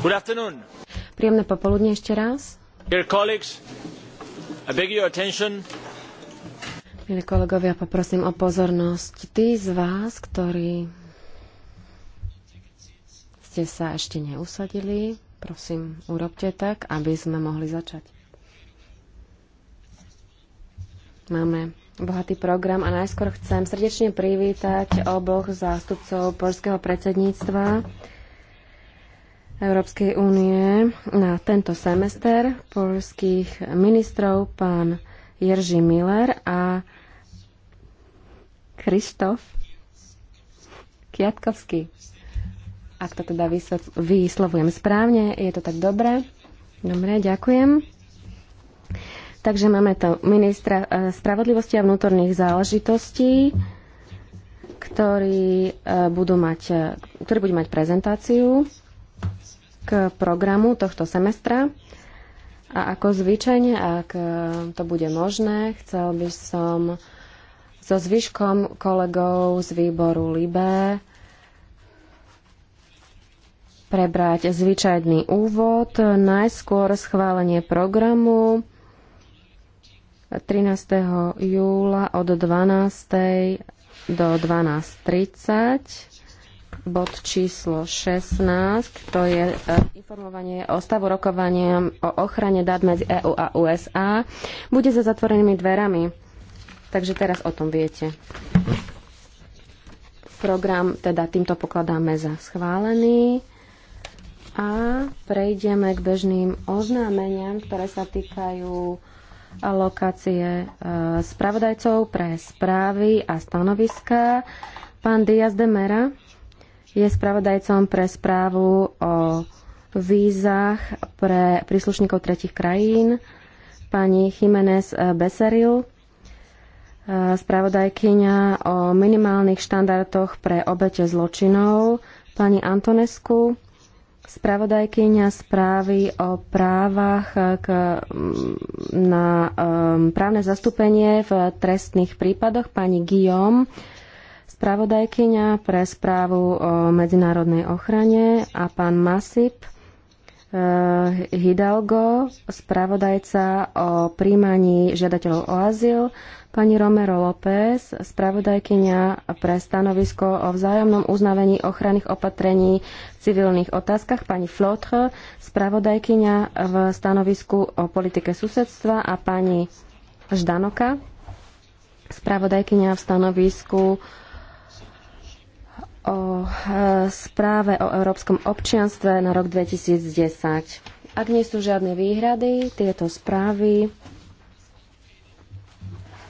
Good afternoon. Príjemné popoludne ešte raz. Dear colleagues, I beg your attention. Milí kolegovia, poprosím o pozornosť. Tí z vás, ktorí ste sa ešte neusadili, prosím, urobte tak, aby sme mohli začať. Máme bohatý program a najskôr chcem srdečne privítať oboch zástupcov polského predsedníctva Európskej únie na tento semester polských ministrov pán Jerzy Miller a Kristof Kiatkovský. Ak to teda vyslovujem správne, je to tak dobre. Dobre, ďakujem. Takže máme tu ministra e, spravodlivosti a vnútorných záležitostí, ktorý, e, budú mať, e, ktorý bude mať prezentáciu k programu tohto semestra. A ako zvyčajne, ak to bude možné, chcel by som so zvyškom kolegov z výboru LIBE prebrať zvyčajný úvod, najskôr schválenie programu, 13. júla od 12. do 12.30 bod číslo 16, to je e, informovanie o stavu rokovania o ochrane dát medzi EÚ a USA, bude za zatvorenými dverami. Takže teraz o tom viete. Program teda týmto pokladáme za schválený. A prejdeme k bežným oznámeniam, ktoré sa týkajú lokácie e, spravodajcov pre správy a stanoviská. Pán Diaz de Mera je spravodajcom pre správu o vízach pre príslušníkov tretich krajín. Pani Jiménez e, Beseril, e, spravodajkyňa o minimálnych štandardoch pre obete zločinov. Pani Antonesku, spravodajkyňa správy o právach k, na um, právne zastúpenie v trestných prípadoch pani Guillaume, spravodajkyňa pre správu o medzinárodnej ochrane a pán Masip, Eh, Hidalgo, spravodajca o príjmaní žiadateľov o azyl, pani Romero López, spravodajkyňa pre stanovisko o vzájomnom uznavení ochranných opatrení v civilných otázkach, pani Flotre, spravodajkyňa v stanovisku o politike susedstva a pani Ždanoka, spravodajkyňa v stanovisku o e, správe o európskom občianstve na rok 2010. Ak nie sú žiadne výhrady, tieto správy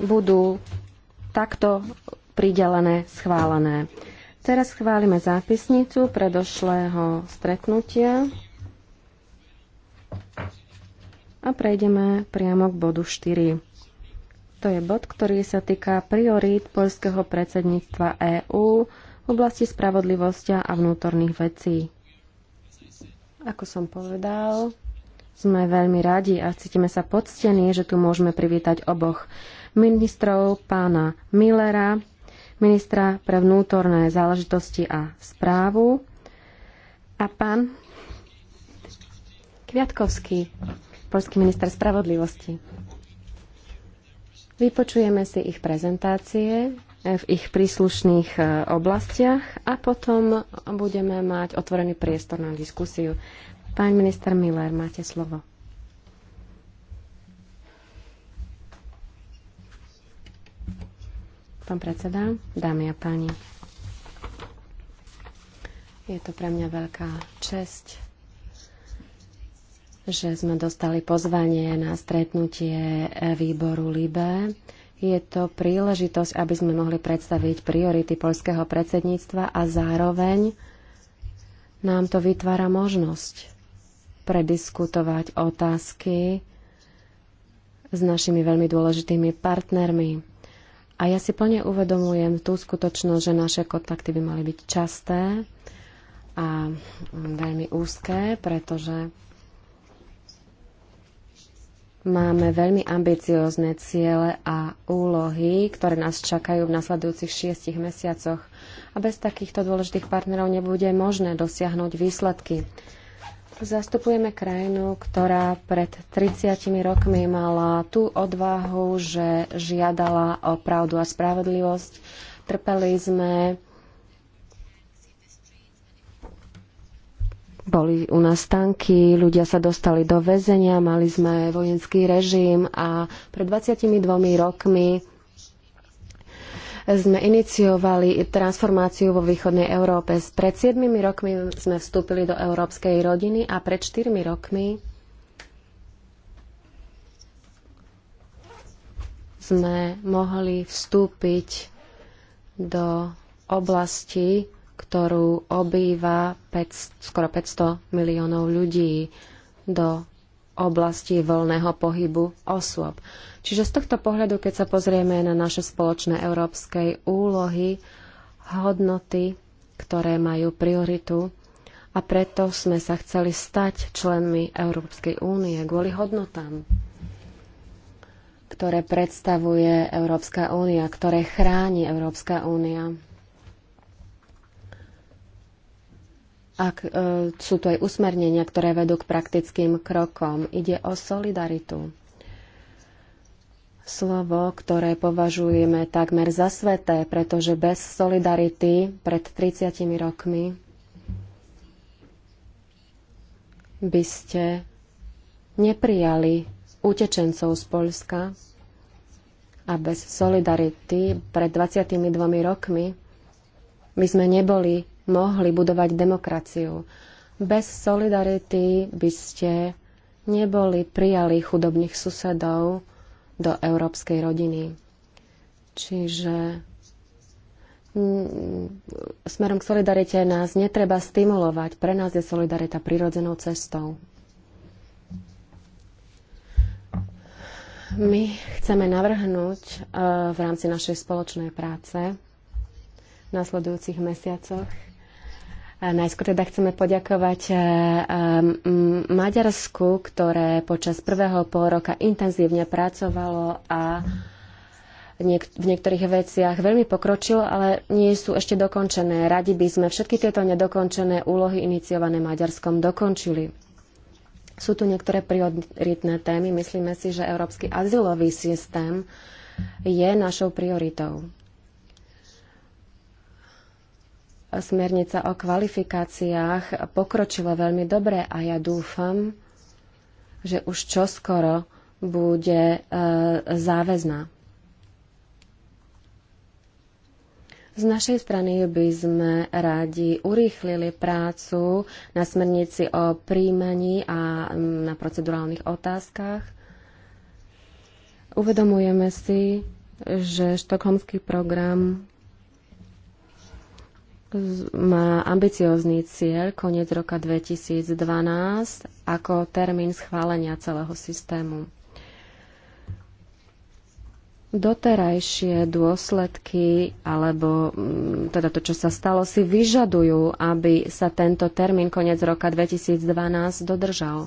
budú takto pridelené, schválené. Teraz schválime zápisnicu predošlého stretnutia a prejdeme priamo k bodu 4. To je bod, ktorý sa týka priorít poľského predsedníctva EÚ oblasti spravodlivosti a vnútorných vecí. Ako som povedal, sme veľmi radi a cítime sa poctení, že tu môžeme privítať oboch ministrov pána Millera, ministra pre vnútorné záležitosti a správu a pán Kviatkovský, polský minister spravodlivosti. Vypočujeme si ich prezentácie v ich príslušných e, oblastiach a potom budeme mať otvorený priestor na diskusiu. Pán minister Miller, máte slovo. Pán predseda, dámy a páni, je to pre mňa veľká česť, že sme dostali pozvanie na stretnutie e, výboru LIBE je to príležitosť, aby sme mohli predstaviť priority poľského predsedníctva a zároveň nám to vytvára možnosť prediskutovať otázky s našimi veľmi dôležitými partnermi. A ja si plne uvedomujem tú skutočnosť, že naše kontakty by mali byť časté a veľmi úzké, pretože Máme veľmi ambiciózne ciele a úlohy, ktoré nás čakajú v nasledujúcich šiestich mesiacoch. A bez takýchto dôležitých partnerov nebude možné dosiahnuť výsledky. Zastupujeme krajinu, ktorá pred 30 rokmi mala tú odvahu, že žiadala o pravdu a spravodlivosť. Trpeli sme Boli u nás tanky, ľudia sa dostali do väzenia, mali sme vojenský režim a pred 22 rokmi sme iniciovali transformáciu vo východnej Európe. Pred 7 rokmi sme vstúpili do európskej rodiny a pred 4 rokmi sme mohli vstúpiť do oblasti ktorú obýva 5, skoro 500 miliónov ľudí do oblasti voľného pohybu osôb. Čiže z tohto pohľadu, keď sa pozrieme na naše spoločné európskej úlohy, hodnoty, ktoré majú prioritu, a preto sme sa chceli stať členmi Európskej únie kvôli hodnotám, ktoré predstavuje Európska únia, ktoré chráni Európska únia. ak e, sú to aj usmernenia, ktoré vedú k praktickým krokom. Ide o solidaritu. Slovo, ktoré považujeme takmer za sveté, pretože bez solidarity pred 30 rokmi by ste neprijali utečencov z Polska a bez solidarity pred 22 rokmi by sme neboli mohli budovať demokraciu. Bez solidarity by ste neboli prijali chudobných susedov do európskej rodiny. Čiže mm, smerom k solidarite nás netreba stimulovať. Pre nás je solidarita prirodzenou cestou. My chceme navrhnúť eh, v rámci našej spoločnej práce v nasledujúcich mesiacoch Najskôr teda chceme poďakovať e, e, Maďarsku, ktoré počas prvého pol roka intenzívne pracovalo a v niektorých veciach veľmi pokročilo, ale nie sú ešte dokončené. Radi by sme všetky tieto nedokončené úlohy iniciované Maďarskom dokončili. Sú tu niektoré prioritné témy. Myslíme si, že európsky azylový systém je našou prioritou. Smernica o kvalifikáciách pokročila veľmi dobre a ja dúfam, že už čoskoro bude e, záväzná. Z našej strany by sme rádi urýchlili prácu na smernici o príjmaní a na procedurálnych otázkach. Uvedomujeme si, že štokholmský program má ambiciózny cieľ koniec roka 2012 ako termín schválenia celého systému. Doterajšie dôsledky, alebo mm, teda to, čo sa stalo, si vyžadujú, aby sa tento termín koniec roka 2012 dodržal.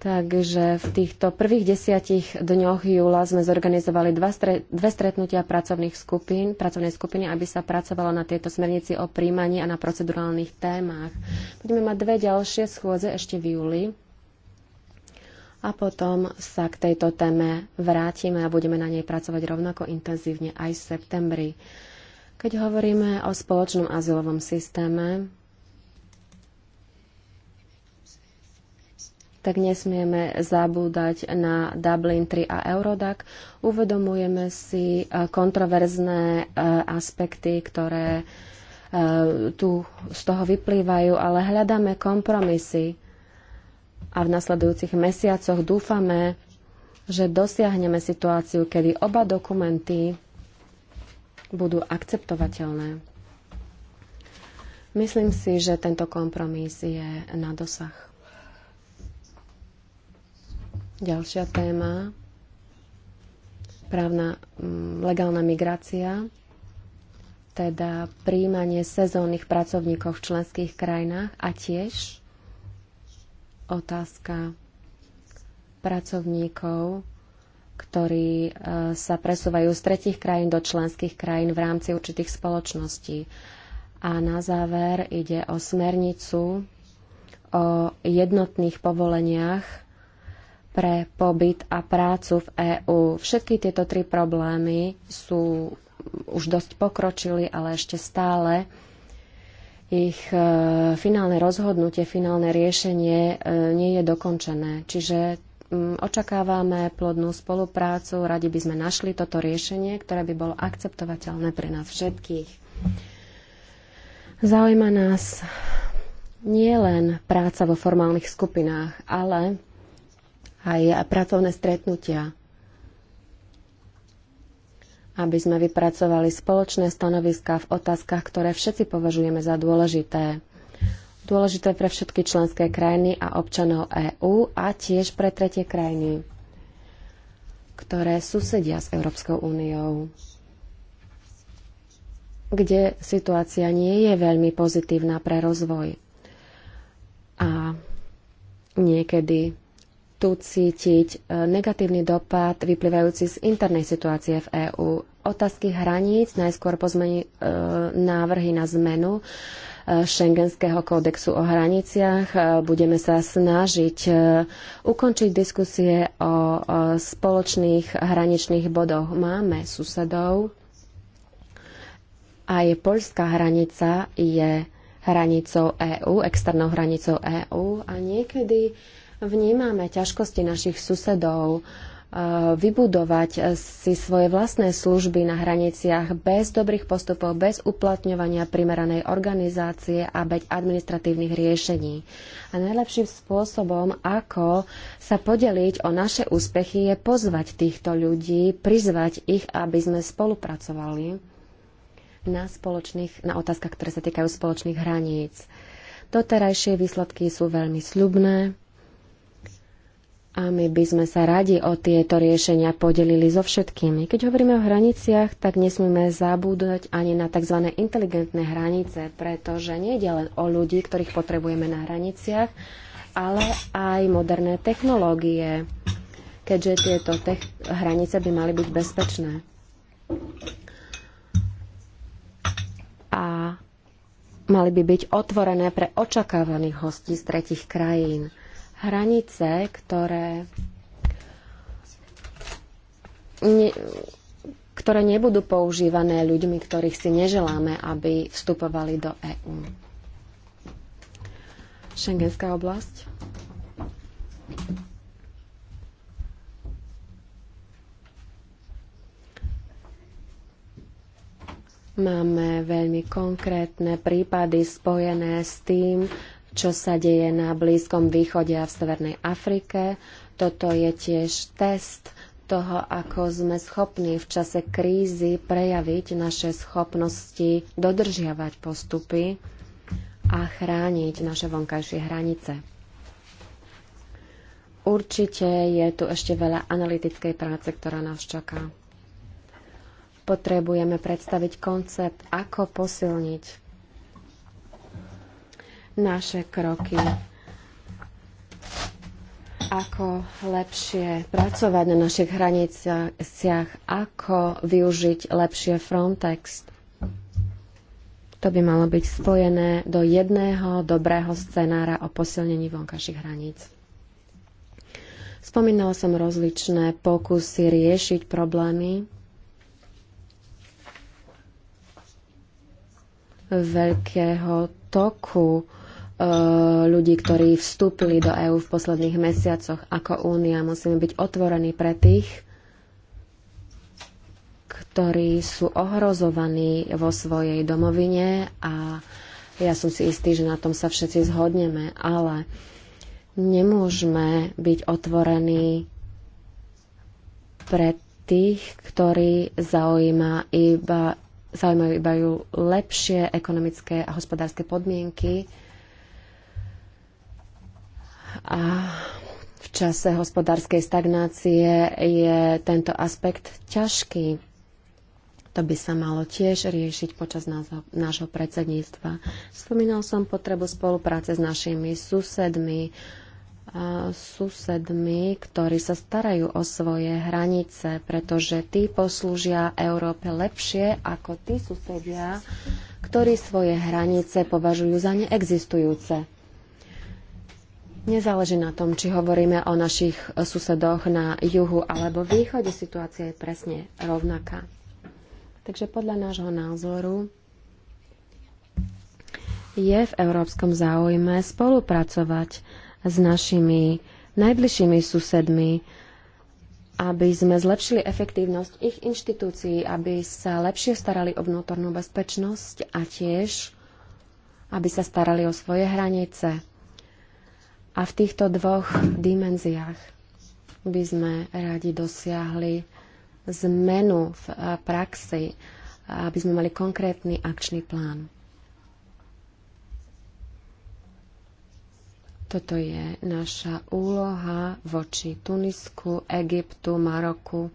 Takže v týchto prvých desiatich dňoch júla sme zorganizovali dva stre- dve stretnutia pracovných skupín, pracovnej skupiny, aby sa pracovalo na tejto smernici o príjmaní a na procedurálnych témach. Budeme mať dve ďalšie schôdze ešte v júli a potom sa k tejto téme vrátime a budeme na nej pracovať rovnako intenzívne aj v septembri. Keď hovoríme o spoločnom azylovom systéme, tak nesmieme zabúdať na Dublin 3 a Eurodac. Uvedomujeme si e, kontroverzné e, aspekty, ktoré e, tu z toho vyplývajú, ale hľadáme kompromisy a v nasledujúcich mesiacoch dúfame, že dosiahneme situáciu, kedy oba dokumenty budú akceptovateľné. Myslím si, že tento kompromis je na dosah. Ďalšia téma. Právna mm, legálna migrácia, teda príjmanie sezónnych pracovníkov v členských krajinách a tiež otázka pracovníkov, ktorí e, sa presúvajú z tretich krajín do členských krajín v rámci určitých spoločností. A na záver ide o smernicu o jednotných povoleniach pre pobyt a prácu v EÚ. Všetky tieto tri problémy sú už dosť pokročili, ale ešte stále ich e, finálne rozhodnutie, finálne riešenie e, nie je dokončené. Čiže mm, očakávame plodnú spoluprácu, radi by sme našli toto riešenie, ktoré by bolo akceptovateľné pre nás všetkých. Zaujíma nás nie len práca vo formálnych skupinách, ale aj pracovné stretnutia, aby sme vypracovali spoločné stanoviská v otázkach, ktoré všetci považujeme za dôležité. Dôležité pre všetky členské krajiny a občanov EÚ a tiež pre tretie krajiny, ktoré susedia s Európskou úniou kde situácia nie je veľmi pozitívna pre rozvoj. A niekedy tu cítiť e, negatívny dopad vyplývajúci z internej situácie v EÚ. Otázky hraníc, najskôr pozmení e, návrhy na zmenu e, Schengenského kódexu o hraniciach. E, budeme sa snažiť ukončiť diskusie o spoločných hraničných bodoch. Máme susedov. Aj poľská hranica je hranicou EÚ, externou hranicou EÚ a niekedy vnímame ťažkosti našich susedov e, vybudovať si svoje vlastné služby na hraniciach bez dobrých postupov, bez uplatňovania primeranej organizácie a bez administratívnych riešení. A najlepším spôsobom, ako sa podeliť o naše úspechy, je pozvať týchto ľudí, prizvať ich, aby sme spolupracovali na, spoločných, na otázkach, ktoré sa týkajú spoločných hraníc. Doterajšie výsledky sú veľmi sľubné, a my by sme sa radi o tieto riešenia podelili so všetkými. Keď hovoríme o hraniciach, tak nesmíme zabúdať ani na tzv. inteligentné hranice, pretože nie je len o ľudí, ktorých potrebujeme na hraniciach, ale aj moderné technológie, keďže tieto tech- hranice by mali byť bezpečné. A mali by byť otvorené pre očakávaných hostí z tretich krajín hranice, ktoré ne, ktoré nebudú používané ľuďmi, ktorých si neželáme, aby vstupovali do EÚ. Schengenská oblasť. Máme veľmi konkrétne prípady spojené s tým, čo sa deje na Blízkom východe a v Severnej Afrike. Toto je tiež test toho, ako sme schopní v čase krízy prejaviť naše schopnosti dodržiavať postupy a chrániť naše vonkajšie hranice. Určite je tu ešte veľa analytickej práce, ktorá nás čaká. Potrebujeme predstaviť koncept, ako posilniť naše kroky, ako lepšie pracovať na našich hraniciach, ako využiť lepšie Frontex. To by malo byť spojené do jedného dobrého scenára o posilnení vonkajších hraníc. Spomínala som rozličné pokusy riešiť problémy. veľkého toku E, ľudí, ktorí vstúpili do EÚ v posledných mesiacoch ako únia. Musíme byť otvorení pre tých, ktorí sú ohrozovaní vo svojej domovine a ja som si istý, že na tom sa všetci zhodneme, ale nemôžeme byť otvorení pre tých, ktorí zaujíma iba, zaujímajú iba ju lepšie ekonomické a hospodárske podmienky, a v čase hospodárskej stagnácie je tento aspekt ťažký. To by sa malo tiež riešiť počas nášho, nášho predsedníctva. Spomínal som potrebu spolupráce s našimi susedmi, a susedmi, ktorí sa starajú o svoje hranice, pretože tí poslúžia Európe lepšie ako tí susedia, ktorí svoje hranice považujú za neexistujúce. Nezáleží na tom, či hovoríme o našich susedoch na juhu alebo východe, situácia je presne rovnaká. Takže podľa nášho názoru je v európskom záujme spolupracovať s našimi najbližšími susedmi, aby sme zlepšili efektívnosť ich inštitúcií, aby sa lepšie starali o vnútornú bezpečnosť a tiež, aby sa starali o svoje hranice a v týchto dvoch dimenziách by sme radi dosiahli zmenu v eh, praxi, eh, aby sme mali konkrétny akčný plán. Toto je naša úloha voči Tunisku, Egyptu, Maroku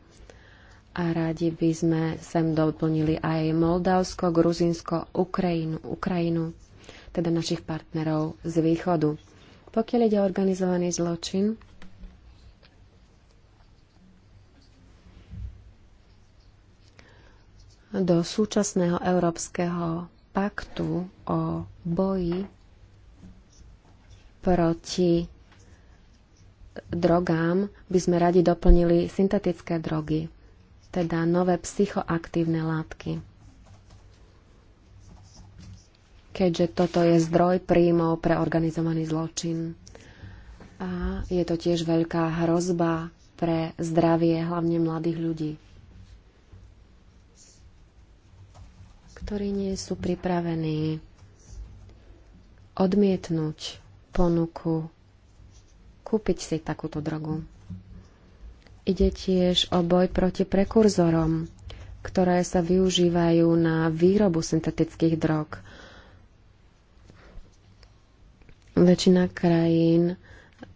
a radi by sme sem doplnili aj Moldavsko, Gruzinsko, Ukrajinu, Ukrajinu, teda našich partnerov z východu. Pokiaľ ide o organizovaný zločin, do súčasného Európskeho paktu o boji proti drogám by sme radi doplnili syntetické drogy, teda nové psychoaktívne látky keďže toto je zdroj príjmov pre organizovaný zločin. A je to tiež veľká hrozba pre zdravie hlavne mladých ľudí, ktorí nie sú pripravení odmietnúť ponuku kúpiť si takúto drogu. Ide tiež o boj proti prekurzorom, ktoré sa využívajú na výrobu syntetických drog Väčšina krajín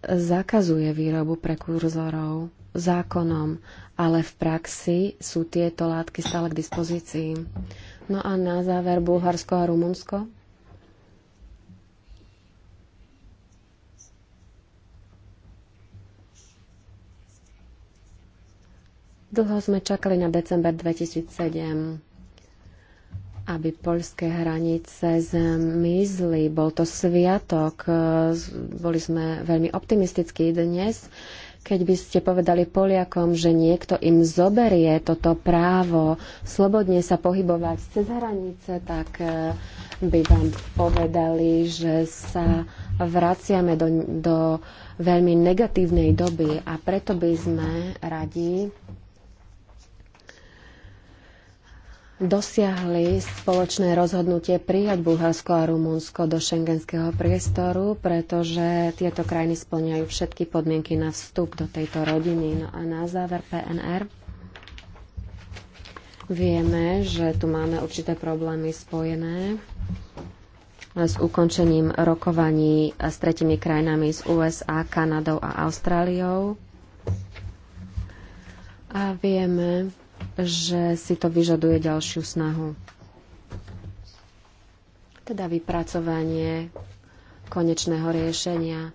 zakazuje výrobu prekurzorov zákonom, ale v praxi sú tieto látky stále k dispozícii. No a na záver Bulharsko a Rumunsko. Dlho sme čakali na december 2007 aby poľské hranice zmizli. Bol to sviatok, boli sme veľmi optimistickí dnes. Keď by ste povedali Poliakom, že niekto im zoberie toto právo slobodne sa pohybovať cez hranice, tak e, by vám povedali, že sa vraciame do, do veľmi negatívnej doby a preto by sme radi dosiahli spoločné rozhodnutie prijať Bulharsko a Rumunsko do šengenského priestoru, pretože tieto krajiny splňajú všetky podmienky na vstup do tejto rodiny. No a na záver PNR. Vieme, že tu máme určité problémy spojené s ukončením rokovaní s tretimi krajinami z USA, Kanadou a Austráliou. A vieme, že si to vyžaduje ďalšiu snahu. Teda vypracovanie konečného riešenia.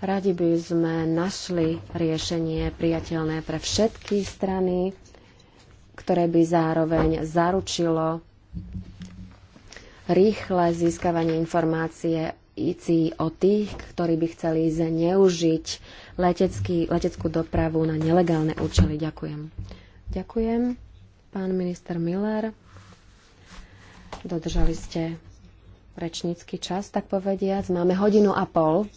Radi by sme našli riešenie priateľné pre všetky strany, ktoré by zároveň zaručilo rýchle získavanie informácie ICI o tých, ktorí by chceli zneužiť letecký, leteckú dopravu na nelegálne účely. Ďakujem. Ďakujem pán minister Miller. Dodržali ste rečnícky čas, tak povediac. Máme hodinu a pol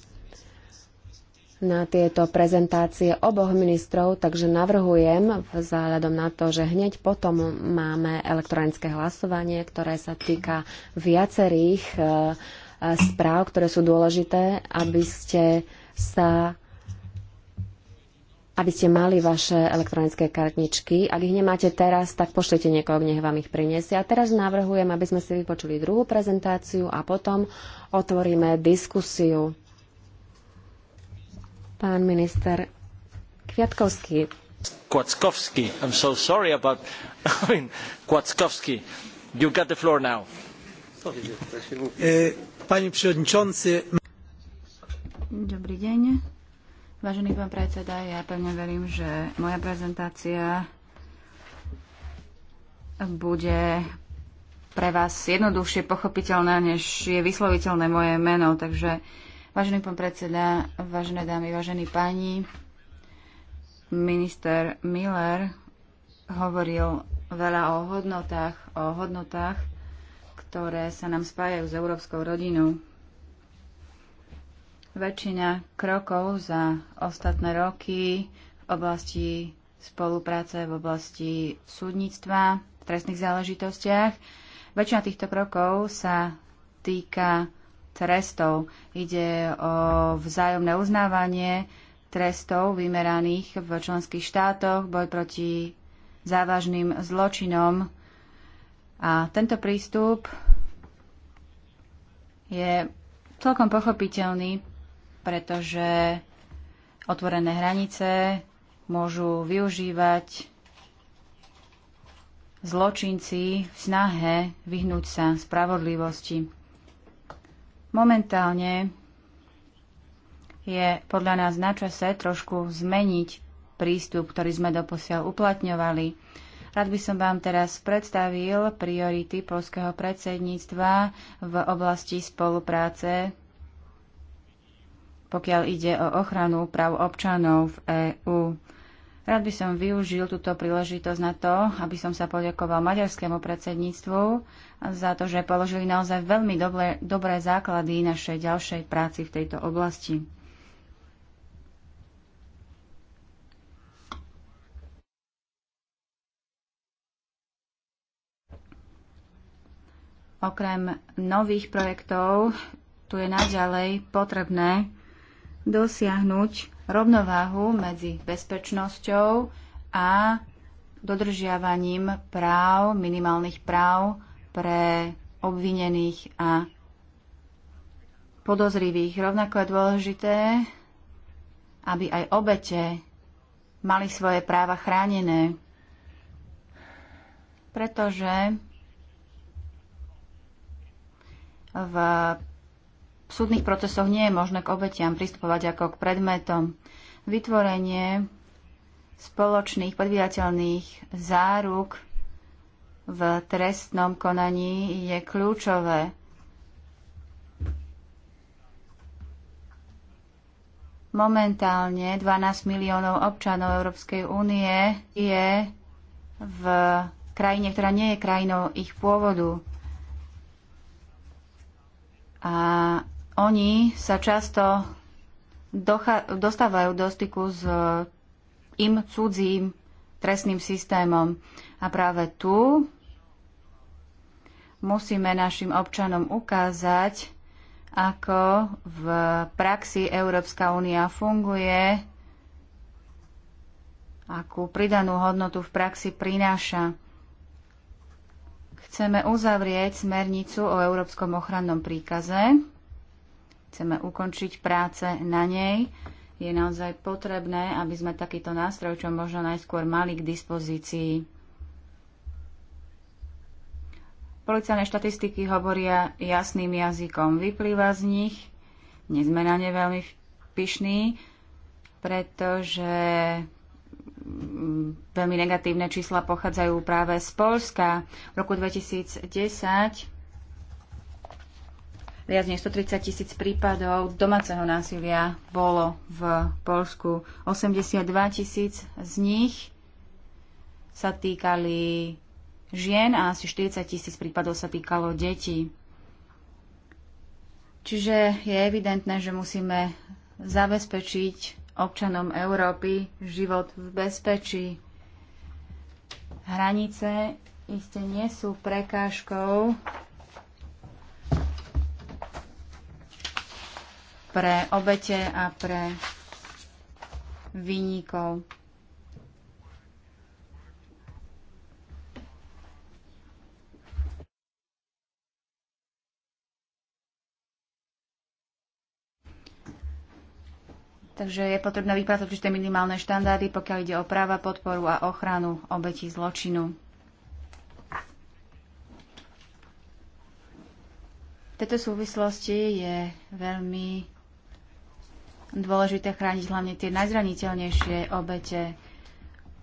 na tieto prezentácie oboch ministrov, takže navrhujem vzhľadom na to, že hneď potom máme elektronické hlasovanie, ktoré sa týka viacerých eh, správ, ktoré sú dôležité, aby ste sa aby ste mali vaše elektronické kartničky. Ak ich nemáte teraz, tak pošlite niekoho, nech vám ich priniesie. A teraz navrhujem, aby sme si vypočuli druhú prezentáciu a potom otvoríme diskusiu. Pán minister Kviatkovský. Kwiatkowski, I'm so sorry about... I mean, you got the floor now. E, Pani przewodniczący. Dobry dzień. Vážený pán predseda, ja pevne verím, že moja prezentácia bude pre vás jednoduchšie pochopiteľná, než je vysloviteľné moje meno. Takže, vážený pán predseda, vážené dámy, vážení páni, minister Miller hovoril veľa o hodnotách, o hodnotách, ktoré sa nám spájajú s európskou rodinou. Väčšina krokov za ostatné roky v oblasti spolupráce, v oblasti súdnictva, v trestných záležitostiach, väčšina týchto krokov sa týka trestov. Ide o vzájomné uznávanie trestov vymeraných v členských štátoch, boj proti závažným zločinom. A tento prístup je celkom pochopiteľný pretože otvorené hranice môžu využívať zločinci v snahe vyhnúť sa spravodlivosti. Momentálne je podľa nás na čase trošku zmeniť prístup, ktorý sme doposiaľ uplatňovali. Rád by som vám teraz predstavil priority polského predsedníctva v oblasti spolupráce pokiaľ ide o ochranu práv občanov v EÚ. Rád by som využil túto príležitosť na to, aby som sa poďakoval maďarskému predsedníctvu za to, že položili naozaj veľmi dobré, dobré základy našej ďalšej práci v tejto oblasti. Okrem nových projektov tu je naďalej potrebné dosiahnuť rovnováhu medzi bezpečnosťou a dodržiavaním práv, minimálnych práv pre obvinených a podozrivých. Rovnako je dôležité, aby aj obete mali svoje práva chránené, pretože v v súdnych procesoch nie je možné k obetiam pristupovať ako k predmetom. Vytvorenie spoločných podvíjateľných záruk v trestnom konaní je kľúčové. Momentálne 12 miliónov občanov Európskej únie je v krajine, ktorá nie je krajinou ich pôvodu. A oni sa často dostávajú do styku s e, im cudzím trestným systémom. A práve tu musíme našim občanom ukázať, ako v praxi Európska únia funguje, akú pridanú hodnotu v praxi prináša. Chceme uzavrieť smernicu o Európskom ochrannom príkaze, chceme ukončiť práce na nej, je naozaj potrebné, aby sme takýto nástroj čo možno najskôr mali k dispozícii. Policajné štatistiky hovoria jasným jazykom. Vyplýva z nich, nie sme na ne veľmi pyšní, pretože mm, veľmi negatívne čísla pochádzajú práve z Polska. V roku 2010 Viac než 130 tisíc prípadov domáceho násilia bolo v Polsku. 82 tisíc z nich sa týkali žien a asi 40 tisíc prípadov sa týkalo detí. Čiže je evidentné, že musíme zabezpečiť občanom Európy život v bezpečí. Hranice iste nie sú prekážkou pre obete a pre výnikov. Takže je potrebné vypracovať určité minimálne štandardy, pokiaľ ide o práva, podporu a ochranu obetí zločinu. V tejto súvislosti je veľmi dôležité chrániť hlavne tie najzraniteľnejšie obete.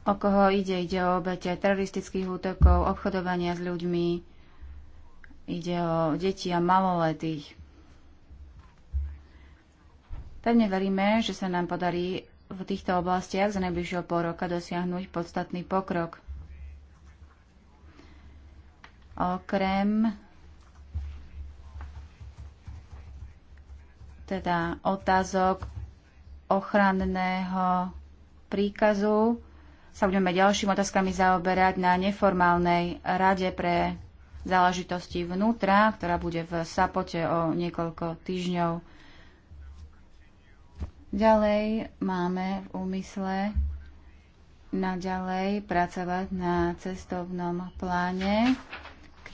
O koho ide? Ide o obete teroristických útokov, obchodovania s ľuďmi, ide o deti a maloletých. Pevne veríme, že sa nám podarí v týchto oblastiach za najbližšieho pol roka dosiahnuť podstatný pokrok. Okrem teda otázok, ochranného príkazu sa budeme ďalšími otázkami zaoberať na neformálnej rade pre záležitosti vnútra, ktorá bude v Sapote o niekoľko týždňov. Ďalej máme v úmysle naďalej pracovať na cestovnom pláne,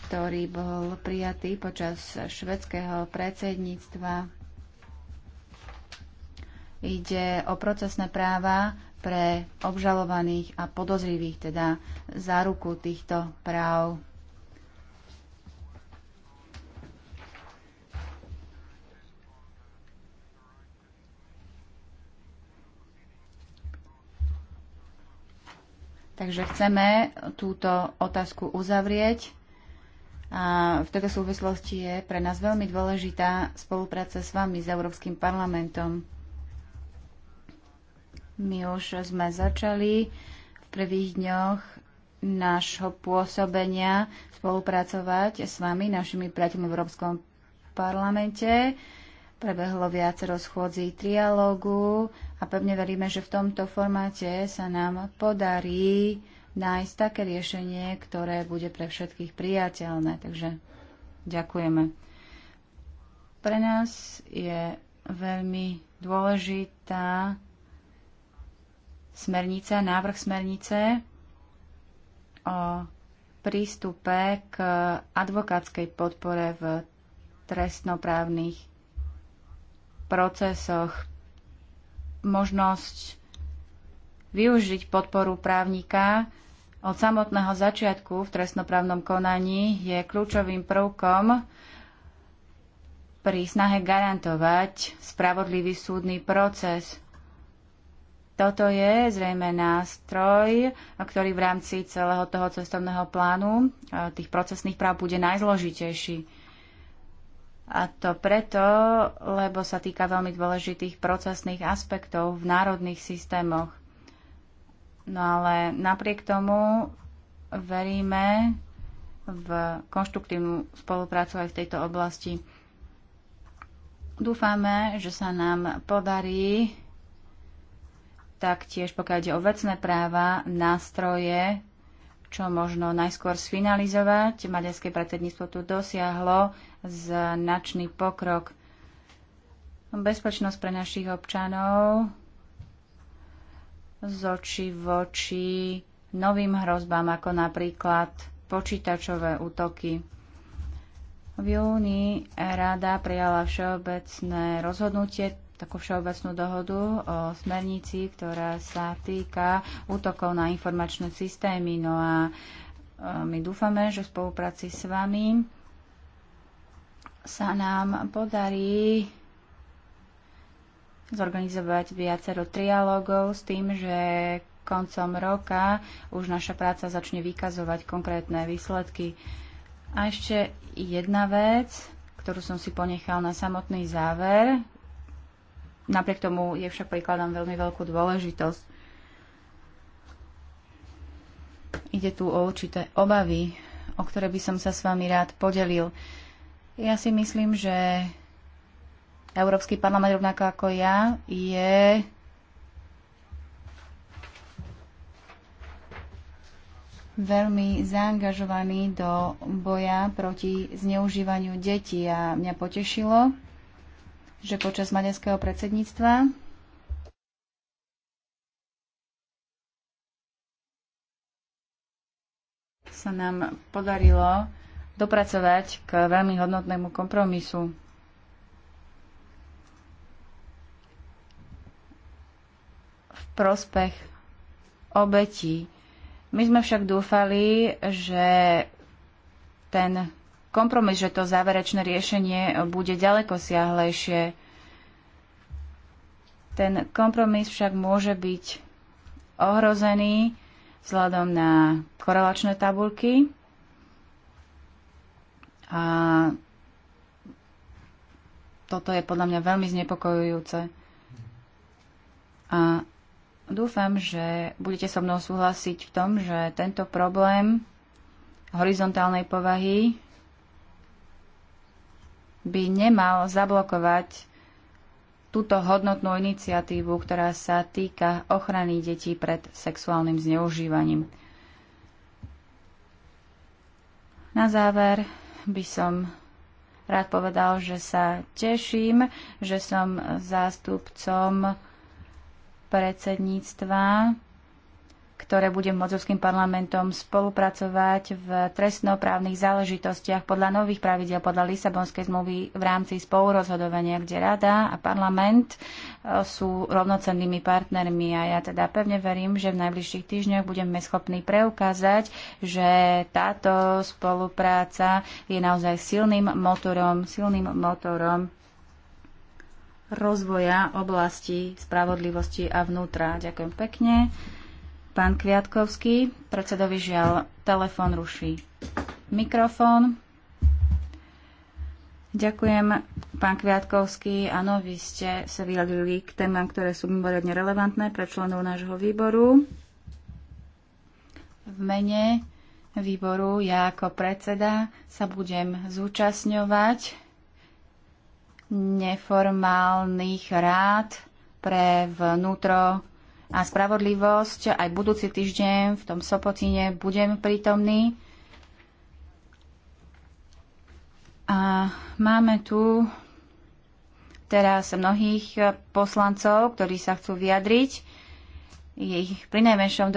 ktorý bol prijatý počas švedského predsedníctva Ide o procesné práva pre obžalovaných a podozrivých, teda záruku týchto práv. Takže chceme túto otázku uzavrieť. A v tejto súvislosti je pre nás veľmi dôležitá spolupráca s vami, s Európskym parlamentom. My už sme začali v prvých dňoch nášho pôsobenia spolupracovať s vami, našimi priateľmi v Európskom parlamente. Prebehlo viacero schôdzí trialógu a pevne veríme, že v tomto formáte sa nám podarí nájsť také riešenie, ktoré bude pre všetkých priateľné. Takže ďakujeme. Pre nás je veľmi dôležitá smernice, návrh smernice o prístupe k advokátskej podpore v trestnoprávnych procesoch, možnosť využiť podporu právnika od samotného začiatku v trestnoprávnom konaní je kľúčovým prvkom pri snahe garantovať spravodlivý súdny proces. Toto je zrejme nástroj, ktorý v rámci celého toho cestovného plánu e, tých procesných práv bude najzložitejší. A to preto, lebo sa týka veľmi dôležitých procesných aspektov v národných systémoch. No ale napriek tomu veríme v konštruktívnu spoluprácu aj v tejto oblasti. Dúfame, že sa nám podarí taktiež pokiaľ ide o vecné práva, nástroje, čo možno najskôr sfinalizovať. Maďarské predsedníctvo tu dosiahlo značný pokrok. Bezpečnosť pre našich občanov z oči v oči novým hrozbám, ako napríklad počítačové útoky. V júni rada prijala všeobecné rozhodnutie takú všeobecnú dohodu o smernici, ktorá sa týka útokov na informačné systémy. No a e, my dúfame, že v spolupráci s vami sa nám podarí zorganizovať viacero trialógov s tým, že koncom roka už naša práca začne vykazovať konkrétne výsledky. A ešte jedna vec, ktorú som si ponechal na samotný záver Napriek tomu je však prikladám veľmi veľkú dôležitosť. Ide tu o určité obavy, o ktoré by som sa s vami rád podelil. Ja si myslím, že Európsky parlament rovnako ako ja je veľmi zaangažovaný do boja proti zneužívaniu detí a mňa potešilo, že počas maďarského predsedníctva sa nám podarilo dopracovať k veľmi hodnotnému kompromisu. V prospech obetí. My sme však dúfali, že ten kompromis, že to záverečné riešenie bude ďaleko siahlejšie. Ten kompromis však môže byť ohrozený vzhľadom na korelačné tabulky a toto je podľa mňa veľmi znepokojujúce. A dúfam, že budete so mnou súhlasiť v tom, že tento problém horizontálnej povahy by nemal zablokovať túto hodnotnú iniciatívu, ktorá sa týka ochrany detí pred sexuálnym zneužívaním. Na záver by som rád povedal, že sa teším, že som zástupcom predsedníctva ktoré bude mocovským parlamentom spolupracovať v trestnoprávnych záležitostiach podľa nových pravidel, podľa Lisabonskej zmluvy v rámci spolurozhodovania, kde Rada a parlament e, sú rovnocennými partnermi a ja teda pevne verím, že v najbližších týždňoch budeme schopní preukázať, že táto spolupráca je naozaj silným motorom, silným motorom rozvoja oblasti spravodlivosti a vnútra. Ďakujem pekne. Pán Kviatkovský, predsedovi žiaľ, telefon ruší mikrofón. Ďakujem, pán Kviatkovský. Áno, vy ste sa vyjadrili k témam, ktoré sú mimoriadne relevantné pre členov nášho výboru. V mene výboru ja ako predseda sa budem zúčastňovať neformálnych rád pre vnútro a spravodlivosť. Aj budúci týždeň v tom Sopotine budem prítomný. A máme tu teraz mnohých poslancov, ktorí sa chcú vyjadriť. Je ich pri 23,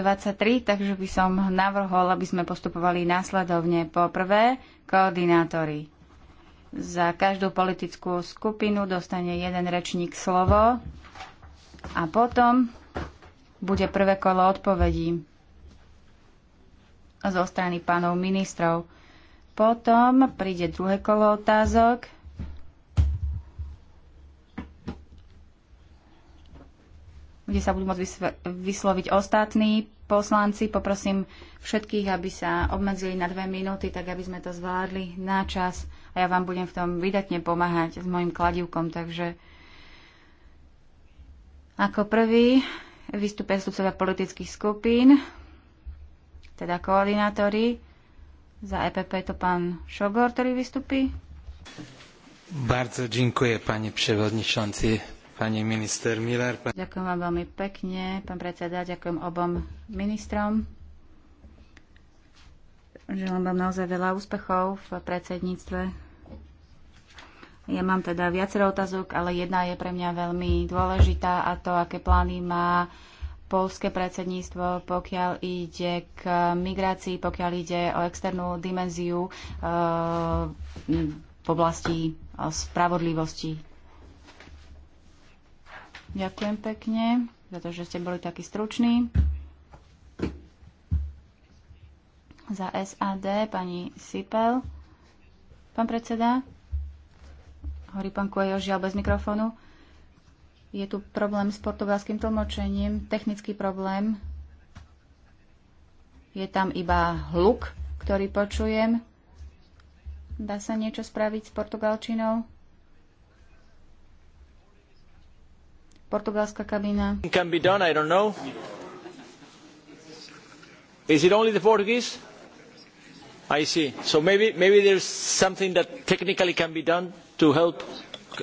takže by som navrhol, aby sme postupovali následovne. Po prvé, koordinátory. Za každú politickú skupinu dostane jeden rečník slovo a potom bude prvé kolo odpovedí zo strany pánov ministrov. Potom príde druhé kolo otázok. kde sa budú môcť vysloviť ostatní poslanci. Poprosím všetkých, aby sa obmedzili na dve minúty, tak aby sme to zvládli na čas. A ja vám budem v tom vydatne pomáhať s mojim kladivkom. Takže ako prvý vystúpia zastupcovia politických skupín, teda koordinátori. Za EPP je to pán Šogor, ktorý vystúpi. Bardzo dziękuję, pani przewodniczący, pani minister Miller. Pa... Ďakujem vám veľmi pekne, pán predseda, ďakujem obom ministrom. Želám vám naozaj veľa úspechov v predsedníctve ja mám teda viacero otázok, ale jedna je pre mňa veľmi dôležitá a to, aké plány má polské predsedníctvo, pokiaľ ide k migrácii, pokiaľ ide o externú dimenziu e, v oblasti eh, spravodlivosti. Ďakujem pekne za to, že ste boli takí struční. Za SAD pani Sipel. Pán predseda hovorí pán Kuejo, žiaľ bez mikrofónu. Je tu problém s portugalským tlmočením, technický problém. Je tam iba hluk, ktorý počujem. Dá sa niečo spraviť s portugalčinou? Portugalská kabína. Can be done, I don't know. Is it only the Portuguese? I see. So maybe, maybe there's something that technically can be done to help?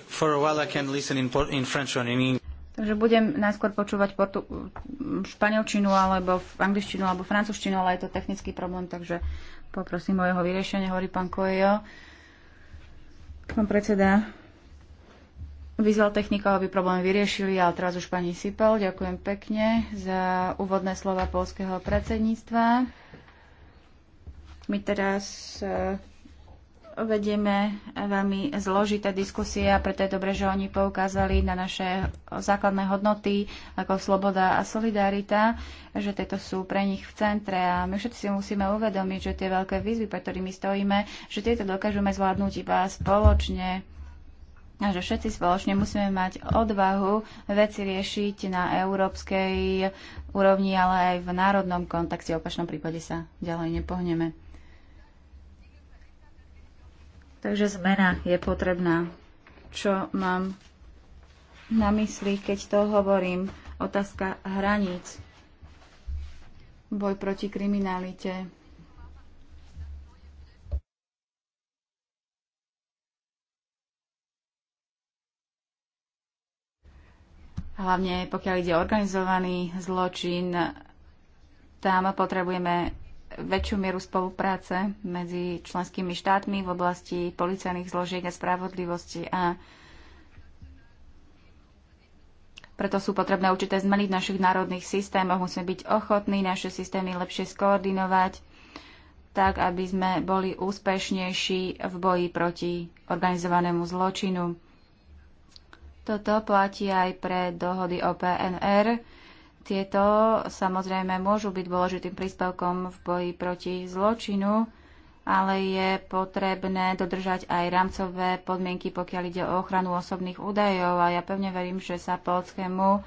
For a while I can listen in, in French or in English. Takže budem najskôr počúvať portu- španielčinu alebo angličtinu alebo francúzštinu, ale je to technický problém, takže poprosím o jeho vyriešenie, hovorí pán Kojo. Pán predseda vyzval technikov, aby problém vyriešili, ale teraz už pani Sipel, ďakujem pekne za úvodné slova polského predsedníctva. My teraz eh, vedieme veľmi zložité diskusie a preto je dobré, že oni poukázali na naše základné hodnoty ako sloboda a solidarita, že tieto sú pre nich v centre a my všetci si musíme uvedomiť, že tie veľké výzvy, pre ktorými stojíme, že tieto dokážeme zvládnuť iba spoločne a že všetci spoločne musíme mať odvahu veci riešiť na európskej úrovni, ale aj v národnom kontexte. V opačnom prípade sa ďalej nepohneme. Takže zmena je potrebná. Čo mám na mysli, keď to hovorím? Otázka hraníc. Boj proti kriminalite. Hlavne pokiaľ ide o organizovaný zločin, tam potrebujeme väčšiu mieru spolupráce medzi členskými štátmi v oblasti policajných zložiek a spravodlivosti a preto sú potrebné určité zmeny v našich národných systémoch. Musíme byť ochotní naše systémy lepšie skoordinovať, tak aby sme boli úspešnejší v boji proti organizovanému zločinu. Toto platí aj pre dohody o PNR tieto samozrejme môžu byť dôležitým príspevkom v boji proti zločinu, ale je potrebné dodržať aj rámcové podmienky, pokiaľ ide o ochranu osobných údajov a ja pevne verím, že sa polskému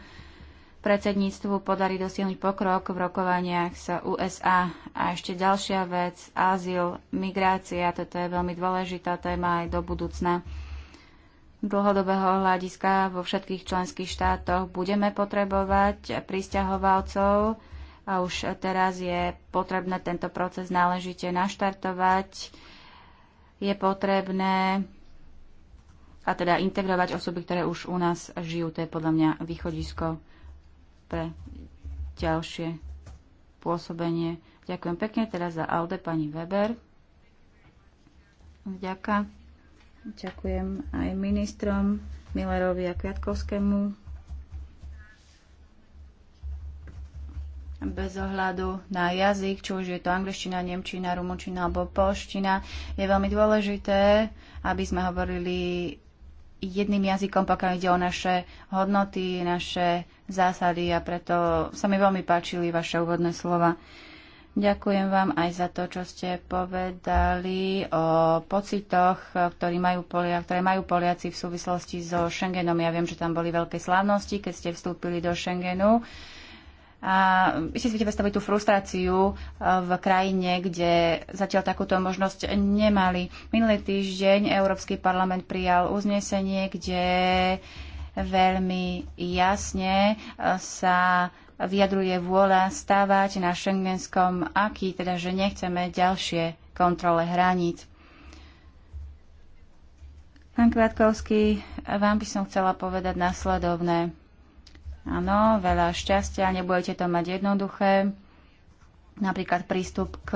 predsedníctvu podarí dosiahnuť pokrok v rokovaniach sa USA. A ešte ďalšia vec, azyl, migrácia, toto je veľmi dôležitá téma aj do budúcna dlhodobého hľadiska vo všetkých členských štátoch budeme potrebovať pristahovalcov a už teraz je potrebné tento proces náležite naštartovať. Je potrebné a teda integrovať osoby, ktoré už u nás žijú. To je podľa mňa východisko pre ďalšie pôsobenie. Ďakujem pekne teraz za Aude pani Weber. Ďakujem. Ďakujem aj ministrom Millerovi a Kviatkovskému. Bez ohľadu na jazyk, či už je to angličtina, nemčina, rumunčina alebo polština, je veľmi dôležité, aby sme hovorili jedným jazykom, pokiaľ ide o naše hodnoty, naše zásady a preto sa mi veľmi páčili vaše úvodné slova. Ďakujem vám aj za to, čo ste povedali o pocitoch, ktorý majú Polia, ktoré majú Poliaci v súvislosti so Schengenom. Ja viem, že tam boli veľké slávnosti, keď ste vstúpili do Schengenu. A vy si predstaviť tú frustráciu e, v krajine, kde zatiaľ takúto možnosť nemali. Minulý týždeň Európsky parlament prijal uznesenie, kde veľmi jasne e, sa vyjadruje vôľa stávať na šengenskom aký, teda že nechceme ďalšie kontrole hraníc. Pán Kvatkovský, vám by som chcela povedať nasledovné. Áno, veľa šťastia, nebudete to mať jednoduché. Napríklad prístup k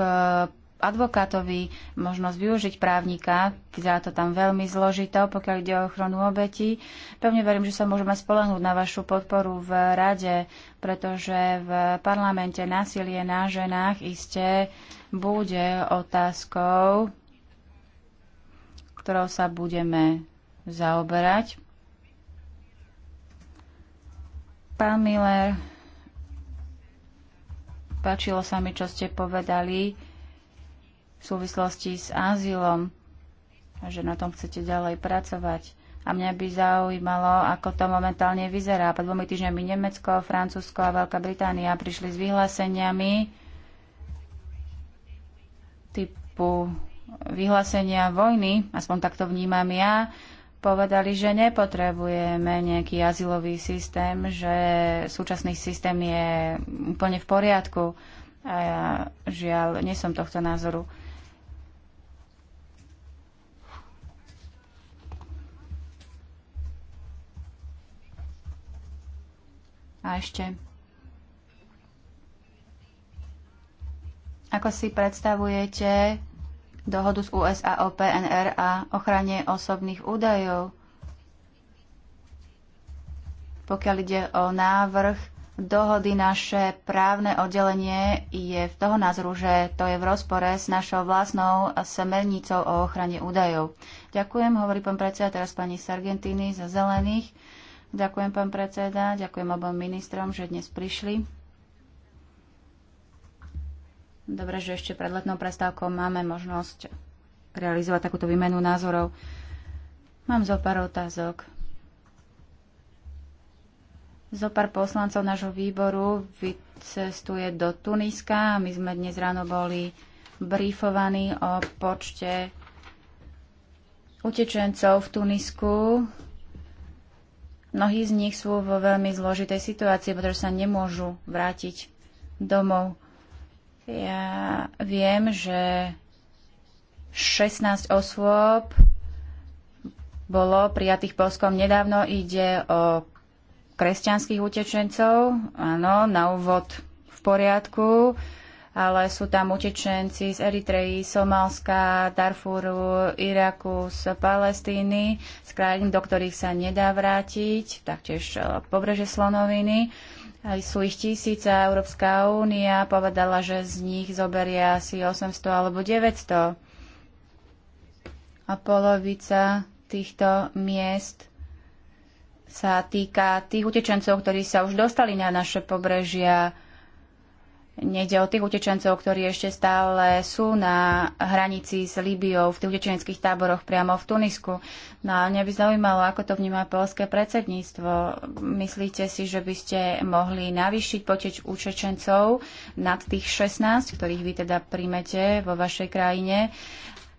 advokátovi možnosť využiť právnika. Vyzerá to tam veľmi zložito, pokiaľ ide o ochranu obetí. Pevne verím, že sa môžeme spolehnúť na vašu podporu v rade, pretože v parlamente násilie na ženách iste bude otázkou, ktorou sa budeme zaoberať. Pán Miller, páčilo sa mi, čo ste povedali v súvislosti s azylom a že na tom chcete ďalej pracovať. A mňa by zaujímalo, ako to momentálne vyzerá. Po dvomi týždňami Nemecko, Francúzsko a Veľká Británia prišli s vyhláseniami typu vyhlásenia vojny, aspoň takto vnímam ja, povedali, že nepotrebujeme nejaký azylový systém, že súčasný systém je úplne v poriadku. A ja žiaľ, nie som tohto názoru. A ešte, ako si predstavujete dohodu z USA o PNR a ochrane osobných údajov, pokiaľ ide o návrh dohody naše právne oddelenie je v toho názoru, že to je v rozpore s našou vlastnou smernicou o ochrane údajov. Ďakujem, hovorí pán predseda, teraz pani Sargentini za zelených. Ďakujem, pán predseda, ďakujem obom ministrom, že dnes prišli. Dobre, že ešte pred letnou prestávkou máme možnosť realizovať takúto výmenu názorov. Mám zo pár otázok. Zo pár poslancov nášho výboru vycestuje do Tuniska my sme dnes ráno boli briefovaní o počte utečencov v Tunisku, Mnohí z nich sú vo veľmi zložitej situácii, pretože sa nemôžu vrátiť domov. Ja viem, že 16 osôb bolo prijatých Polskom nedávno. Ide o kresťanských utečencov. Áno, na úvod v poriadku ale sú tam utečenci z Eritreji, Somálska, Darfúru, Iraku, z Palestíny, z krajín, do ktorých sa nedá vrátiť, taktiež e, pobreže Slonoviny. Aj sú ich tisíce. Európska únia povedala, že z nich zoberia asi 800 alebo 900. A polovica týchto miest sa týka tých utečencov, ktorí sa už dostali na naše pobrežia Nejde o tých utečencov, ktorí ešte stále sú na hranici s Líbiou v tých utečeneckých táboroch priamo v Tunisku. No a mňa by zaujímalo, ako to vníma polské predsedníctvo. Myslíte si, že by ste mohli navýšiť počet utečencov nad tých 16, ktorých vy teda príjmete vo vašej krajine?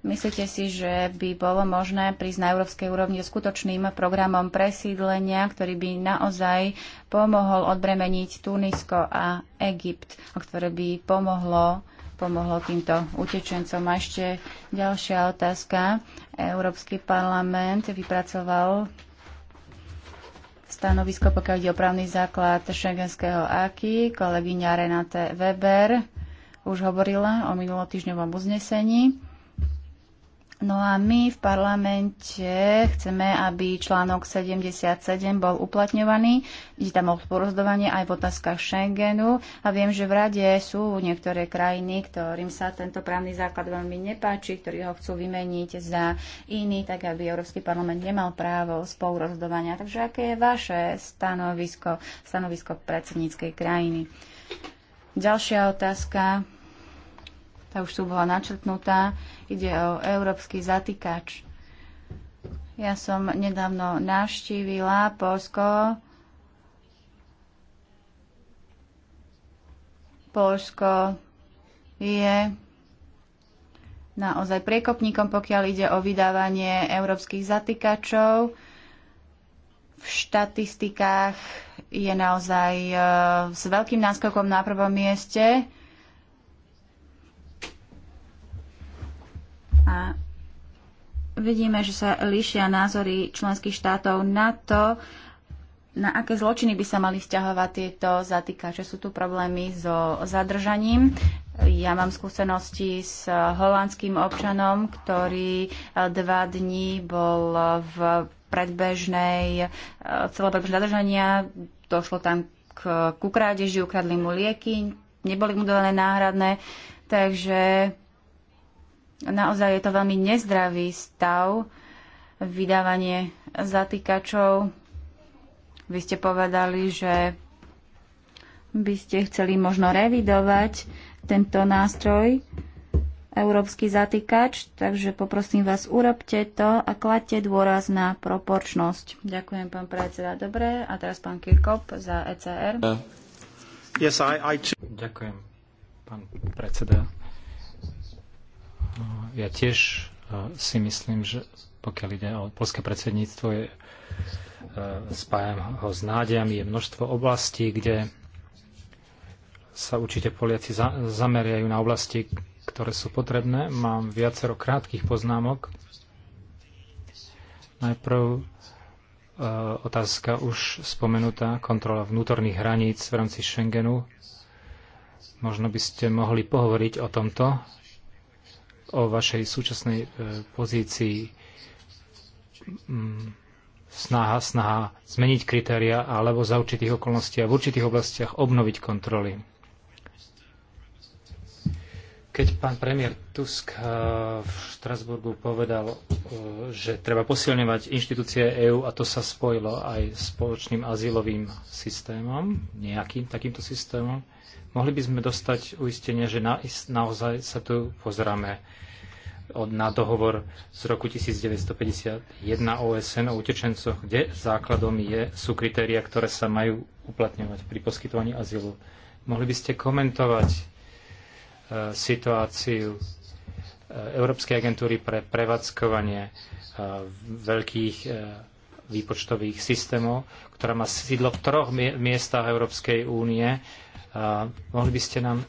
Myslíte si, že by bolo možné prísť na európskej úrovni skutočným programom presídlenia, ktorý by naozaj pomohol odbremeniť Tunisko a Egypt, a ktoré by pomohlo pomohlo týmto utečencom. A ešte ďalšia otázka. Európsky parlament vypracoval stanovisko, pokiaľ ide o právny základ šengenského AKI. Kolegyňa Renate Weber už hovorila o minulotýžňovom uznesení. No a my v parlamente chceme, aby článok 77 bol uplatňovaný. Ide tam odporozdovanie aj v otázkach Schengenu. A viem, že v rade sú niektoré krajiny, ktorým sa tento právny základ veľmi nepáči, ktorí ho chcú vymeniť za iný, tak aby Európsky parlament nemal právo spolurozdovania. Takže aké je vaše stanovisko, stanovisko predsedníckej krajiny? Ďalšia otázka tá už tu bola načrtnutá, ide o európsky zatýkač. Ja som nedávno navštívila Polsko. Polsko je naozaj priekopníkom, pokiaľ ide o vydávanie európskych zatýkačov. V štatistikách je naozaj eh, s veľkým náskokom na prvom mieste. A vidíme, že sa líšia názory členských štátov na to, na aké zločiny by sa mali vzťahovať tieto zatýkače. Sú tu problémy so zadržaním. Ja mám skúsenosti s holandským občanom, ktorý eh, dva dní bol v predbežnej, eh, celé zadržania. Došlo tam k, kukrádeži, ukradli mu lieky, neboli mu dodané náhradné. Takže Naozaj je to veľmi nezdravý stav, vydávanie zatýkačov. Vy ste povedali, že by ste chceli možno revidovať tento nástroj, európsky zatýkač, takže poprosím vás, urobte to a kladte dôraz na proporčnosť. Ďakujem, pán predseda. Dobre, a teraz pán Kirkop za ECR. Yes, I, I... Ďakujem, pán predseda. Ja tiež e, si myslím, že pokiaľ ide o polské predsedníctvo, je, e, spájam ho s nádejami. Je množstvo oblastí, kde sa určite Poliaci za, zameriajú na oblasti, ktoré sú potrebné. Mám viacero krátkých poznámok. Najprv e, otázka už spomenutá, kontrola vnútorných hraníc v rámci Schengenu. Možno by ste mohli pohovoriť o tomto, o vašej súčasnej e, pozícii mm, snaha, snaha zmeniť kritéria alebo za určitých okolností a v určitých oblastiach obnoviť kontroly. Keď pán premiér Tusk e, v Štrasburgu povedal, e, že treba posilňovať inštitúcie EÚ a to sa spojilo aj s spoločným azylovým systémom, nejakým takýmto systémom, Mohli by sme dostať uistenie, že na, naozaj sa tu pozeráme od, na dohovor z roku 1951 OSN o utečencoch, kde základom je, sú kritéria, ktoré sa majú uplatňovať pri poskytovaní azylu. Mohli by ste komentovať e, situáciu e, Európskej agentúry pre prevádzkovanie e, veľkých e, výpočtových systémov, ktorá má sídlo v troch miestach Európskej únie, a mohli by ste nám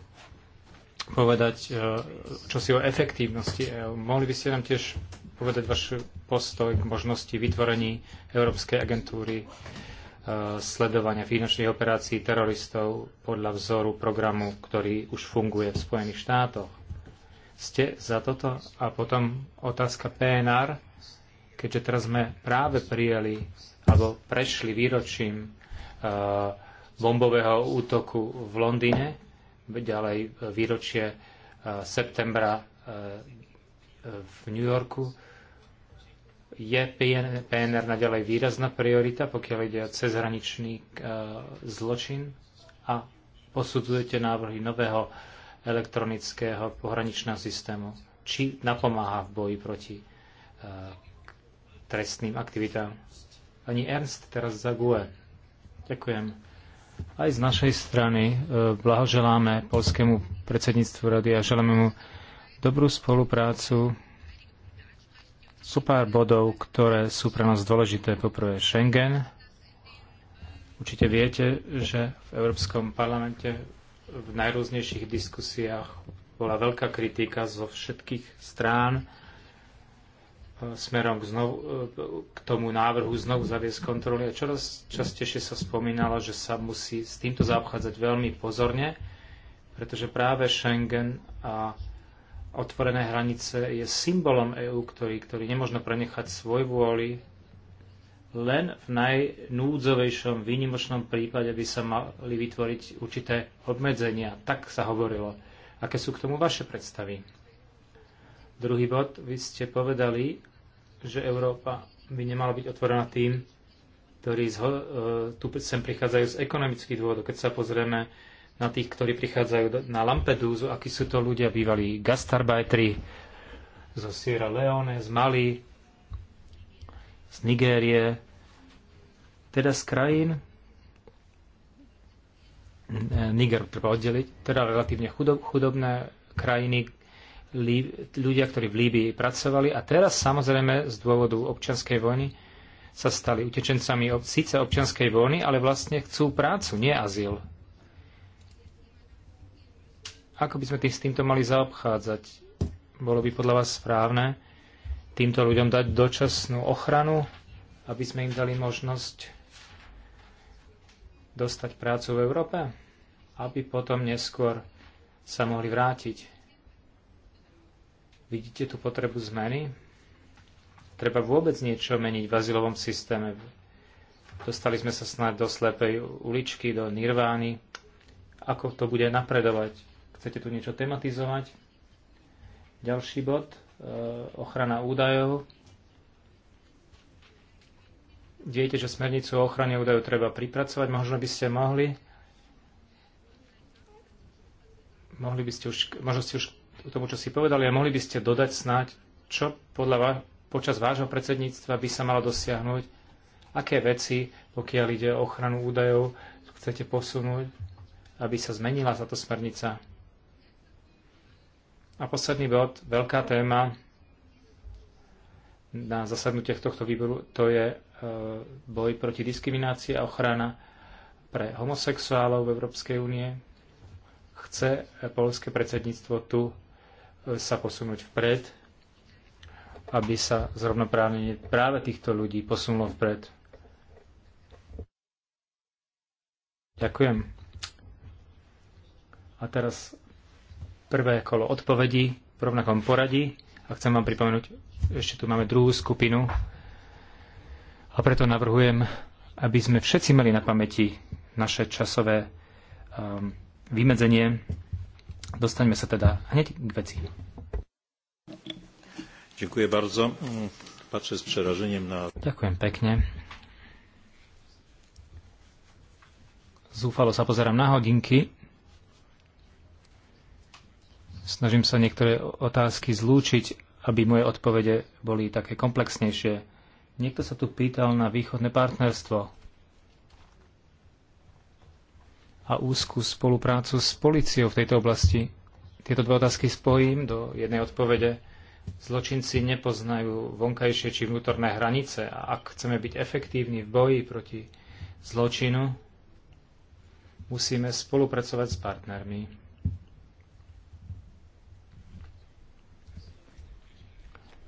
povedať, e, čo si o efektívnosti EÚ. Mohli by ste nám tiež povedať váš postoj k možnosti vytvorení Európskej agentúry e, sledovania finančných operácií teroristov podľa vzoru programu, ktorý už funguje v Spojených štátoch. Ste za toto? A potom otázka PNR, keďže teraz sme práve prijali alebo prešli výročím uh, bombového útoku v Londýne, ďalej výročie e, septembra e, v New Yorku. Je PNR naďalej výrazná priorita, pokiaľ ide o cezhraničný e, zločin a posudzujete návrhy nového elektronického pohraničného systému, či napomáha v boji proti trestným aktivitám. Pani Ernst, teraz za GUE. Ďakujem aj z našej strany e, blahoželáme polskému predsedníctvu rady a želáme mu dobrú spoluprácu. Sú pár bodov, ktoré sú pre nás dôležité. Poprvé Schengen. Určite viete, že v Európskom parlamente v najrôznejších diskusiách bola veľká kritika zo všetkých strán smerom k, znovu, k tomu návrhu znovu zaviesť kontroly. A čoraz častejšie sa spomínalo, že sa musí s týmto zaobchádzať veľmi pozorne, pretože práve Schengen a otvorené hranice je symbolom EÚ, ktorý, ktorý nemôžno prenechať svoj vôli. Len v najnúdzovejšom výnimočnom prípade by sa mali vytvoriť určité obmedzenia. Tak sa hovorilo. Aké sú k tomu vaše predstavy? Druhý bod, vy ste povedali, že Európa by nemala byť otvorená tým, ktorí zho, e, tu sem prichádzajú z ekonomických dôvodov. Keď sa pozrieme na tých, ktorí prichádzajú na Lampedúzu, akí sú to ľudia, bývalí gastarbajtri zo Sierra Leone, z Mali, z Nigérie, teda z krajín, e, Niger treba oddeliť, teda relatívne chudob, chudobné krajiny, ľudia, ktorí v Líbii pracovali a teraz samozrejme z dôvodu občianskej vojny sa stali utečencami ob, síce občianskej vojny, ale vlastne chcú prácu, nie azyl. Ako by sme tým, s týmto mali zaobchádzať? Bolo by podľa vás správne týmto ľuďom dať dočasnú ochranu, aby sme im dali možnosť dostať prácu v Európe, aby potom neskôr sa mohli vrátiť. Vidíte tu potrebu zmeny? Treba vôbec niečo meniť v azylovom systéme. Dostali sme sa snáď do slepej uličky, do nirvány. Ako to bude napredovať? Chcete tu niečo tematizovať? Ďalší bod, e, ochrana údajov. Viete, že smernicu o ochrane údajov treba pripracovať. Možno by ste mohli mohli by ste už, možno ste už tomu, čo si povedali a mohli by ste dodať snáď, čo podľa vás, počas vášho predsedníctva by sa malo dosiahnuť, aké veci, pokiaľ ide o ochranu údajov, chcete posunúť, aby sa zmenila táto smernica. A posledný bod, veľká téma na zasadnutiach tohto výboru, to je e, boj proti diskriminácii a ochrana pre homosexuálov v Európskej únie. Chce e, polské predsedníctvo tu E, sa posunúť vpred, aby sa zrovnoprávnenie práve týchto ľudí posunulo vpred. Ďakujem. A teraz prvé kolo odpovedí v rovnakom poradí. A chcem vám pripomenúť, ešte tu máme druhú skupinu. A preto navrhujem, aby sme všetci mali na pamäti naše časové um, vymedzenie Dostaňme sa teda hneď k veci. Ďakujem bardzo. Patrzę s przeraženiem na... Ďakujem pekne. Zúfalo sa pozerám na hodinky. Snažím sa niektoré otázky zlúčiť, aby moje odpovede boli také komplexnejšie. Niekto sa tu pýtal na východné partnerstvo a úzkú spoluprácu s policiou v tejto oblasti. Tieto dve otázky spojím do jednej odpovede. Zločinci nepoznajú vonkajšie či vnútorné hranice a ak chceme byť efektívni v boji proti zločinu, musíme spolupracovať s partnermi.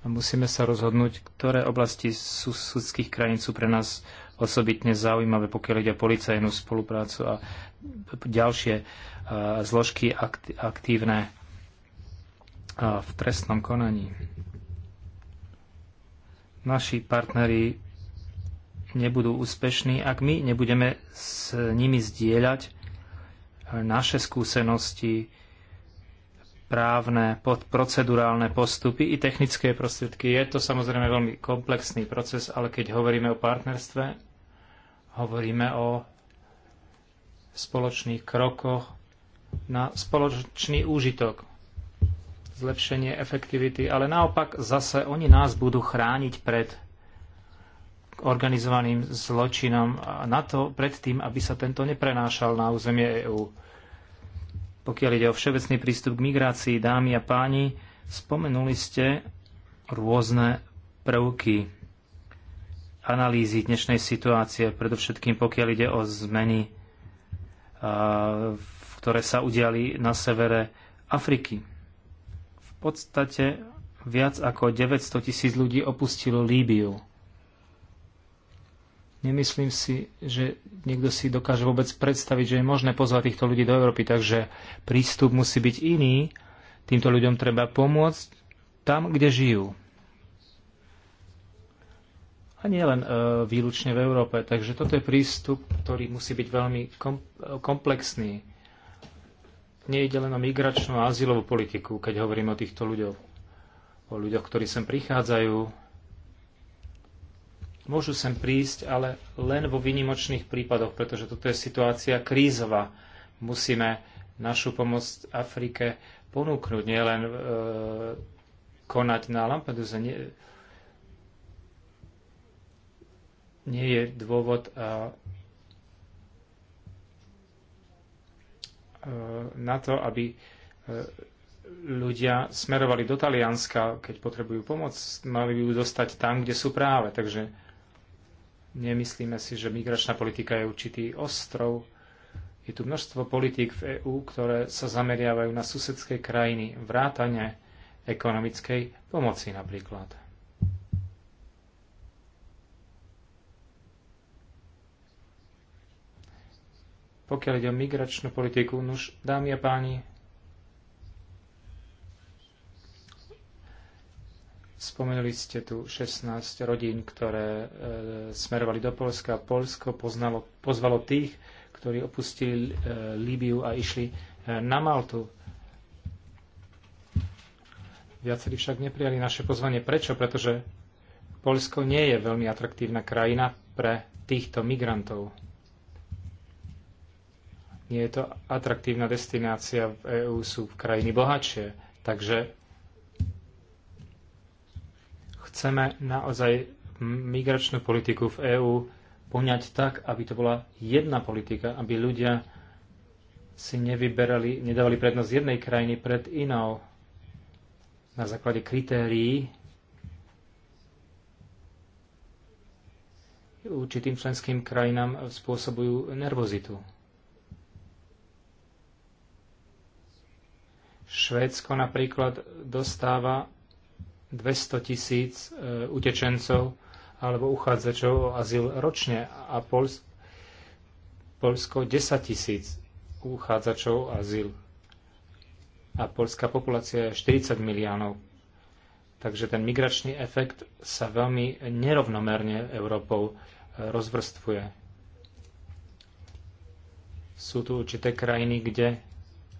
A musíme sa rozhodnúť, ktoré oblasti susudských krajín sú pre nás osobitne zaujímavé, pokiaľ ide o policajnú spoluprácu a ďalšie zložky aktívne v trestnom konaní. Naši partnery nebudú úspešní, ak my nebudeme s nimi zdieľať naše skúsenosti, právne, procedurálne postupy i technické prostriedky. Je to samozrejme veľmi komplexný proces, ale keď hovoríme o partnerstve, Hovoríme o spoločných krokoch na spoločný úžitok, zlepšenie efektivity, ale naopak zase oni nás budú chrániť pred organizovaným zločinom a na to predtým, aby sa tento neprenášal na územie EÚ. Pokiaľ ide o všeobecný prístup k migrácii, dámy a páni, spomenuli ste rôzne prvky analýzy dnešnej situácie, predovšetkým pokiaľ ide o zmeny, ktoré sa udiali na severe Afriky. V podstate viac ako 900 tisíc ľudí opustilo Líbiu. Nemyslím si, že niekto si dokáže vôbec predstaviť, že je možné pozvať týchto ľudí do Európy, takže prístup musí byť iný. Týmto ľuďom treba pomôcť tam, kde žijú a nie len e, výlučne v Európe. Takže toto je prístup, ktorý musí byť veľmi komplexný. Nejde len o migračnú a azylovú politiku, keď hovorím o týchto ľuďoch. O ľuďoch, ktorí sem prichádzajú. Môžu sem prísť, ale len vo výnimočných prípadoch, pretože toto je situácia krízová. Musíme našu pomoc Afrike ponúknuť, nielen e, konať na Lampedusa. Nie, nie je dôvod na to, aby e, ľudia smerovali do Talianska, keď potrebujú pomoc, mali by ju dostať tam, kde sú práve. Takže nemyslíme si, že migračná politika je určitý ostrov. Je tu množstvo politík v EÚ, ktoré sa zameriavajú na susedské krajiny, vrátane ekonomickej pomoci napríklad. Pokiaľ ide o migračnú politiku, nuž, dámy a páni, Spomenuli ste tu 16 rodín, ktoré e, smerovali do Polska. Polsko poznalo, pozvalo tých, ktorí opustili e, Líbiu a išli e, na Maltu. Viacerí však neprijali naše pozvanie. Prečo? Pretože Polsko nie je veľmi atraktívna krajina pre týchto migrantov nie je to atraktívna destinácia v EÚ, sú krajiny bohatšie. Takže chceme naozaj migračnú politiku v EÚ poňať tak, aby to bola jedna politika, aby ľudia si nevyberali, nedávali prednosť jednej krajiny pred inou na základe kritérií určitým členským krajinám spôsobujú nervozitu. Švédsko napríklad dostáva 200 tisíc e, utečencov alebo uchádzačov o azyl ročne a Pols- Polsko 10 tisíc uchádzačov o azyl. A polská populácia je 40 miliónov. Takže ten migračný efekt sa veľmi nerovnomerne Európou e, rozvrstvuje. Sú tu určité krajiny, kde,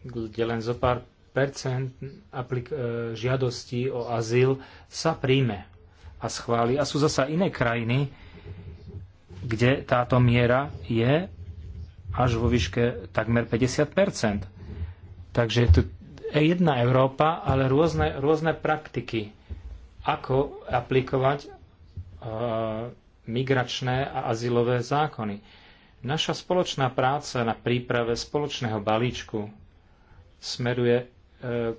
kde len zo pár E, žiadostí o azyl sa príjme a schváli. A sú zasa iné krajiny, kde táto miera je až vo výške takmer 50 Takže je tu jedna Európa, ale rôzne, rôzne praktiky, ako aplikovať e, migračné a azylové zákony. Naša spoločná práca na príprave spoločného balíčku smeruje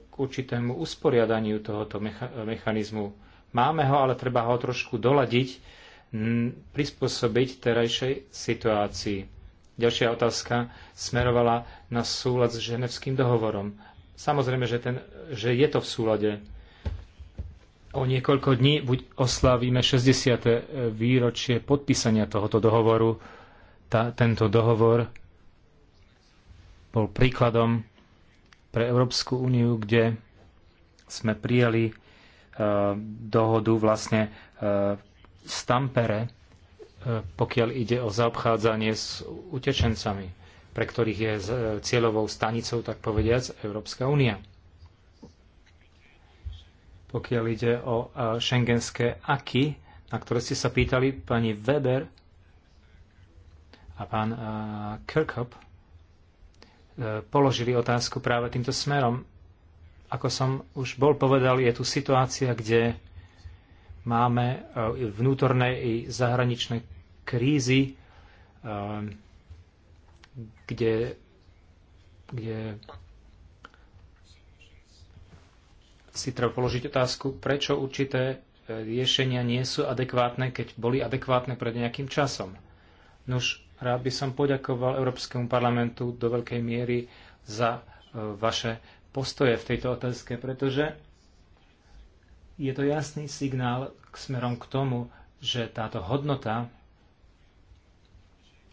k určitému usporiadaniu tohoto mechanizmu. Máme ho, ale treba ho trošku doladiť, prispôsobiť terajšej situácii. Ďalšia otázka smerovala na súlad s ženevským dohovorom. Samozrejme, že, ten, že je to v súlade. O niekoľko dní buď oslávime 60. E, výročie podpísania tohoto dohovoru. Tá, tento dohovor bol príkladom pre Európsku úniu, kde sme prijali e, dohodu vlastne z e, Tampere, e, pokiaľ ide o zaobchádzanie s utečencami, pre ktorých je cieľovou stanicou, tak povediac, Európska únia. Pokiaľ ide o šengenské aky, na ktoré ste sa pýtali pani Weber a pán Kirkhope, položili otázku práve týmto smerom. Ako som už bol povedal, je tu situácia, kde máme e, vnútorné i zahraničné krízy, e, kde, kde si treba položiť otázku, prečo určité e, riešenia nie sú adekvátne, keď boli adekvátne pred nejakým časom. Nuž, Rád by som poďakoval Európskemu parlamentu do veľkej miery za e, vaše postoje v tejto otázke, pretože je to jasný signál k smerom k tomu, že táto hodnota,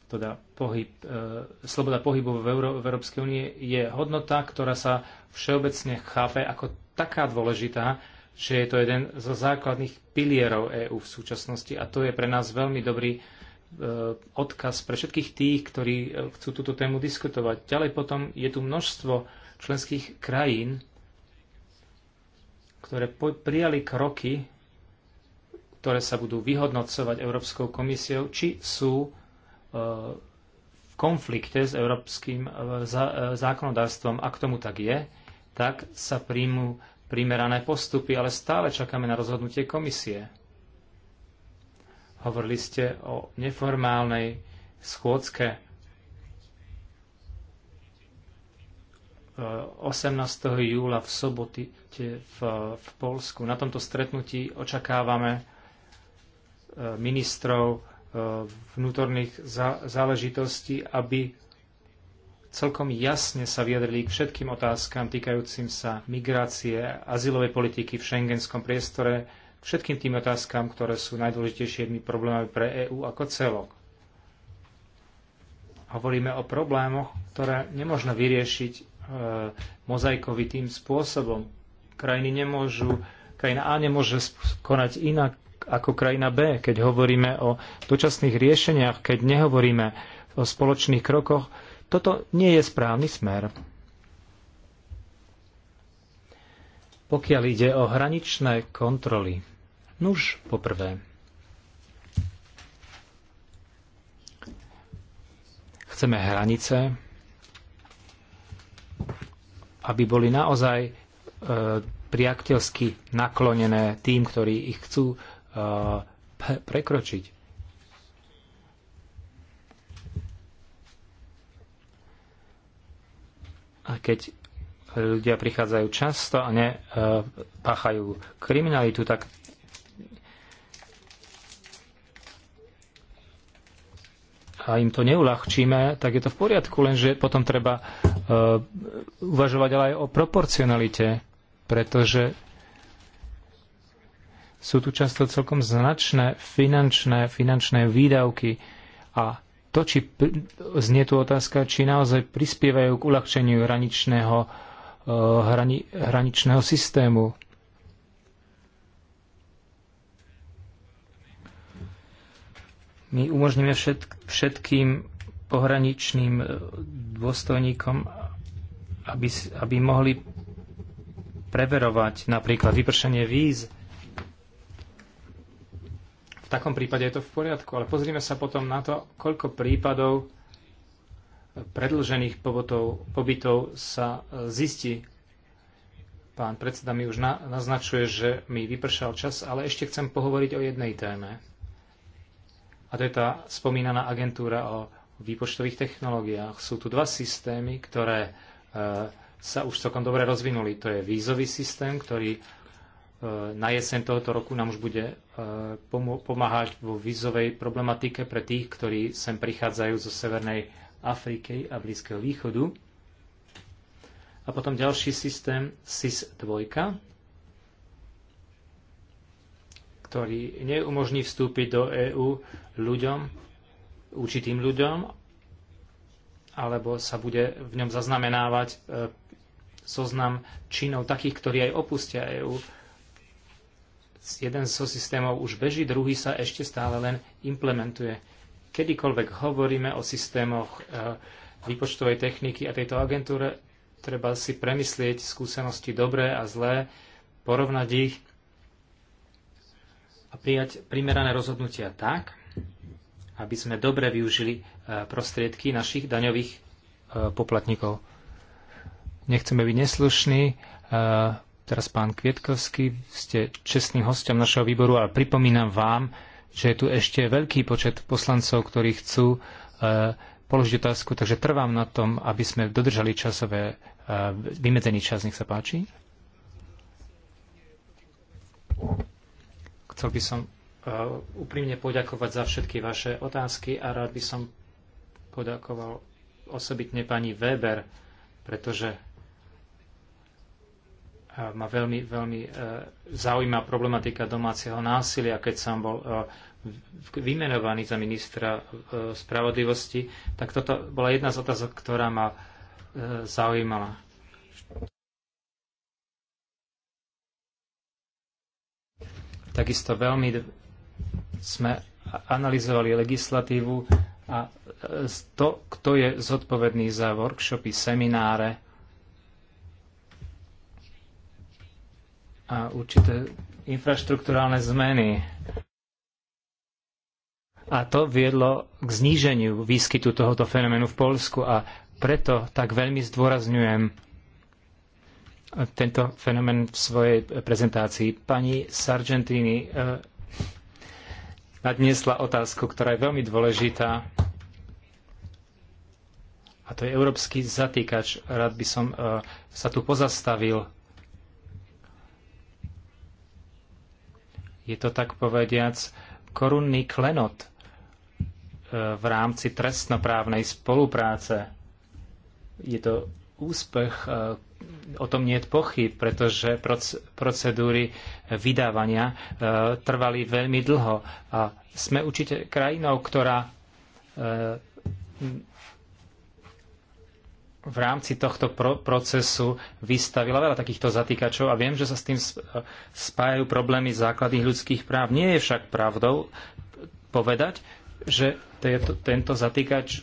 teda pohyb, e, sloboda pohybu v, Euró- v Európskej únie je hodnota, ktorá sa všeobecne chápe ako taká dôležitá, že je to jeden zo základných pilierov EÚ v súčasnosti a to je pre nás veľmi dobrý E, odkaz pre všetkých tých, ktorí e, chcú túto tému diskutovať. Ďalej potom je tu množstvo členských krajín, ktoré prijali kroky, ktoré sa budú vyhodnocovať Európskou komisiou, či sú e, v konflikte s európskym zákonodárstvom. Ak tomu tak je, tak sa príjmu primerané postupy, ale stále čakáme na rozhodnutie komisie. Hovorili ste o neformálnej schôdzke 18. E, júla v soboty v, v Polsku. Na tomto stretnutí očakávame e, ministrov e, vnútorných záležitostí, aby celkom jasne sa vyjadrili k všetkým otázkam týkajúcim sa migrácie, azylovej politiky v šengenskom priestore, všetkým tým otázkam, ktoré sú najdôležitejšími problémami pre EÚ ako celok. Hovoríme o problémoch, ktoré nemôžno vyriešiť e, mozaikovitým spôsobom. Krajiny nemôžu, krajina A nemôže konať inak ako krajina B, keď hovoríme o dočasných riešeniach, keď nehovoríme o spoločných krokoch. Toto nie je správny smer. Pokiaľ ide o hraničné kontroly, Nuž, poprvé. Chceme hranice, aby boli naozaj e, priateľsky naklonené tým, ktorí ich chcú e, prekročiť. A keď ľudia prichádzajú často a nepáchajú e, kriminalitu, tak a im to neulahčíme, tak je to v poriadku, lenže potom treba e, uvažovať ale aj o proporcionalite, pretože sú tu často celkom značné finančné, finančné výdavky a to, či znie tu otázka, či naozaj prispievajú k uľahčeniu hraničného, e, hrani, hraničného systému. My umožníme všetkým pohraničným e, dôstojníkom, aby, aby mohli preverovať napríklad vypršenie víz. V takom prípade je to v poriadku, ale pozrime sa potom na to, koľko prípadov predlžených pobotov, pobytov sa e, zistí. Pán predseda mi už na, naznačuje, že mi vypršal čas, ale ešte chcem pohovoriť o jednej téme. A to je tá spomínaná agentúra o výpočtových technológiách. Sú tu dva systémy, ktoré e, sa už celkom dobre rozvinuli. To je vízový systém, ktorý e, na jeseň tohoto roku nám už bude e, pomáhať vo vízovej problematike pre tých, ktorí sem prichádzajú zo Severnej Afriky a Blízkeho východu. A potom ďalší systém SIS-2, ktorý neumožní vstúpiť do EÚ ľuďom, určitým ľuďom, alebo sa bude v ňom zaznamenávať e, zoznam činov takých, ktorí aj opustia EÚ. Jeden zo so systémov už beží, druhý sa ešte stále len implementuje. Kedykoľvek hovoríme o systémoch e, výpočtovej techniky a tejto agentúre, treba si premyslieť skúsenosti dobré a zlé, porovnať ich a prijať primerané rozhodnutia tak, aby sme dobre využili e, prostriedky našich daňových e, poplatníkov. Nechceme byť neslušní. E, teraz pán Kvietkovský, ste čestným hostom našeho výboru a pripomínam vám, že je tu ešte veľký počet poslancov, ktorí chcú položiť otázku, takže trvám na tom, aby sme dodržali časové vymedzený čas. Nech sa páči. Chcel by som e, úprimne poďakovať za všetky vaše otázky a rád by som poďakoval osobitne pani Weber, pretože e, ma veľmi, veľmi e, zaujíma problematika domáceho násilia. Keď som bol vymenovaný za ministra spravodlivosti, tak toto bola jedna z otázok, ktorá ma zaujímala. Takisto veľmi sme analyzovali legislatívu a e, to, kto je zodpovedný za workshopy, semináre a určité infraštruktúrálne zmeny. A to viedlo k zníženiu výskytu tohoto fenoménu v Polsku a preto tak veľmi zdôrazňujem tento fenomén v svojej prezentácii. Pani Sargentini eh, nadniesla otázku, ktorá je veľmi dôležitá. A to je európsky zatýkač. Rád by som eh, sa tu pozastavil. Je to tak povediac korunný klenot eh, v rámci trestnoprávnej spolupráce. Je to úspech o tom nie je pochyb, pretože procedúry vydávania e, trvali veľmi dlho. A sme určite krajinou, ktorá e, v rámci tohto procesu vystavila veľa takýchto zatýkačov a viem, že sa s tým spájajú problémy základných ľudských práv. Nie je však pravdou povedať, že tento zatýkač e,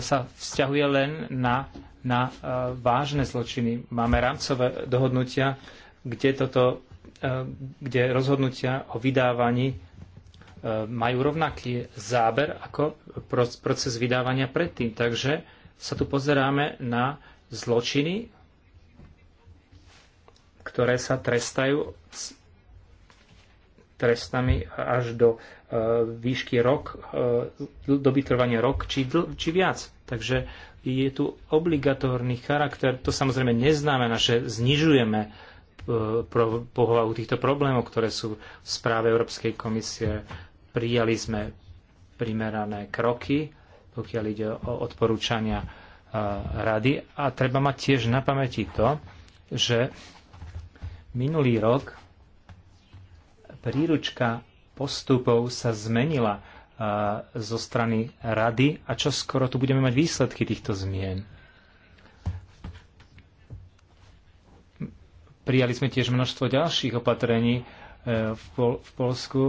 sa vzťahuje len na na e, vážne zločiny. Máme rámcové dohodnutia, kde, toto, e, kde rozhodnutia o vydávaní e, majú rovnaký záber ako proces vydávania predtým. Takže sa tu pozeráme na zločiny, ktoré sa trestajú trestami až do výšky rok, doby trvania rok či, dl, či viac. Takže je tu obligatórny charakter. To samozrejme neznamená, že znižujeme e, povahu týchto problémov, ktoré sú v správe Európskej komisie. Prijali sme primerané kroky, pokiaľ ide o odporúčania e, rady. A treba mať tiež na pamäti to, že minulý rok príručka postupov sa zmenila zo strany rady a čo skoro tu budeme mať výsledky týchto zmien. Prijali sme tiež množstvo ďalších opatrení e, v, Pol- v Polsku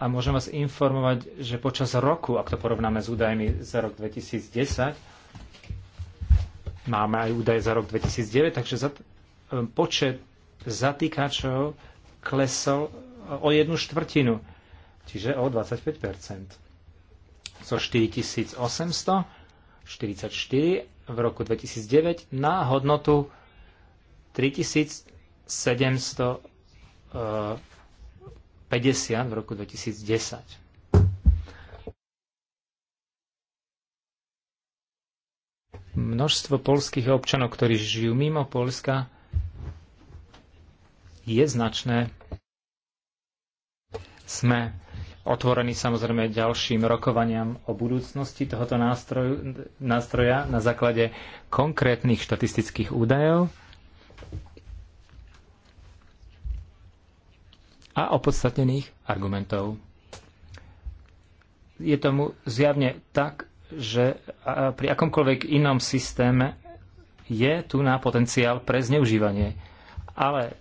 a môžem vás informovať, že počas roku, ak to porovnáme s údajmi za rok 2010, máme aj údaje za rok 2009, takže zat- e, počet zatýkačov klesol o jednu štvrtinu čiže o 25 zo 4844 v roku 2009 na hodnotu 3750 eh, v roku 2010. Množstvo polských občanov, ktorí žijú mimo Polska, je značné. Sme otvorení samozrejme ďalším rokovaniam o budúcnosti tohoto nástroju, nástroja na základe konkrétnych štatistických údajov a opodstatnených argumentov. Je tomu zjavne tak, že pri akomkoľvek inom systéme je tu na potenciál pre zneužívanie. Ale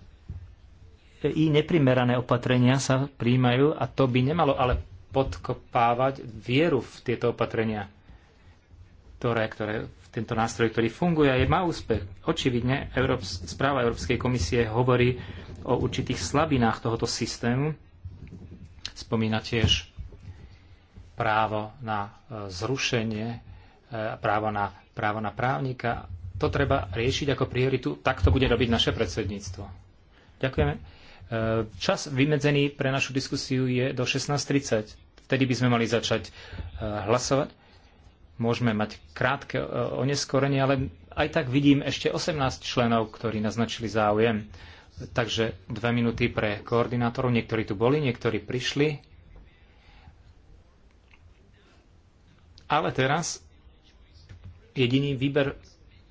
i neprimerané opatrenia sa príjmajú a to by nemalo ale podkopávať vieru v tieto opatrenia, ktoré, ktoré tento nástroj, ktorý funguje a je, má úspech. Očividne Európs- správa Európskej komisie hovorí o určitých slabinách tohoto systému. Spomína tiež právo na e, zrušenie, e, právo na, právo na právnika. To treba riešiť ako prioritu. Tak to bude robiť naše predsedníctvo. Ďakujeme. E, čas vymedzený pre našu diskusiu je do 16.30. Vtedy by sme mali začať e, hlasovať. Môžeme mať krátke e, oneskorenie, ale aj tak vidím ešte 18 členov, ktorí naznačili záujem. Takže dve minúty pre koordinátorov. Niektorí tu boli, niektorí prišli. Ale teraz jediný výber,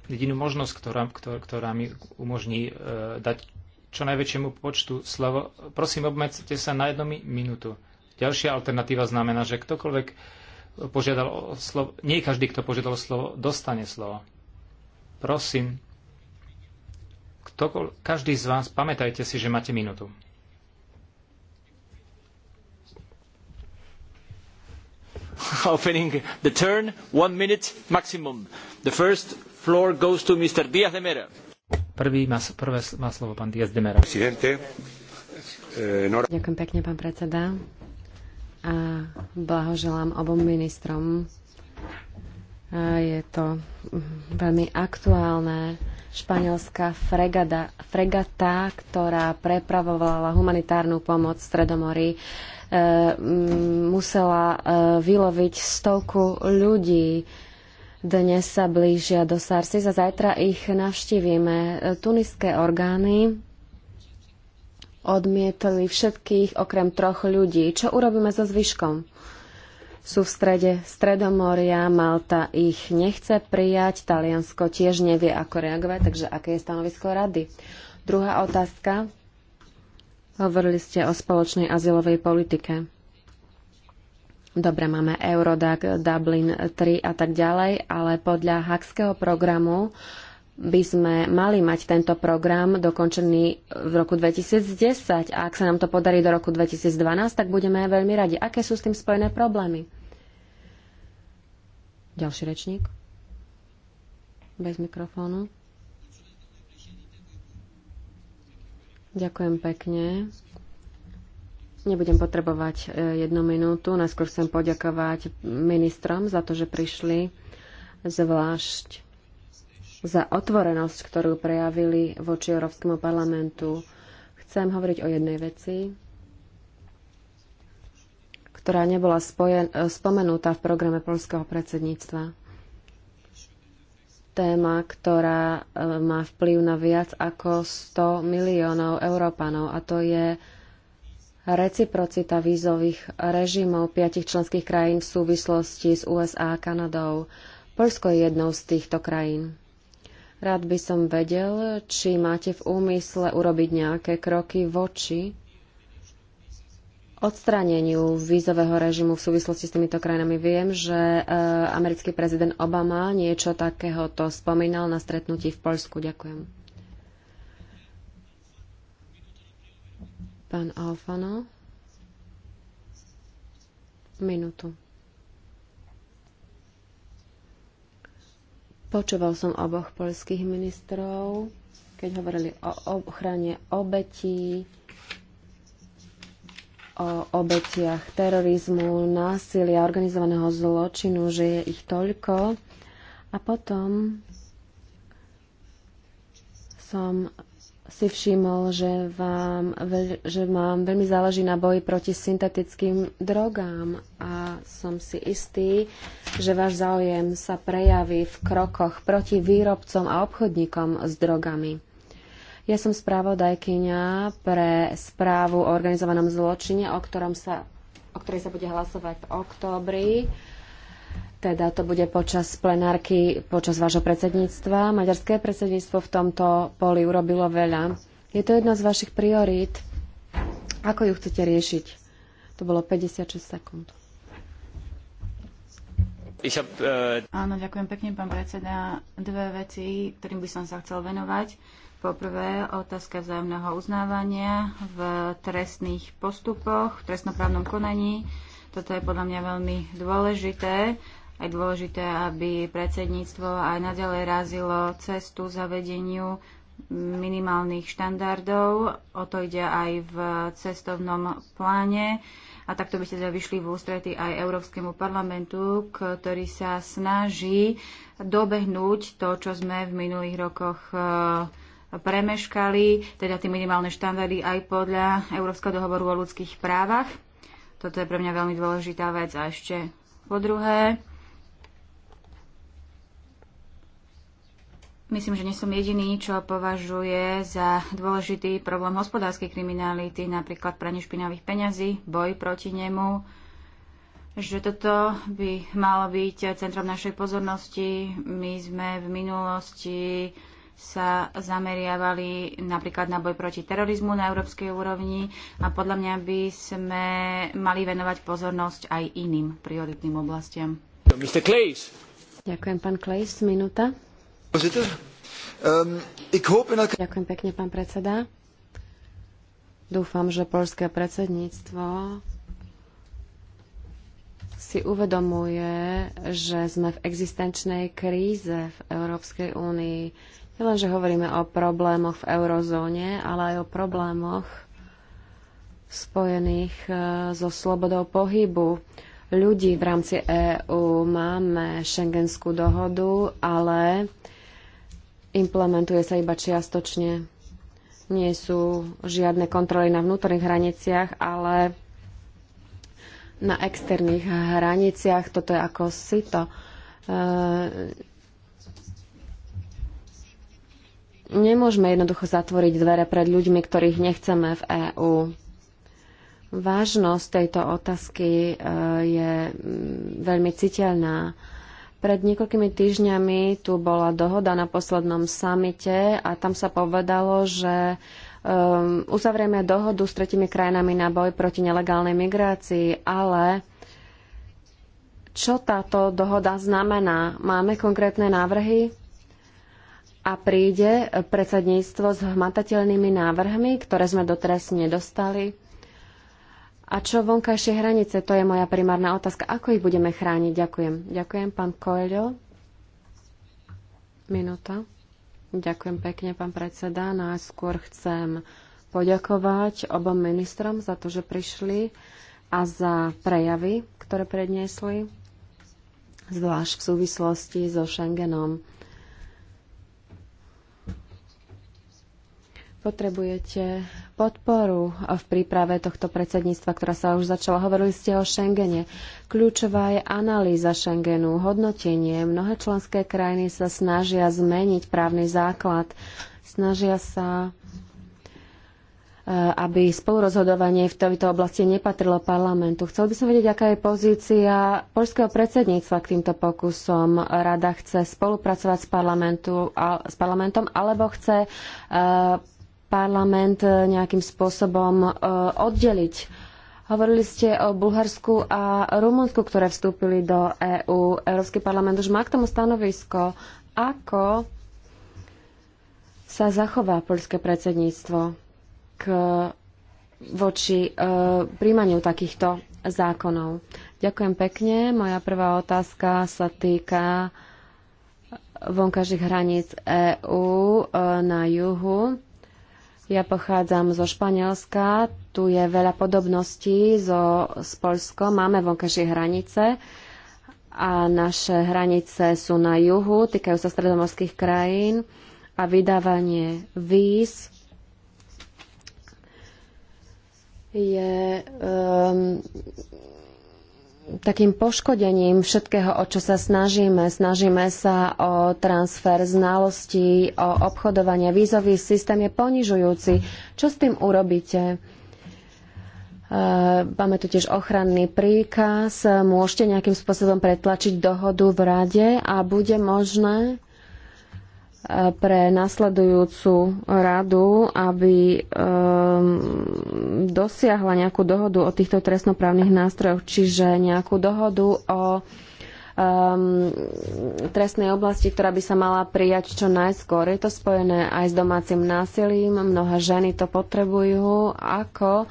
jedinú možnosť, ktorá, ktorá, ktorá mi umožní dať čo najväčšiemu počtu slovo. Prosím, obmedzte sa na jednu minútu. Ďalšia alternatíva znamená, že ktokoľvek požiadal o slovo, nie každý, kto požiadal o slovo, dostane slovo. Prosím, ktokoľ, každý z vás, pamätajte si, že máte minútu. opening the turn, one minute maximum. The first floor goes to Mr. Diaz de Mera. Prvý má, prvé má slovo pán Diaz de Mera. Eh, Ďakujem pekne, pán predseda. A blahoželám obom ministrom. A je to veľmi aktuálne. Španielská fregada, fregata, ktorá prepravovala humanitárnu pomoc v Stredomorí, e, eh, musela e, vyloviť stovku ľudí. E, dnes sa blížia do Sarsis a zajtra ich navštívime. Tuniské orgány odmietli všetkých okrem troch ľudí. Čo urobíme so zvyškom? Sú v strede Stredomoria, Malta ich nechce prijať, Taliansko tiež nevie, ako reagovať, takže aké je stanovisko rady? Druhá otázka. Hovorili ste o spoločnej azylovej politike. Dobre, máme Eurodac, Dublin 3 a tak ďalej, ale podľa hackského programu by sme mali mať tento program dokončený v roku 2010 a ak sa nám to podarí do roku 2012, tak budeme veľmi radi. Aké sú s tým spojené problémy? Ďalší rečník. Bez mikrofónu. Ďakujem pekne. Nebudem potrebovať e, jednu minútu. Najskôr chcem poďakovať ministrom za to, že prišli, zvlášť za otvorenosť, ktorú prejavili voči Európskemu parlamentu. Chcem hovoriť o jednej veci, ktorá nebola spojen, e, spomenutá v programe polského predsedníctva. Téma, ktorá e, má vplyv na viac ako 100 miliónov Európanov, a to je reciprocita vízových režimov piatich členských krajín v súvislosti s USA a Kanadou. Poľsko je jednou z týchto krajín. Rád by som vedel, či máte v úmysle urobiť nejaké kroky voči odstráneniu vízového režimu v súvislosti s týmito krajinami. Viem, že e, americký prezident Obama niečo takéhoto spomínal na stretnutí v Poľsku. Ďakujem. Pán Alfano. Minútu. Počúval som oboch polských ministrov, keď hovorili o ochrane obetí, o obetiach terorizmu, násilia, organizovaného zločinu, že je ich toľko. A potom som si všimol, že, vám, že vám veľmi záleží na boji proti syntetickým drogám a som si istý, že váš záujem sa prejaví v krokoch proti výrobcom a obchodníkom s drogami. Ja som správodajkyňa pre správu o organizovanom zločine, o, ktorom sa, o ktorej sa bude hlasovať v októbri. Teda to bude počas plenárky, počas vášho predsedníctva. Maďarské predsedníctvo v tomto poli urobilo veľa. Je to jedna z vašich priorít. Ako ju chcete riešiť? To bolo 56 sekúnd. E, Áno, ďakujem pekne, pán predseda. Dve veci, ktorým by som sa chcel venovať. Poprvé, otázka vzájomného uznávania v trestných postupoch, v trestnoprávnom konaní. Toto je podľa mňa veľmi dôležité je dôležité, aby predsedníctvo aj naďalej razilo cestu zavedeniu minimálnych štandardov. O to ide aj v cestovnom pláne. A takto by ste teda vyšli v ústrety aj Európskemu parlamentu, ktorý sa snaží dobehnúť to, čo sme v minulých rokoch e, premeškali, teda tie minimálne štandardy aj podľa Európskeho dohovoru o ľudských právach. Toto je pre mňa veľmi dôležitá vec. A ešte po druhé, Myslím, že nie som jediný, čo považuje za dôležitý problém hospodárskej kriminality, napríklad pranie špinavých peňazí, boj proti nemu, že toto by malo byť centrom našej pozornosti. My sme v minulosti sa zameriavali napríklad na boj proti terorizmu na európskej úrovni a podľa mňa by sme mali venovať pozornosť aj iným prioritným oblastiam. Ďakujem, pán Klejs. Minúta. Ehm, Ďakujem pekne, pán predseda. Dúfam, že poľské predsedníctvo si uvedomuje, že sme v existenčnej kríze v Európskej únii. Nielenže že hovoríme o problémoch v eurozóne, ale aj o problémoch spojených e, so slobodou pohybu ľudí v rámci EÚ. Máme šengenskú dohodu, ale implementuje sa iba čiastočne. Nie sú žiadne kontroly na vnútorných hraniciach, ale na externých hraniciach. Toto je ako sito. E, nemôžeme jednoducho zatvoriť dvere pred ľuďmi, ktorých nechceme v EÚ. Vážnosť tejto otázky e, je mm, veľmi citeľná pred niekoľkými týždňami tu bola dohoda na poslednom samite a tam sa povedalo, že um, uzavrieme dohodu s tretimi krajinami na boj proti nelegálnej migrácii, ale čo táto dohoda znamená? Máme konkrétne návrhy? a príde predsedníctvo s hmatateľnými návrhmi, ktoré sme doteraz nedostali. A čo vonkajšie hranice? To je moja primárna otázka. Ako ich budeme chrániť? Ďakujem. Ďakujem, pán Koľo. Minúta. Ďakujem pekne, pán predseda. Najskôr chcem poďakovať obom ministrom za to, že prišli a za prejavy, ktoré predniesli, zvlášť v súvislosti so Schengenom. potrebujete podporu v príprave tohto predsedníctva, ktorá sa už začala. Hovorili ste o Schengene. Kľúčová je analýza Schengenu, hodnotenie. Mnohé členské krajiny sa snažia zmeniť právny základ, snažia sa e, aby spolurozhodovanie v tejto oblasti nepatrilo parlamentu. Chcel by som vedieť, aká je pozícia poľského predsedníctva k týmto pokusom. Rada chce spolupracovať s, parlamentu, a, s parlamentom alebo chce uh, parlament e, nejakým spôsobom e, oddeliť. Hovorili ste o Bulharsku a Rumunsku, ktoré vstúpili do EÚ. Európsky parlament už má k tomu stanovisko. Ako sa zachová poľské predsedníctvo k, voči e, príjmaniu takýchto zákonov? Ďakujem pekne. Moja prvá otázka sa týka vonkajších hraníc EÚ e, na juhu. Ja pochádzam zo Španielska, tu je veľa podobností so, s Polskom, máme vonkajšie hranice a naše hranice sú na juhu, týkajú sa stredomorských krajín a vydávanie víz je um, takým poškodením všetkého, o čo sa snažíme. Snažíme sa o transfer znalostí, o obchodovanie. Vízový systém je ponižujúci. Čo s tým urobíte? E, máme tu tiež ochranný príkaz. Môžete nejakým spôsobom pretlačiť dohodu v rade a bude možné pre nasledujúcu radu, aby um, dosiahla nejakú dohodu o týchto trestnoprávnych nástrojoch, čiže nejakú dohodu o um, trestnej oblasti, ktorá by sa mala prijať čo najskôr. Je to spojené aj s domácim násilím, mnohé ženy to potrebujú. Ako uh,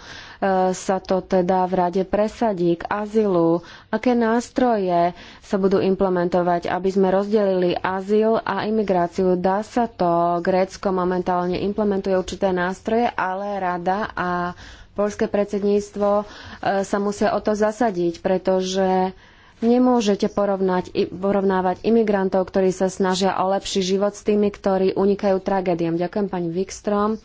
sa to teda v rade presadí k azylu? Aké nástroje sa budú implementovať, aby sme rozdelili azyl a imigráciu? Dá sa to? Grécko momentálne implementuje určité nástroje, ale rada a poľské predsedníctvo uh, sa musia o to zasadiť, pretože Nemôžete porovnať, porovnávať imigrantov, ktorí sa snažia o lepší život s tými, ktorí unikajú tragédiám. Ďakujem pani Wikstrom,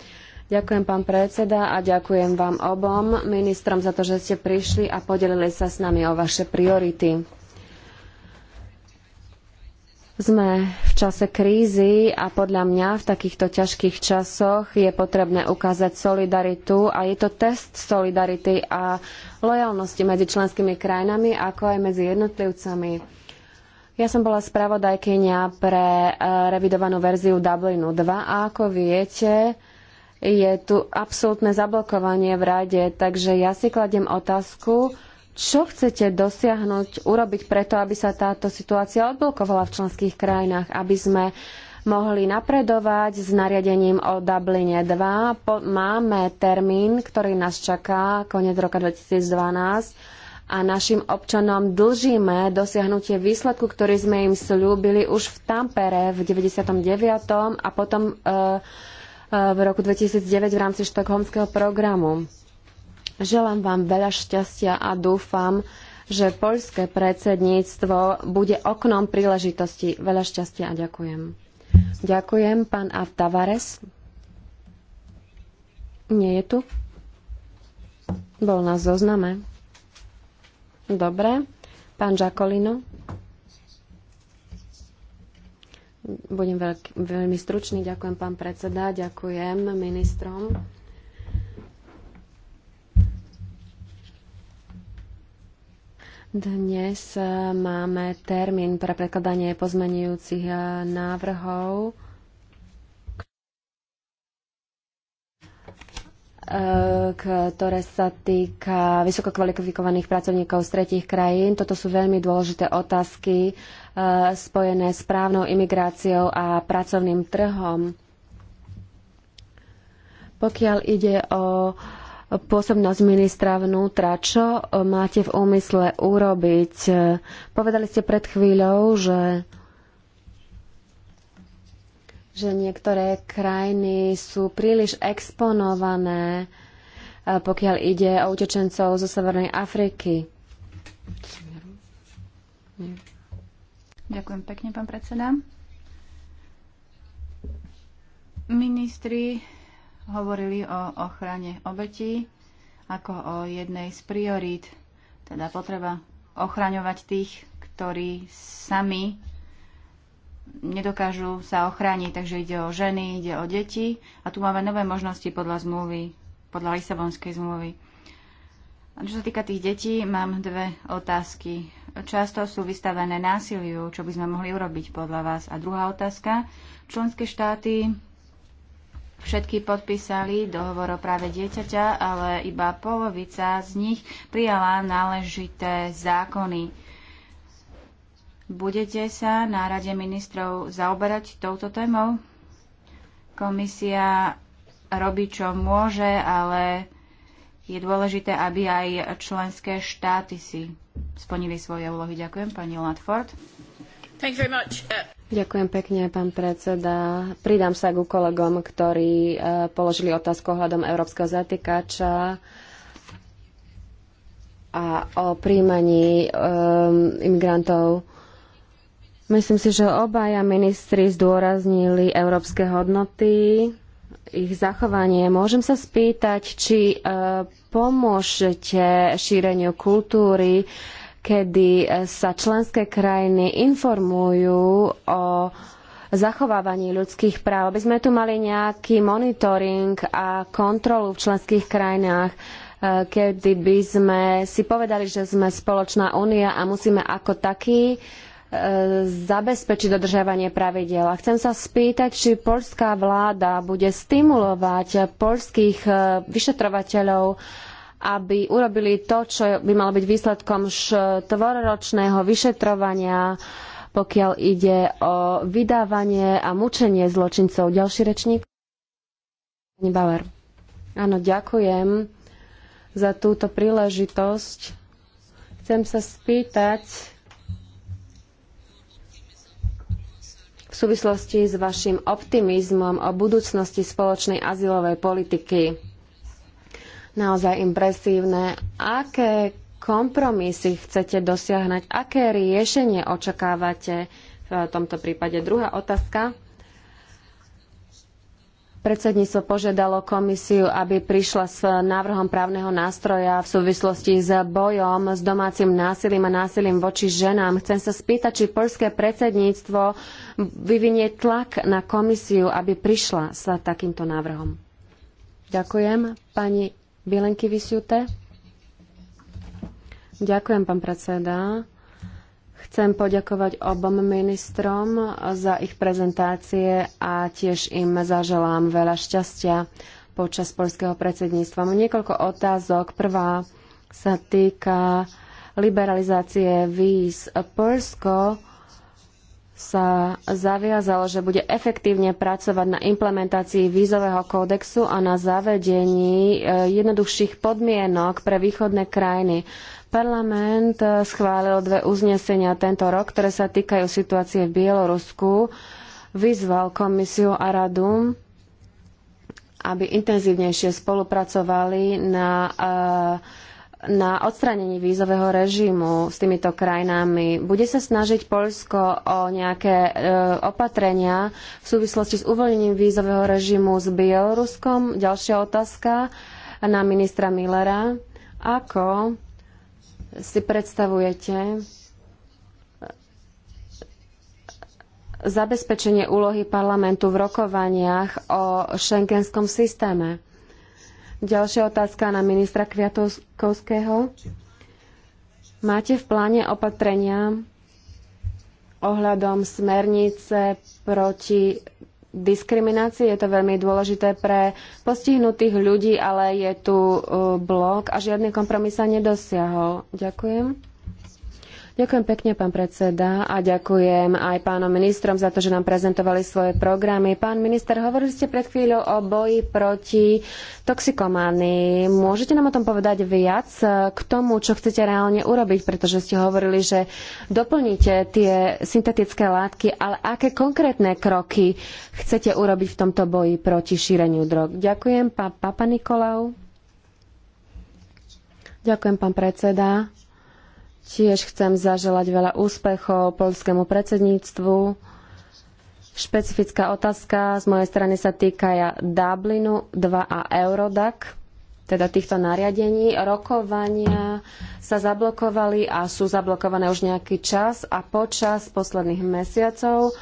ďakujem pán predseda a ďakujem vám obom ministrom za to, že ste prišli a podelili sa s nami o vaše priority. Sme v čase krízy a podľa mňa v takýchto ťažkých časoch je potrebné ukázať solidaritu a je to test solidarity a lojalnosti medzi členskými krajinami ako aj medzi jednotlivcami. Ja som bola spravodajkynia pre e, revidovanú verziu Dublinu 2 a ako viete, je tu absolútne zablokovanie v rade, takže ja si kladiem otázku, čo chcete dosiahnuť, urobiť preto, aby sa táto situácia odblokovala v členských krajinách, aby sme mohli napredovať s nariadením o Dubline 2. Po, máme termín, ktorý nás čaká, koniec roka 2012 a našim občanom dlžíme dosiahnutie výsledku, ktorý sme im slúbili už v Tampere v 99. a potom e, e, v roku 2009 v rámci štokholmského programu. Želám vám veľa šťastia a dúfam, že poľské predsedníctvo bude oknom príležitosti. Veľa šťastia a ďakujem. Ďakujem, pán Avtavares. Nie je tu? Bol na zozname. Dobre. Pán Žakolino. Budem veľmi stručný. Ďakujem, pán predseda. Ďakujem ministrom. Dnes e, máme termín pre prekladanie pozmenujúcich e, návrhov. E, ktoré sa týka vysokokvalifikovaných pracovníkov z tretich krajín. Toto sú veľmi dôležité otázky spojené s právnou imigráciou a pracovným trhom. Pokiaľ ide o uh, pôsobnosť ministra vnútra. Čo e, máte v úmysle urobiť? E, povedali ste pred chvíľou, že že niektoré krajiny sú príliš exponované, e, pokiaľ ide o utečencov zo Severnej Afriky. Ďakujem pekne, pán predseda. Ministri hovorili o ochrane obetí ako o jednej z priorít, teda potreba ochraňovať tých, ktorí sami nedokážu sa ochrániť, takže ide o ženy, ide o deti a tu máme nové možnosti podľa zmluvy, podľa Lisabonskej zmluvy. A čo sa týka tých detí, mám dve otázky. Často sú vystavené násiliu, čo by sme mohli urobiť podľa vás. A druhá otázka. Členské štáty všetky podpísali dohovor o práve dieťaťa, ale iba polovica z nich prijala náležité zákony. Budete sa na Rade ministrov zaoberať touto témou? Komisia robí, čo môže, ale je dôležité, aby aj členské štáty si splnili svoje úlohy. Ďakujem, pani Latford. Uh, Ďakujem pekne, pán predseda. Pridám sa ku kolegom, ktorí eh, položili otázku ohľadom európskeho zatýkača a o príjmaní um, imigrantov. Myslím si, že obaja ministri zdôraznili európske hodnoty, ich zachovanie. Môžem sa spýtať, či uh, pomôžete šíreniu kultúry uh, kedy e, sa členské krajiny informujú o zachovávaní ľudských práv, aby sme tu mali nejaký monitoring a kontrolu v členských krajinách, e, kedy by sme si povedali, že sme spoločná únia a musíme ako taký e, zabezpečiť dodržiavanie pravidel. A chcem sa spýtať, či poľská vláda bude stimulovať poľských vyšetrovateľov, aby urobili to, čo by malo byť výsledkom štvorročného vyšetrovania, pokiaľ ide o vydávanie a mučenie zločincov. Ďalší rečník? Pani Bauer. Áno, ďakujem za túto príležitosť. Chcem sa spýtať v súvislosti s vašim optimizmom o budúcnosti spoločnej azylovej politiky naozaj impresívne. Aké kompromisy chcete dosiahnuť? Aké riešenie očakávate v tomto prípade? Druhá otázka. Predsedníctvo požiadalo komisiu, aby prišla s návrhom právneho nástroja v súvislosti s bojom s domácim násilím a násilím voči ženám. Chcem sa spýtať, či poľské predsedníctvo vyvinie tlak na komisiu, aby prišla s takýmto návrhom. Ďakujem. Pani Bielenky Vysiute. Ďakujem, pán predseda. Chcem poďakovať obom ministrom za ich prezentácie a tiež im zaželám veľa šťastia počas polského predsedníctva. Mám niekoľko otázok. Prvá sa týka liberalizácie víz. Polsko sa zaviazalo, že bude efektívne pracovať na implementácii vízového kódexu a na zavedení eh, jednoduchších podmienok pre východné krajiny. Parlament eh, schválil dve uznesenia tento rok, ktoré sa týkajú situácie v Bielorusku. Vyzval komisiu a radu, aby intenzívnejšie spolupracovali na uh, na odstránení vízového režimu s týmito krajinami. Bude sa snažiť Poľsko o nejaké e, opatrenia v súvislosti s uvoľnením vízového režimu s Bieloruskom? Ďalšia otázka na ministra Millera. Ako si predstavujete e, zabezpečenie úlohy parlamentu v rokovaniach o schengenskom systéme? Ďalšia otázka na ministra Kviatovského. Máte v pláne opatrenia ohľadom smernice proti diskriminácii. Je to veľmi dôležité pre postihnutých ľudí, ale je tu uh, blok a žiadny kompromis sa nedosiahol. Ďakujem. Ďakujem pekne, pán predseda, a ďakujem aj pánom ministrom za to, že nám prezentovali svoje programy. Pán minister, hovorili ste pred chvíľou o boji proti toxikománii. Môžete nám o tom povedať viac e, k tomu, čo chcete reálne urobiť, pretože ste hovorili, že doplníte tie syntetické látky, ale aké konkrétne kroky chcete urobiť v tomto boji proti šíreniu drog? Ďakujem, pán Papa Nikolau. Ďakujem, pán predseda. Tiež chcem zaželať veľa úspechov polskému predsedníctvu. Špecifická otázka z mojej strany sa týka Dublinu 2 a Eurodac, teda týchto nariadení. Rokovania sa zablokovali a sú zablokované už nejaký čas a počas posledných mesiacov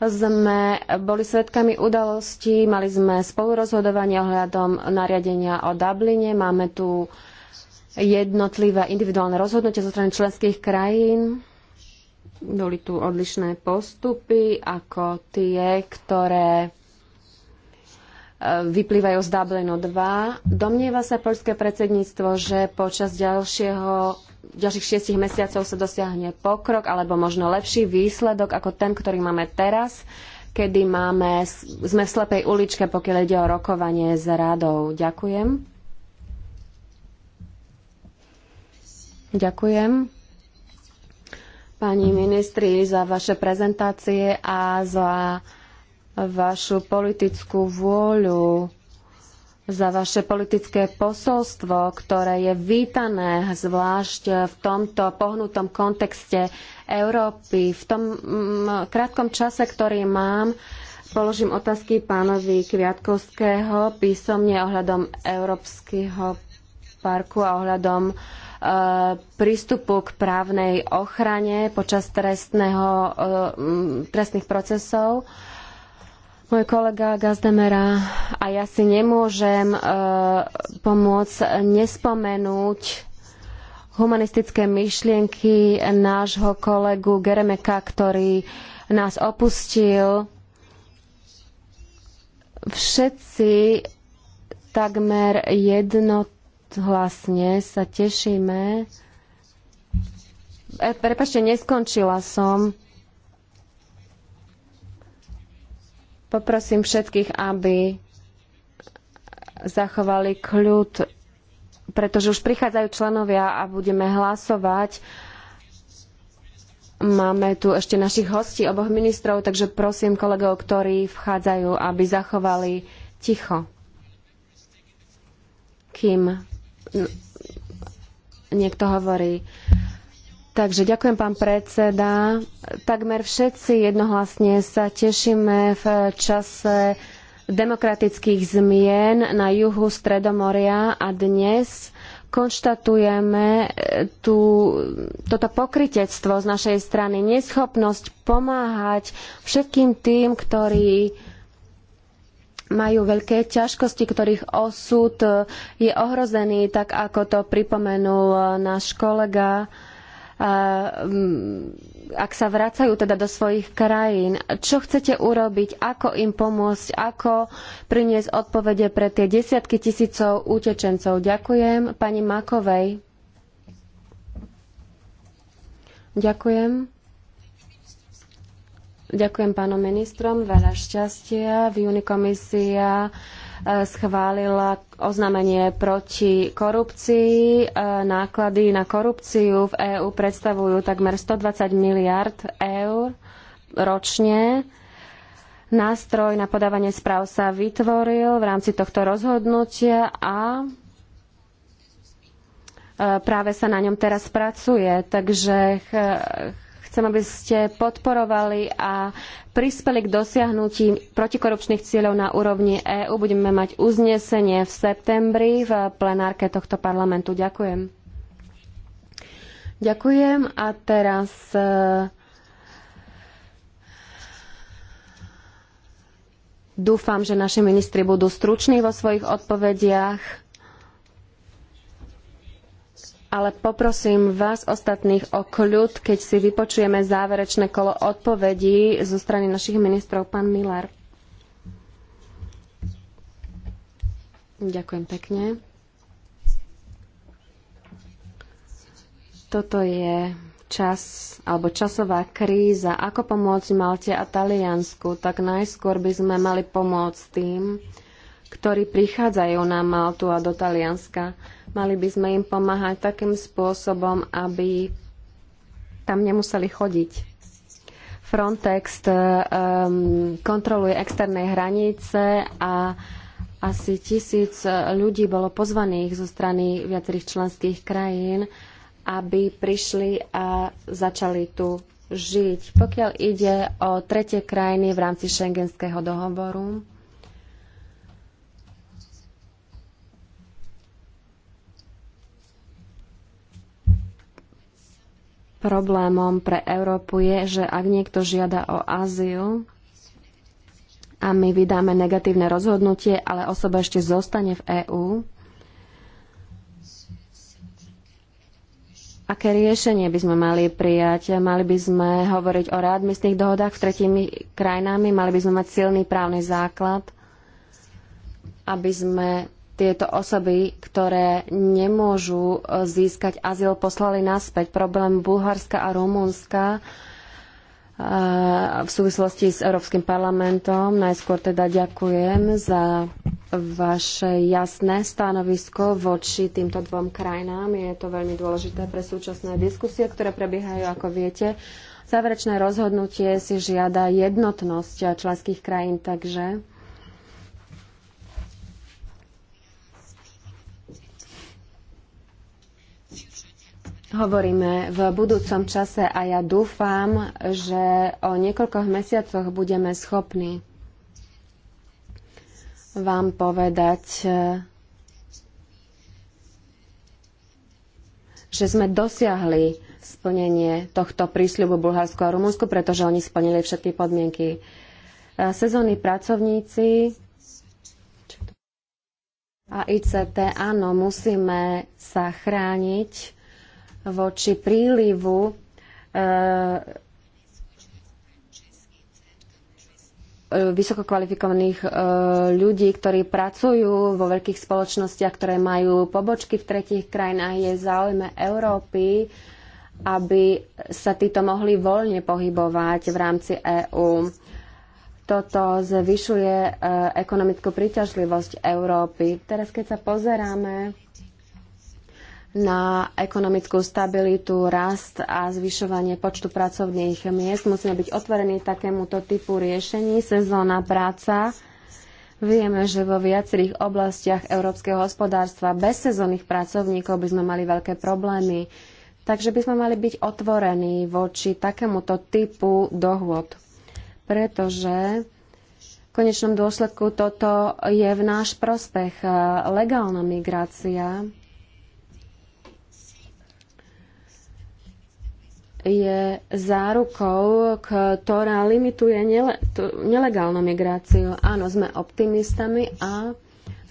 sme boli svedkami udalostí, mali sme spolurozhodovanie ohľadom nariadenia o Dubline, máme tu jednotlivé individuálne rozhodnutia zo strany členských krajín. Boli tu odlišné postupy, ako tie, ktoré e, vyplývajú z Dublinu 2. Domnieva sa poľské predsedníctvo, že počas ďalšieho, ďalších šiestich mesiacov sa dosiahne pokrok alebo možno lepší výsledok ako ten, ktorý máme teraz, kedy máme, sme v slepej uličke, pokiaľ ide o rokovanie s radou. Ďakujem. Ďakujem páni ministri za vaše prezentácie a za vašu politickú vôľu, za vaše politické posolstvo, ktoré je vítané zvlášť v tomto pohnutom kontexte Európy. V tom mm, krátkom čase, ktorý mám, položím otázky pánovi Kviatkovského písomne ohľadom Európskeho parku a ohľadom uh, prístupu k právnej ochrane počas trestného, eh, trestných procesov. Môj kolega Gazdemera a ja si nemôžem eh, pomôcť nespomenúť humanistické myšlienky nášho kolegu Geremeka, ktorý nás opustil. Všetci takmer jednotní hlasne sa tešíme. E, Prepašte, neskončila som. Poprosím všetkých, aby zachovali kľud, pretože už prichádzajú členovia a budeme hlasovať. Máme tu ešte našich hostí, oboch ministrov, takže prosím kolegov, ktorí vchádzajú, aby zachovali ticho, kým niekto hovorí. Takže ďakujem, pán predseda. Takmer všetci jednohlasne sa tešíme v čase demokratických zmien na juhu Stredomoria a dnes konštatujeme e, tú, toto pokritectvo z našej strany, neschopnosť pomáhať všetkým tým, ktorí majú veľké ťažkosti, ktorých osud e, je ohrozený, tak ako to pripomenul e, náš kolega. E, ak sa vracajú teda do svojich krajín, čo chcete urobiť, ako im pomôcť, ako priniesť odpovede pre tie desiatky tisícov utečencov. Ďakujem pani Makovej. Ďakujem. Ďakujem pánom ministrom, veľa šťastia. V júni komisia e, schválila oznámenie proti korupcii. E, náklady na korupciu v EÚ predstavujú takmer 120 miliard eur ročne. Nástroj na podávanie správ sa vytvoril v rámci tohto rozhodnutia a e, práve sa na ňom teraz pracuje. Takže Chcem, aby ste podporovali a prispeli k dosiahnutí protikorupčných cieľov na úrovni EÚ. Budeme mať uznesenie v septembri v plenárke tohto parlamentu. Ďakujem. Ďakujem a teraz e, Dúfam, že naši ministri budú struční vo svojich odpovediach ale poprosím vás ostatných o kľud, keď si vypočujeme záverečné kolo odpovedí zo strany našich ministrov. Pán Miller. Ďakujem pekne. Toto je čas alebo časová kríza. Ako pomôcť Malte a Taliansku? Tak najskôr by sme mali pomôcť tým, ktorí prichádzajú na Maltu a do Talianska Mali by sme im pomáhať takým spôsobom, aby tam nemuseli chodiť. Frontex um, kontroluje externé hranice a asi tisíc e, ľudí bolo pozvaných zo strany viacerých členských krajín, aby prišli a začali tu žiť. Pokiaľ ide o tretie krajiny v rámci šengenského dohovoru, problémom pre Európu je, že ak niekto žiada o azyl a my vydáme negatívne rozhodnutie, ale osoba ešte zostane v EÚ, aké riešenie by sme mali prijať? Mali by sme hovoriť o readmisných dohodách s tretími krajinami? Mali by sme mať silný právny základ, aby sme tieto osoby, ktoré nemôžu e, získať azyl, poslali naspäť. Problém Bulharska a Rumunska e, v súvislosti s Európskym parlamentom. Najskôr teda ďakujem za vaše jasné stanovisko voči týmto dvom krajinám. Je to veľmi dôležité pre súčasné diskusie, ktoré prebiehajú, ako viete. Záverečné rozhodnutie si žiada jednotnosť členských krajín, takže hovoríme v budúcom čase a ja dúfam, že o niekoľkoch mesiacoch budeme schopní vám povedať, že sme dosiahli splnenie tohto prísľubu Bulharsku a Rumunsku, pretože oni splnili všetky podmienky. Sezónni pracovníci a ICT, áno, musíme sa chrániť voči prílivu eh, vysoko kvalifikovaných eh, ľudí, ktorí pracujú vo veľkých spoločnostiach, ktoré majú pobočky v tretich krajinách, je záujme Európy, aby sa títo mohli voľne pohybovať v rámci EÚ. Toto zvyšuje eh, ekonomickú príťažlivosť Európy. Teraz, keď sa pozeráme na ekonomickú stabilitu, rast a zvyšovanie počtu pracovných miest. Musíme byť otvorení takémuto typu riešení. Sezónna práca. Vieme, že vo viacerých oblastiach európskeho hospodárstva bez sezónnych pracovníkov by sme mali veľké problémy. Takže by sme mali byť otvorení voči takémuto typu dohôd. Pretože v konečnom dôsledku toto je v náš prospech. Legálna migrácia je zárukou, ktorá limituje nele, tú nelegálnu migráciu. Áno, sme optimistami a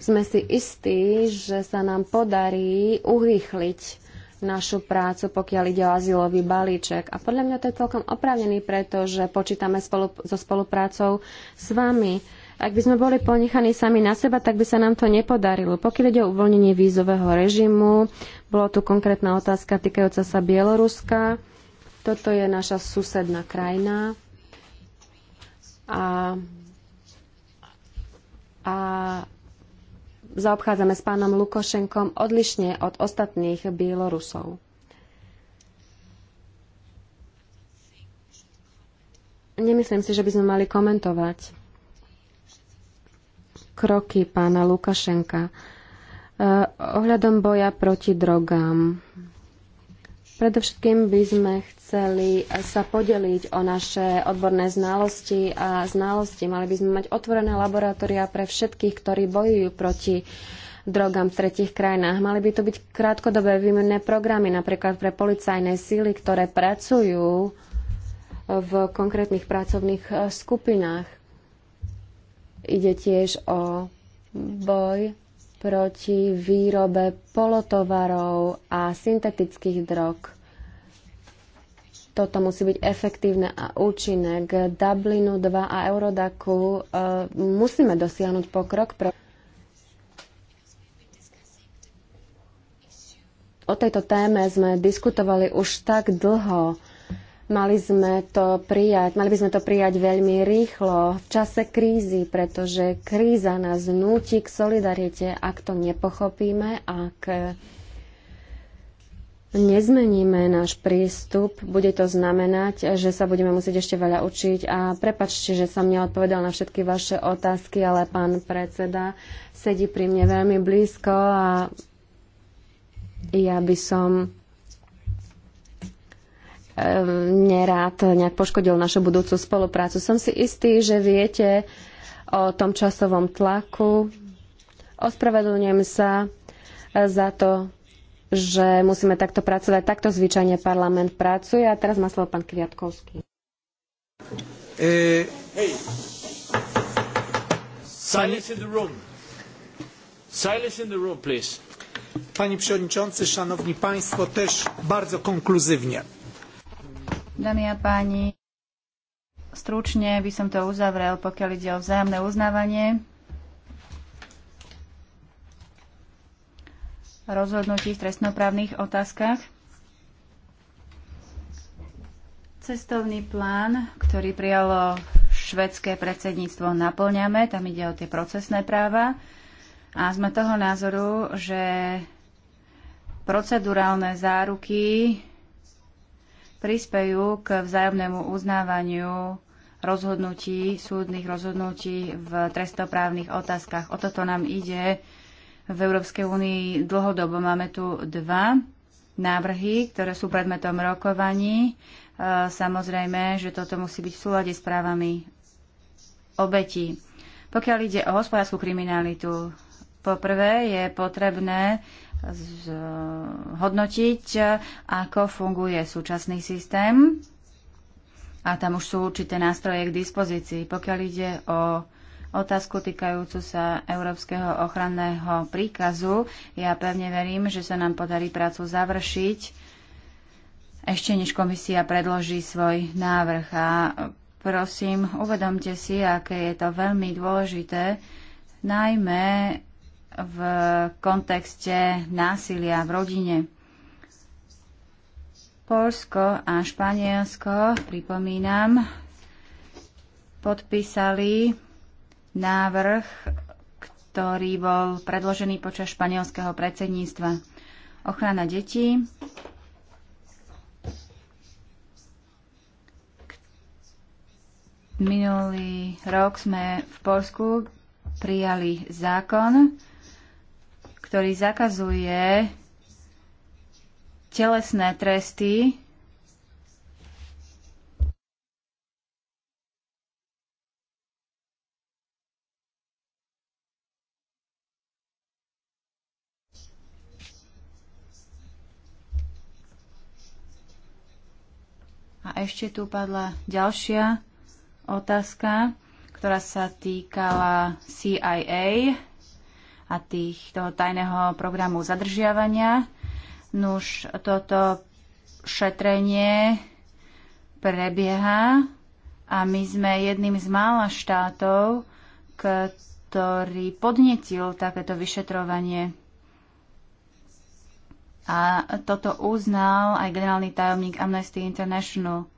sme si istí, že sa nám podarí urýchliť našu prácu, pokiaľ ide o azylový balíček. A podľa mňa to je celkom oprávnený, pretože počítame spolu, so spoluprácou s vami. Ak by sme boli ponechaní sami na seba, tak by sa nám to nepodarilo. Pokiaľ ide o uvoľnenie vízového režimu, bolo tu konkrétna otázka týkajúca sa Bieloruska. Toto je naša susedná krajina a, a zaobchádzame s pánom Lukošenkom odlišne od ostatných Bielorusov. Nemyslím si, že by sme mali komentovať kroky pána Lukašenka e, ohľadom boja proti drogám. Predovšetkým by sme chceli sa podeliť o naše odborné znalosti a znalosti. Mali by sme mať otvorené laboratória pre všetkých, ktorí bojujú proti drogám v tretich krajinách. Mali by to byť krátkodobé výmenné programy, napríklad pre policajné síly, ktoré pracujú v konkrétnych pracovných eh, skupinách. Ide tiež o boj proti výrobe polotovarov a syntetických drog. Toto musí byť efektívne a účinné. K Dublinu 2 a Eurodaku e, musíme dosiahnuť pokrok. Pro... O tejto téme sme diskutovali už tak dlho Mali, sme to prijať, mali by sme to prijať veľmi rýchlo, v čase krízy, pretože kríza nás núti k solidarite, ak to nepochopíme, ak nezmeníme náš prístup, bude to znamenať, že sa budeme musieť ešte veľa učiť. A prepačte, že som neodpovedal na všetky vaše otázky, ale pán predseda sedí pri mne veľmi blízko a ja by som e, nerád nejak poškodil našu budúcu spoluprácu. Som si istý, že viete o tom časovom tlaku. Ospravedlňujem sa za to, že musíme takto pracovať. Takto zvyčajne parlament pracuje. A teraz má slovo pán Kviatkovský. E... Hey. Silence in the room. Silence in the room, please. Panie Przewodniczący, Szanowni Państwo, też bardzo konkluzywnie. Dámy a páni, stručne by som to uzavrel, pokiaľ ide o vzájomné uznávanie. rozhodnutí v trestnoprávnych otázkach. Cestovný plán, ktorý prijalo švedské predsedníctvo, naplňame. Tam ide o tie procesné práva. A sme toho názoru, že procedurálne záruky prispejú k vzájomnému uznávaniu rozhodnutí, súdnych rozhodnutí v trestoprávnych otázkach. O toto nám ide v Európskej únii dlhodobo. Máme tu dva návrhy, ktoré sú predmetom rokovaní. E, samozrejme, že toto musí byť v súlade s právami obetí. Pokiaľ ide o hospodárskú kriminalitu, poprvé je potrebné hodnotiť, e, ako funguje súčasný systém. A tam už sú určité nástroje k dispozícii. Pokiaľ ide o otázku týkajúcu sa Európskeho ochranného príkazu. Ja pevne verím, že sa nám podarí prácu završiť ešte než komisia predloží svoj návrh. A prosím, uvedomte si, aké je to veľmi dôležité, najmä v kontexte násilia v rodine. Polsko a Španielsko, pripomínam, podpísali návrh, ktorý bol predložený počas španielského predsedníctva. Ochrana detí, Minulý rok sme v Polsku prijali zákon, ktorý zakazuje telesné tresty A ešte tu padla ďalšia otázka, ktorá sa týkala CIA a tých, toho tajného programu zadržiavania. Nuž toto šetrenie prebieha a my sme jedným z mála štátov, ktorý podnetil takéto vyšetrovanie. A toto uznal aj generálny tajomník Amnesty International.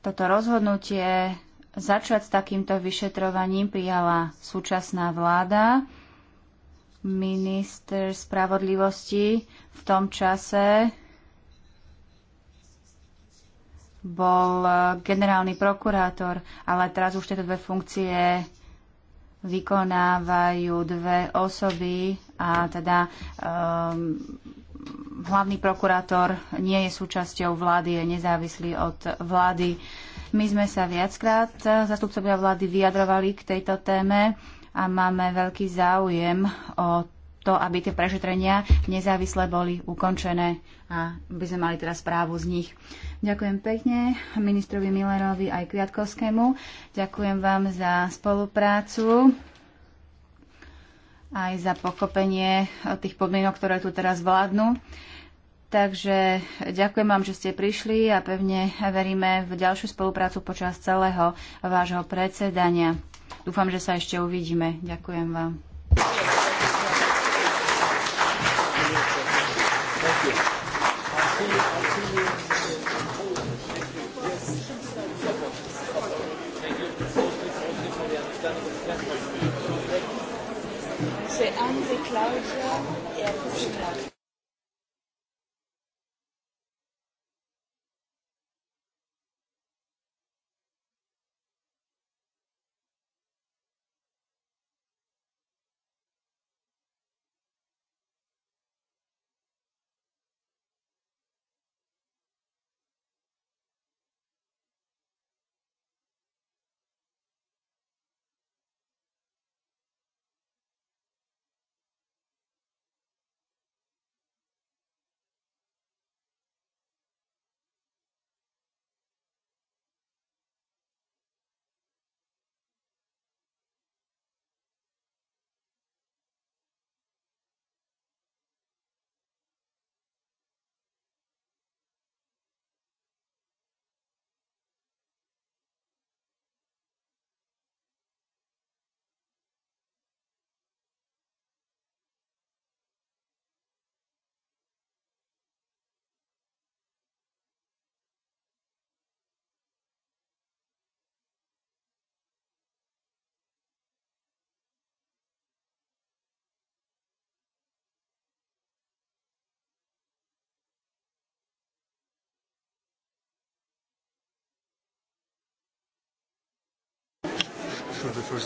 Toto rozhodnutie začať s takýmto vyšetrovaním prijala súčasná vláda. Minister spravodlivosti v tom čase bol e, generálny prokurátor, ale teraz už tieto dve funkcie vykonávajú dve osoby a teda um, hlavný prokurátor nie je súčasťou vlády, je nezávislý od vlády. Uh, my sme sa viackrát, e, zastupcovia vlády, vyjadrovali k tejto téme a máme veľký záujem o to, aby tie prešetrenia nezávisle boli ukončené a by sme mali teraz správu z nich. Ďakujem pekne ministrovi Millerovi aj Kviatkovskému. Ďakujem vám za spoluprácu aj za pochopenie tých podmienok, ktoré tu teraz vládnu. Takže ďakujem vám, že ste prišli a pevne veríme v ďalšiu spoluprácu počas celého vášho predsedania. Dúfam, že sa ešte uvidíme. Ďakujem vám.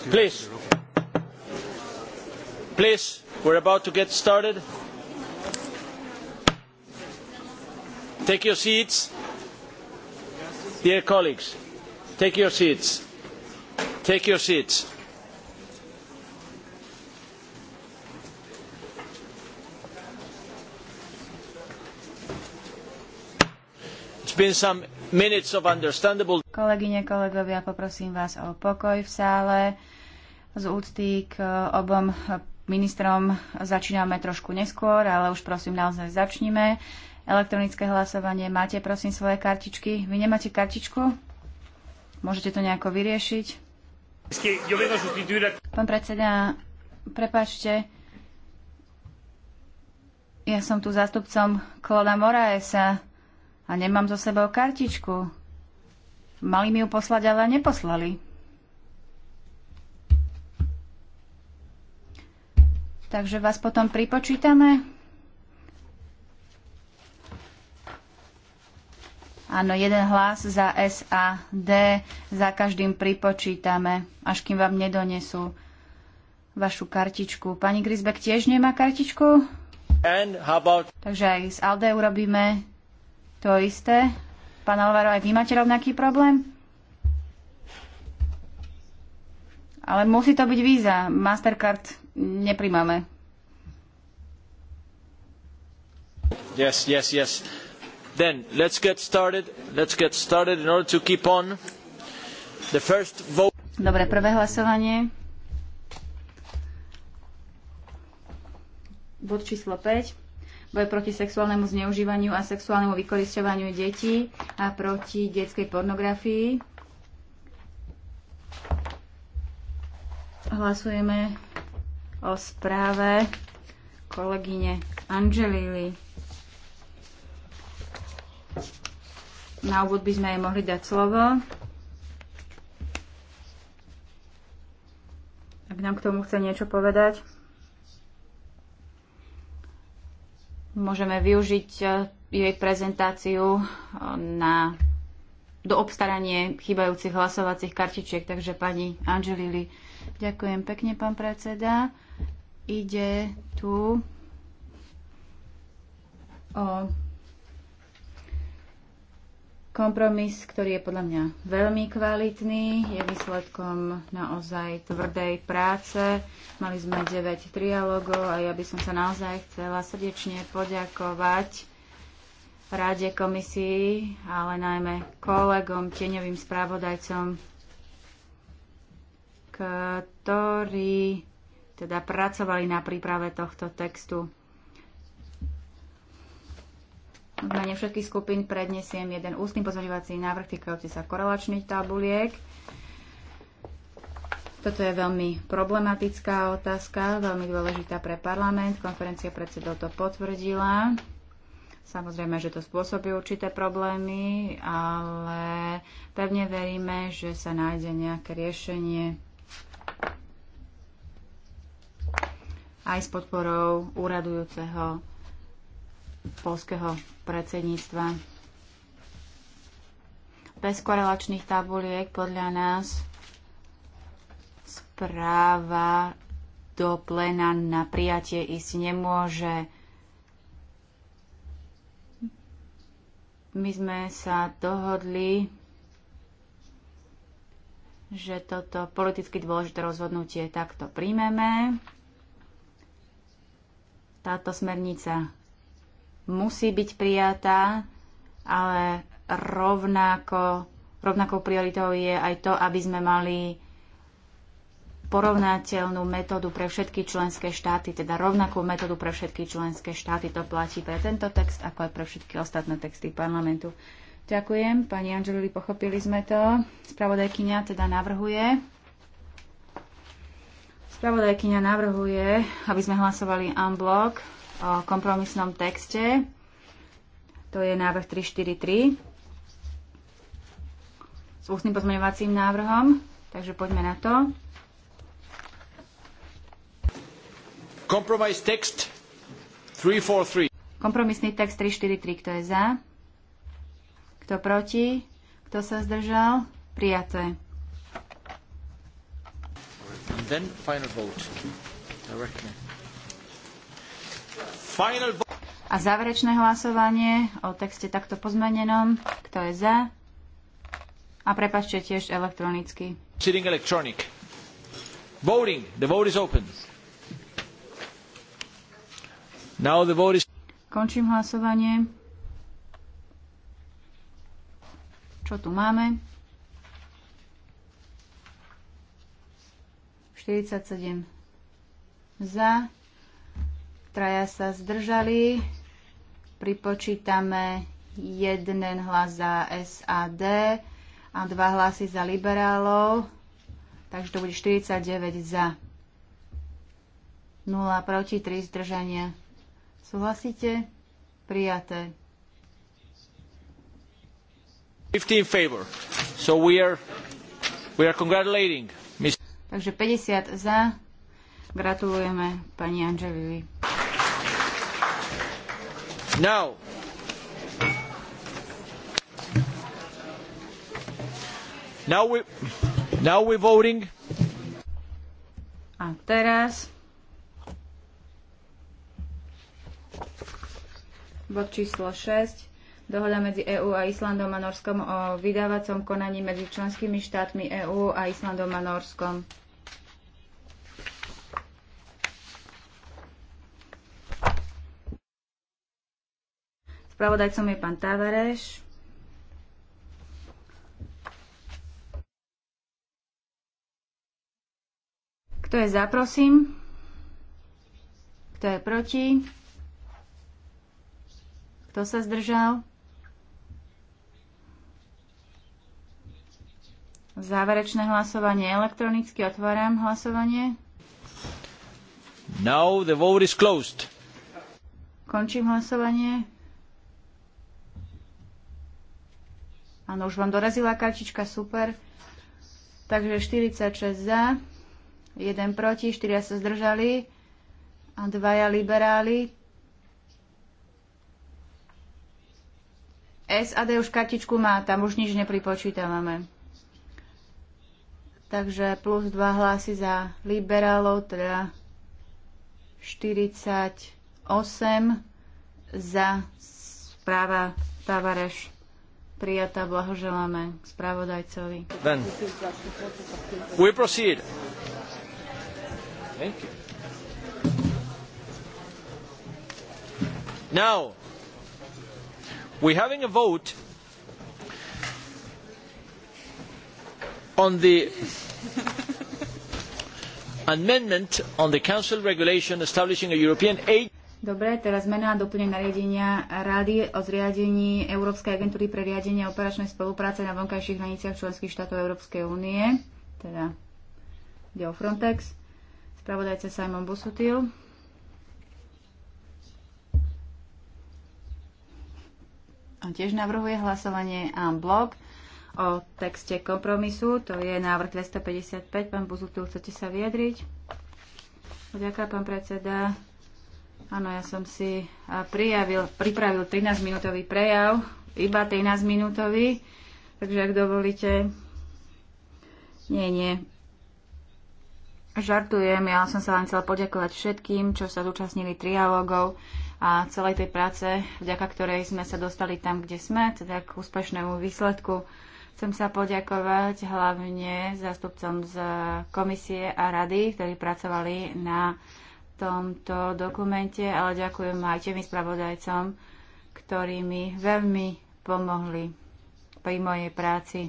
Please. Please, we're about to get started. Take your seats. Dear colleagues, take your seats. Take your seats. It's been some Kolegyne, kolegovia, poprosím vás o pokoj v sále. Z úcty k e, obom ministrom začíname trošku neskôr, ale už prosím naozaj začnime. Elektronické hlasovanie. Máte prosím svoje kartičky? Vy nemáte kartičku? Môžete to nejako vyriešiť? Pán predseda, prepačte, ja som tu zástupcom Kloda Moraesa a nemám so sebou kartičku. Mali mi ju poslať, ale neposlali. Takže vás potom pripočítame. Áno, jeden hlas za D za každým pripočítame, až kým vám nedonesú vašu kartičku. Pani Grisbeck tiež nemá kartičku? About... Takže aj z ALDE urobíme to isté. Pán Alvaro, aj vy máte rovnaký problém? Ale musí to byť víza. Mastercard neprimáme. Yes, yes, yes. Then let's get started. Let's get started in order to keep on. The first vote. Dobre, prvé hlasovanie. Bod číslo 5 boj proti sexuálnemu zneužívaniu a sexuálnemu vykoristovaniu detí a proti detskej pornografii. Hlasujeme o správe kolegyne Angelili. Na úvod by sme jej mohli dať slovo. Ak nám k tomu chce niečo povedať. Môžeme využiť e, jej prezentáciu e, na obstaranie chýbajúcich hlasovacích kartičiek. Takže pani Angelili, ďakujem pekne, pán predseda. Ide tu o Kompromis, ktorý je podľa mňa veľmi kvalitný, je výsledkom naozaj tvrdej práce. Mali sme 9 trialogov a ja by som sa naozaj chcela srdečne poďakovať Rade komisii, ale najmä kolegom, tieňovým správodajcom, ktorí teda pracovali na príprave tohto textu. V mene všetkých skupín prednesiem jeden ústny pozorovací návrh týkajúci sa korelačných tabuliek. Toto je veľmi problematická otázka, veľmi dôležitá pre parlament. Konferencia predsedov to potvrdila. Samozrejme, že to spôsobí určité problémy, ale pevne veríme, že sa nájde nejaké riešenie aj s podporou úradujúceho polského predsedníctva. Bez korelačných tabuliek podľa nás správa do plena na prijatie ísť nemôže. My sme sa dohodli, že toto politicky dôležité rozhodnutie takto príjmeme. Táto smernica musí byť prijatá, ale rovnako, rovnakou prioritou je aj to, aby sme mali porovnateľnú metódu pre všetky členské štáty, teda rovnakú metódu pre všetky členské štáty. To platí pre tento text, ako aj pre všetky ostatné texty parlamentu. Ďakujem, pani Angelili, pochopili sme to. Spravodajkyňa teda navrhuje. Spravodajkyňa navrhuje, aby sme hlasovali unblock kompromisnom texte. To je návrh 343 s ústnym pozmeňovacím návrhom. Takže poďme na to. Kompromis text 343. Kompromisný text 343. Kto je za? Kto proti? Kto sa zdržal? Prijaté. And then final vote directly. A záverečné hlasovanie o texte takto pozmenenom. Kto je za? A prepačte tiež elektronicky. Sitting electronic. Voting. The vote is open. Now the vote is... Končím hlasovanie. Čo tu máme? 47 za, traja sa zdržali. Pripočítame jeden hlas za SAD a dva hlasy za liberálov. Takže to bude 49 za. 0 proti, 3 zdržania. Súhlasíte? Prijaté. 15 favor. So we are, we are congratulating. Takže 50 za. Gratulujeme pani Anželivi. Now, now we, now we voting. A teraz bod číslo 6. Dohoda medzi EÚ a Islandom a Norskom o vydávacom konaní medzi členskými štátmi EÚ a Islandom a Norskom. Spravodajcom je pán Tavareš. Kto je za, prosím? Kto je proti? Kto sa zdržal? Záverečné hlasovanie elektronicky. Otváram hlasovanie. Now the vote is closed. Končím hlasovanie. Áno, už vám dorazila kartička, super. Takže 46 za, 1 proti, 4 sa zdržali a dvaja liberáli. SAD už kartičku má, tam už nič nepripočítavame. Takže plus 2 hlasy za liberálov, teda 48 za správa Tavareš prijatá. Blahoželáme spravodajcovi. Then. We proceed. Thank you. Now, we're having a vote on the amendment on the Council regulation establishing a European aid. Dobre, teraz zmena a doplne nariadenia Rady o zriadení Európskej agentúry pre riadenie operačnej spolupráce na vonkajších hraniciach členských štátov Európskej únie, teda ide o Frontex. Spravodajca Simon Busutil. On tiež navrhuje hlasovanie a blok o texte kompromisu. To je návrh 255. Pán busutil, chcete sa vyjadriť? Ďakujem, pán predseda. Áno, ja som si prijavil, pripravil 13-minútový prejav, iba 13-minútový, takže ak dovolíte... Nie, nie. Žartujem, ja som sa len chcela poďakovať všetkým, čo sa zúčastnili trialógov a celej tej práce, vďaka ktorej sme sa dostali tam, kde sme, teda k úspešnému výsledku. Chcem sa poďakovať hlavne zástupcom z komisie a rady, ktorí pracovali na uh, tomto dokumente, ale ďakujem aj tým spravodajcom, ktorí mi veľmi pomohli pri mojej práci.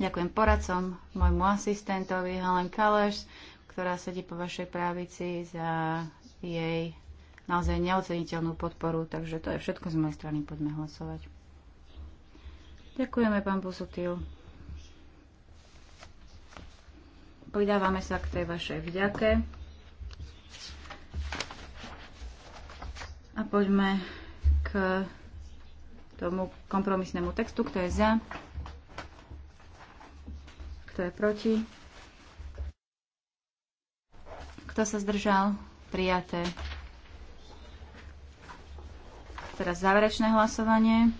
Ďakujem poradcom, môjmu asistentovi Helen Kalers, ktorá sedí po vašej právici za jej naozaj neoceniteľnú podporu. Takže to je všetko z mojej strany. Poďme hlasovať. Ďakujeme, pán Busutil. pridávame sa k tej vašej vďake. A poďme k tomu kompromisnému textu, kto je za, kto je proti, kto sa zdržal, prijaté. Teraz záverečné hlasovanie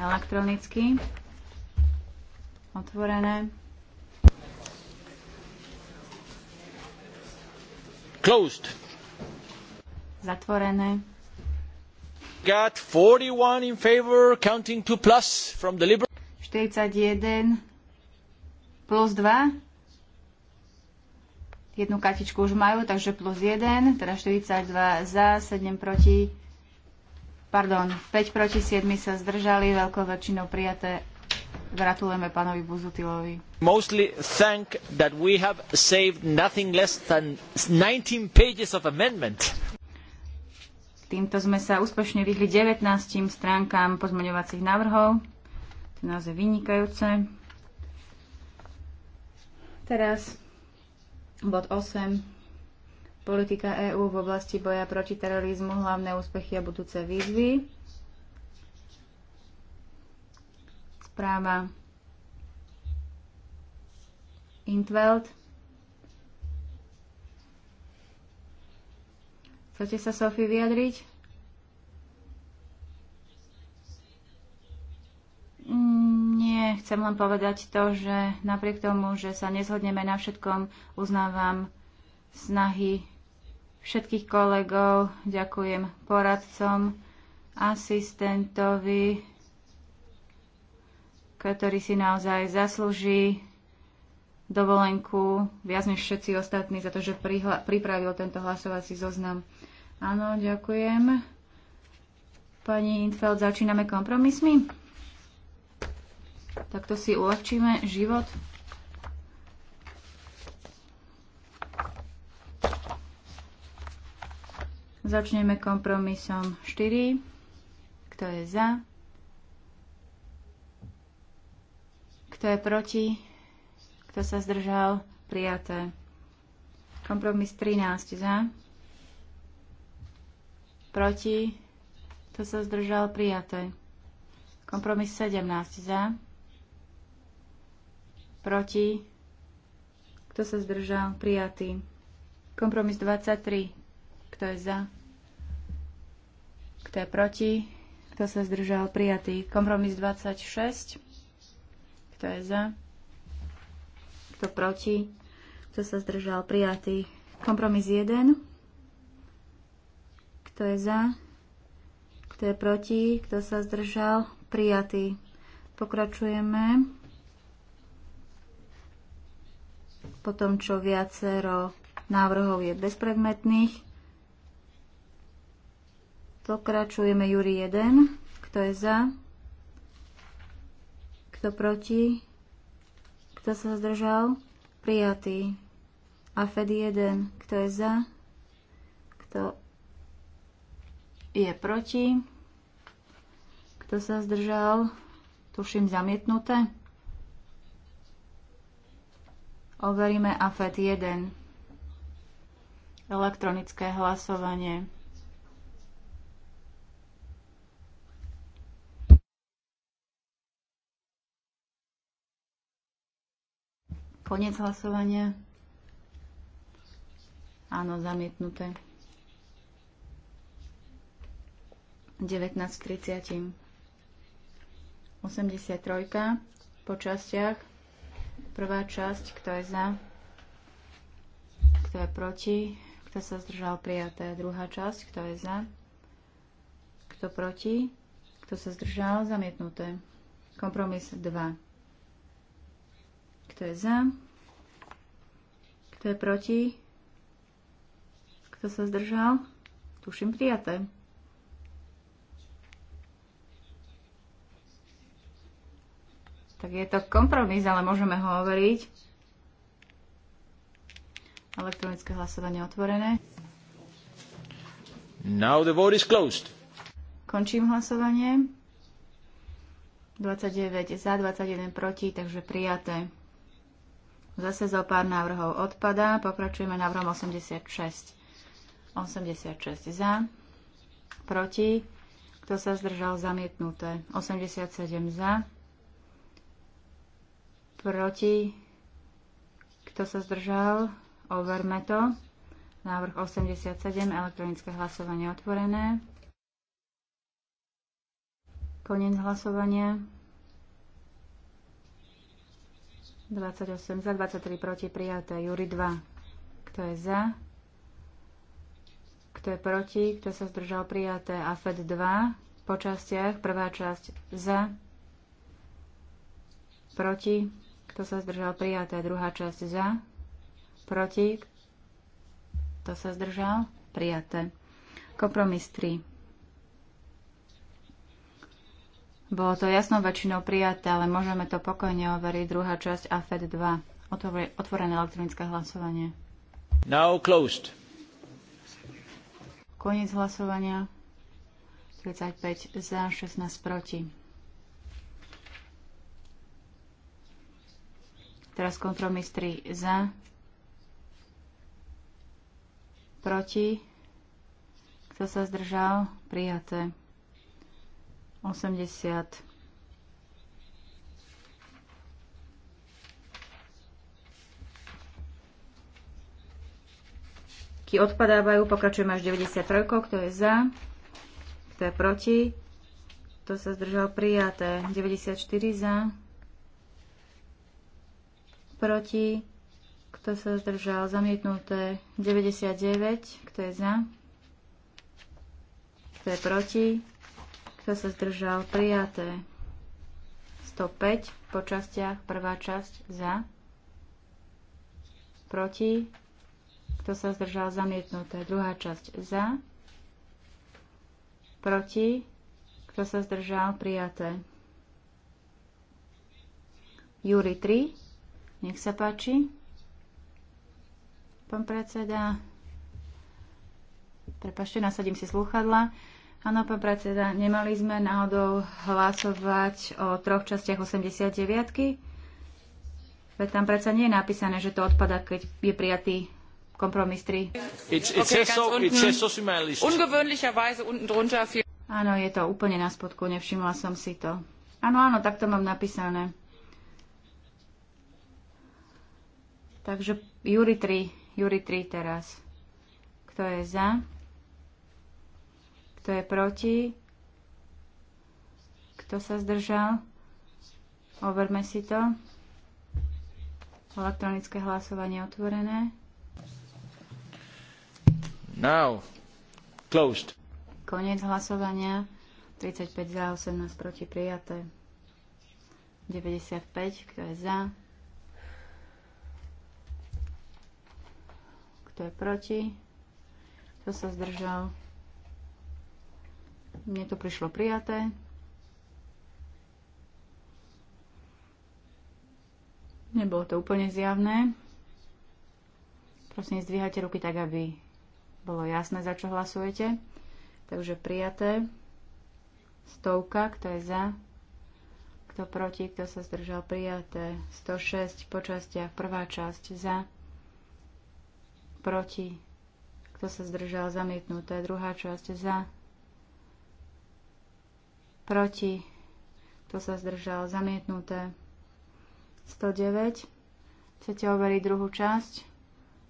elektronicky. Otvorené. Closed. Zatvorené. Got 41 in favor, counting 2 plus from the liberal. 41 plus 2. Jednu kartičku už majú, takže plus 1, teda 42 za, 7 proti, pardon, 5 proti 7 sa zdržali, veľkou väčšinou prijaté Gratulujeme pánovi Buzutilovi. Mostly thank that we have saved nothing less than 19 pages of amendment. Týmto sme sa úspešne vyhli 19 stránkám pozmeňovacích návrhov. To je naozaj vynikajúce. Teraz bod 8. Politika EÚ v oblasti boja proti terorizmu, hlavné úspechy a budúce výzvy. správa Intveld. Chcete sa, Sofie, vyjadriť? Nie, chcem len povedať to, že napriek tomu, že sa nezhodneme na všetkom, uznávam snahy všetkých kolegov, ďakujem poradcom, asistentovi, ktorý si naozaj zaslúži dovolenku viac než všetci ostatní za to, že pripravil tento hlasovací zoznam. Áno, ďakujem. Pani Infeld, začíname kompromismi? Takto si uľahčíme život. Začneme kompromisom 4. Kto je za? Kto je proti? Kto sa zdržal? Prijaté. Kompromis 13 za. Proti? Kto sa zdržal? Prijaté. Kompromis 17 za. Proti? Kto sa zdržal? Prijatý. Kompromis 23. Kto je za? Kto je proti? Kto sa zdržal? Prijatý. Kompromis 26. Kto je za? Kto proti? Kto sa zdržal? Prijatý. Kompromis 1. Kto je za? Kto je proti? Kto sa zdržal? Prijatý. Pokračujeme. Potom, čo viacero návrhov je bezpredmetných. Pokračujeme Júri 1. Kto je za? Kto proti? Kto sa zdržal? Prijatý. A Fed 1. Kto je za? Kto je proti? Kto sa zdržal? Tuším zamietnuté. Overíme AFET 1. Elektronické hlasovanie. Konec hlasovania. Áno, zamietnuté. 19 30. 83 po častiach. Prvá časť, kto je za, kto je proti, kto sa zdržal prijaté. Druhá časť, kto je za, kto proti, kto sa zdržal zamietnuté. Kompromis 2. Kto je za? Kto je proti? Kto sa zdržal? Tuším prijaté. Tak je to kompromis, ale môžeme ho overiť. Elektronické hlasovanie otvorené. Now the vote is closed. Končím hlasovanie. 29 za, 21 proti, takže prijaté. Zase zo pár návrhov odpadá. Pokračujeme návrhom 86. 86 za, proti, kto sa zdržal zamietnuté. 87 za, proti, kto sa zdržal, overme to. Návrh 87, elektronické hlasovanie otvorené. Koniec hlasovania. 28 za, 23 proti, prijaté. Júri 2. Kto je za? Kto je proti? Kto sa zdržal? Prijaté. AFED 2. Po častiach. Prvá časť za. Proti. Kto sa zdržal? Prijaté. Druhá časť za. Proti. Kto sa zdržal? Prijaté. Kompromis 3. Bolo to jasnou väčšinou prijaté, ale môžeme to pokojne overiť. Druhá časť AFED 2. Otvorené elektronické hlasovanie. Now closed. Koniec hlasovania. 35 za, 16 proti. Teraz kontromis 3 za, proti. Kto sa zdržal? Prijaté. Ký odpadávajú, pokračujem až 93, kto je za, kto je proti, kto sa zdržal prijaté, 94 za, proti, kto sa zdržal zamietnuté, 99, kto je za, kto je proti, kto sa zdržal? Prijaté. 105 po častiach. Prvá časť za. Proti. Kto sa zdržal? Zamietnuté. Druhá časť za. Proti. Kto sa zdržal? Prijaté. Júri 3. Nech sa páči. Pán predseda. Prepašte, nasadím si slúchadla. Áno, pán predseda, nemali sme náhodou hlasovať o troch častiach 89 Veď tam predsa nie je napísané, že to odpada, keď je prijatý kompromis 3. Áno, je to úplne na spodku, nevšimla som si to. Áno, áno, tak to mám napísané. Takže Juri 3, Juri 3 teraz. Kto je za? Kto je proti? Kto sa zdržal? Overme si to. Elektronické hlasovanie otvorené. Now. Closed. Koniec hlasovania. 35 za, 18 proti prijaté. 95, kto je za? Kto je proti? Kto sa zdržal? Mne to prišlo prijaté. Nebolo to úplne zjavné. Prosím, zdvíhajte ruky tak, aby bolo jasné, za čo hlasujete. Takže prijaté. Stovka, kto je za, kto proti, kto sa zdržal prijaté. 106 po častiach, prvá časť za, proti, kto sa zdržal zamietnuté, druhá časť za, proti, to sa zdržal, zamietnuté. 109, chcete overiť druhú časť?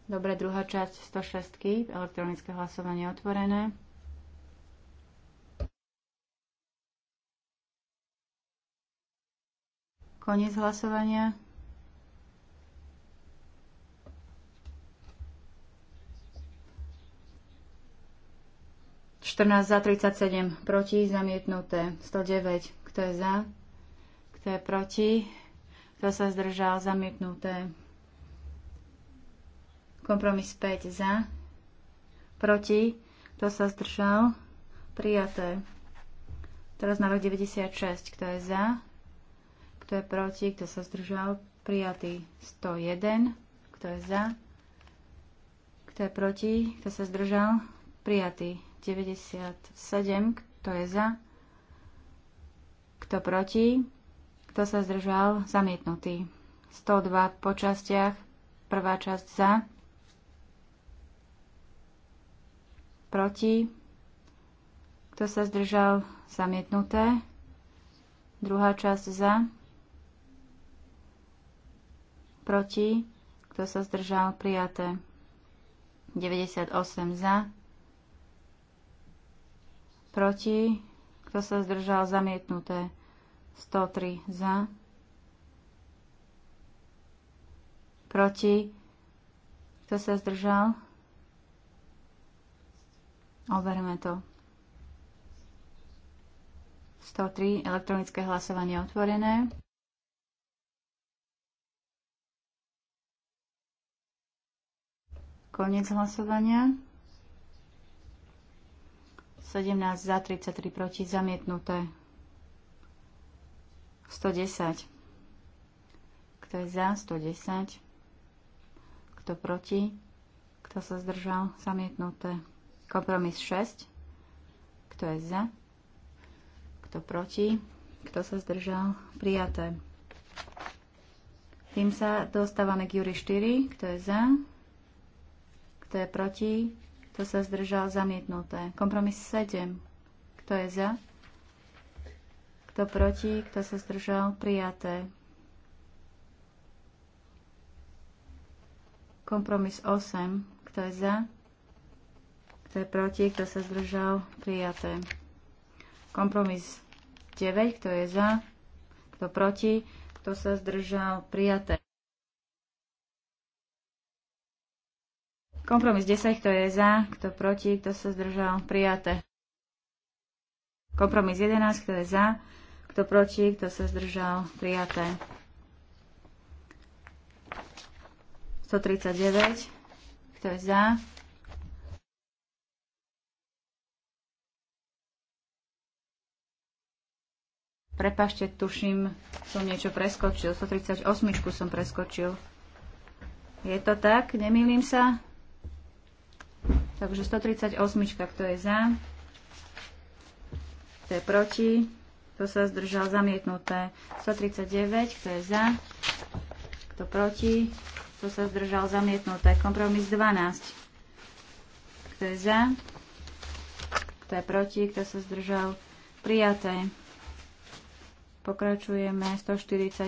Dobre, druhá časť 106, elektronické hlasovanie otvorené. Koniec hlasovania. 14 za, 37 proti, zamietnuté. 109, kto je za, kto je proti, kto sa zdržal, zamietnuté. Kompromis 5 za, proti, kto sa zdržal, prijaté. Teraz návrh 96, kto je za, kto je proti, kto sa zdržal, prijatý 101, kto je za, kto je proti, kto sa zdržal, prijatý 97, kto je za, kto proti, kto sa zdržal, zamietnutý. 102 po častiach, prvá časť za, proti, kto sa zdržal, zamietnuté, druhá časť za, proti, kto sa zdržal, prijaté. 98 za, proti, kto sa zdržal, zamietnuté. 103 za, proti, kto sa zdržal, overme to. 103, elektronické hlasovanie otvorené. Koniec hlasovania. 17 za, 33 proti, zamietnuté. 110. Kto je za? 110. Kto proti? Kto sa zdržal? Zamietnuté. Kompromis 6. Kto je za? Kto proti? Kto sa zdržal? Prijaté. Tým sa dostávame k Júri 4. Kto je za? Kto je proti? Kto sa zdržal? Zamietnuté. Kompromis 7. Kto je za? Kto proti? Kto sa zdržal? Prijaté. Kompromis 8. Kto je za? Kto je proti? Kto sa zdržal? Prijaté. Kompromis 9. Kto je za? Kto proti? Kto sa zdržal? Prijaté. Kompromis 10, kto je za, kto proti, kto sa zdržal, prijaté. Kompromis 11, kto je za, kto proti, kto sa zdržal, prijaté. 139, kto je za. Prepašte, tuším, som niečo preskočil. 138 som preskočil. Je to tak? Nemýlim sa? Takže 138, kto je za, kto je proti, kto sa zdržal, zamietnuté. 139, kto je za, kto proti, kto sa zdržal, zamietnuté. Kompromis 12. Kto je za, kto je proti, kto sa zdržal, prijaté. Pokračujeme 145,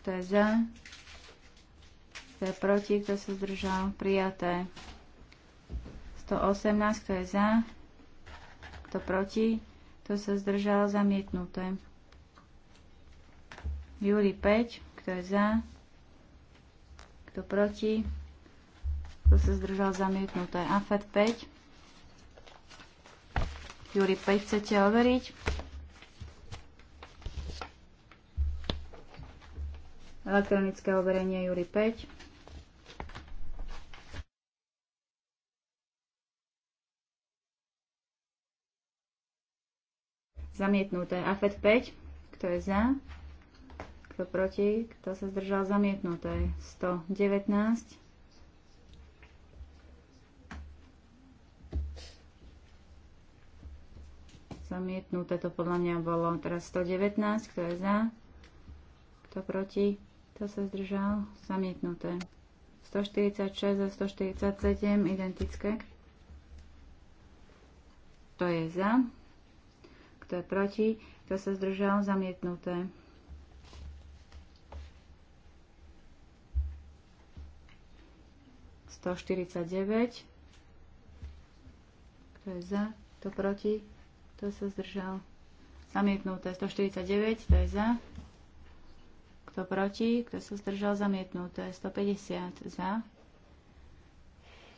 kto je za, kto je proti, kto sa zdržal, prijaté. 118, kto je za, kto proti, kto sa zdržal, zamietnuté. Júri 5, kto je za, kto proti, kto sa zdržal, zamietnuté. AFED 5, Júri 5 chcete overiť? Elektronické overenie Júri 5. Zamietnuté. AFED 5. Kto je za? Kto proti? Kto sa zdržal? Zamietnuté. 119. Zamietnuté to podľa mňa bolo. Teraz 119. Kto je za? Kto proti? Kto sa zdržal? Zamietnuté. 146 a 147 identické. To je za? kto je proti, kto sa zdržal, zamietnuté. Sto Kto je za, kto proti, kto sa zdržal. Zamietnuté 149, to je za. Kto proti, kto sa zdržal, zamietnuté 150 za.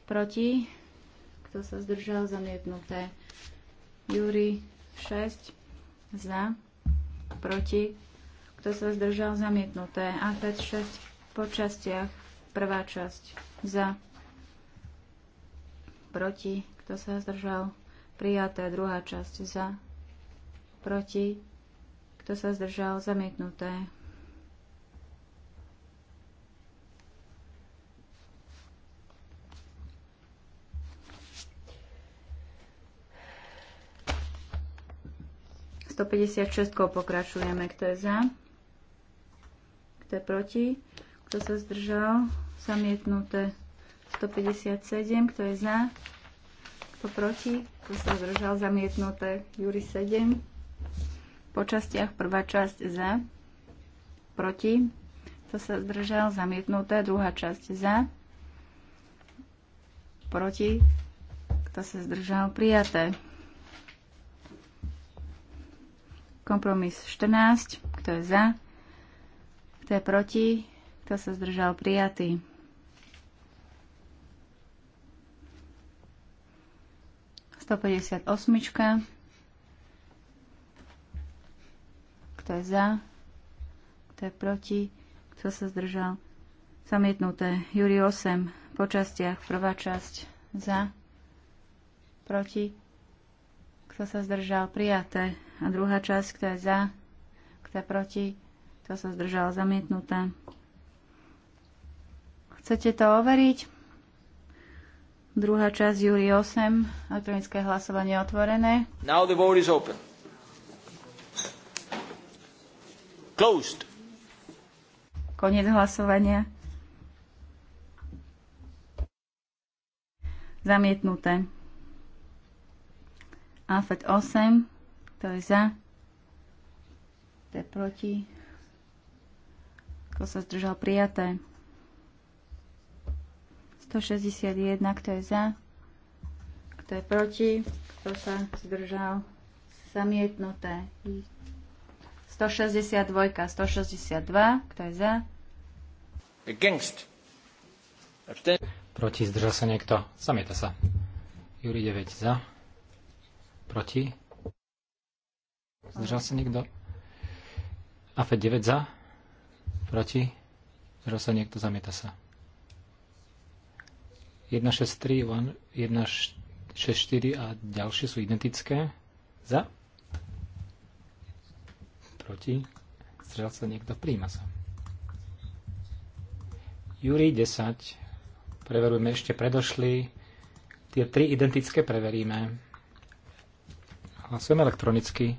Proti, kto sa zdržal, zamietnuté. Júri 6 za, proti, kto sa zdržal zamietnuté. A 5 6 e po častiach, prvá časť za, proti, kto sa zdržal prijaté, druhá časť za, proti, kto sa zdržal zamietnuté. 156 pokračujeme. Kto je za? Kto je proti? Kto sa zdržal? Zamietnuté. 157. Kto je za? Kto proti? Kto sa zdržal? Zamietnuté. Júri 7. Po častiach prvá časť za. Proti. Kto sa zdržal? Zamietnuté. Druhá časť za. Proti. Kto sa zdržal? Prijaté. Kompromis 14. Kto je za? Kto je proti? Kto sa zdržal? Prijatý. osmička. Kto je za? Kto je proti? Kto sa zdržal? Zamietnuté. Júri 8. Po častiach. Prvá časť. Za. Proti. Kto sa zdržal? Prijaté. A druhá časť, kto je za, kto je proti, kto sa zdržal zamietnuté. Chcete to overiť? Druhá časť, júli 8, elektronické hlasovanie otvorené. Now the vote is open. Closed. Koniec hlasovania. Zamietnuté. AFET 8. Kto je za? Kto je proti? Kto sa zdržal prijaté? 161. Kto je za? Kto je proti? Kto sa zdržal? Zamietnuté. 162. 162. Kto je za? Against. Proti zdržal sa niekto. Zamieta sa. Juri 9 za. Proti. Zdržal sa niekto? AFE 9 za? Proti? Zdržal sa niekto? Zamieta sa. 163, 164 a ďalšie sú identické. Za? Proti? Zdržal sa niekto? Príjma sa. Júri 10. Preverujeme ešte predošli. Tie tri identické preveríme. Hlasujeme elektronicky.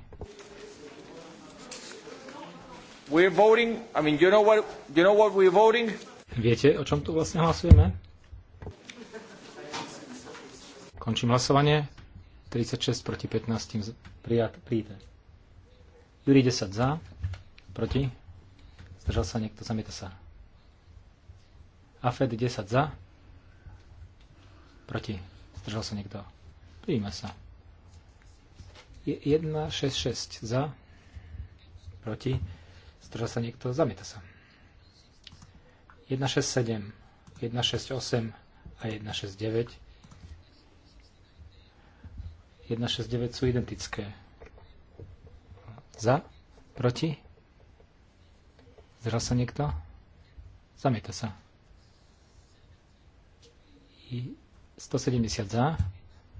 We're voting, I mean, you know what, you know what we're voting? Viete, o čom tu vlastne hlasujeme? Končím hlasovanie. 36 proti 15 prijat, príde. Júri 10 za, proti. Zdržal sa niekto, zamieta sa. Afed 10 za, proti. Zdržal sa niekto. Príjme sa. 1, 6, 6 za, proti Zdrža sa niekto? Zamieta sa. 167, 168 a 169. 169 sú identické. Za? Proti? Zdržal sa niekto? Zamieta sa. 170 za,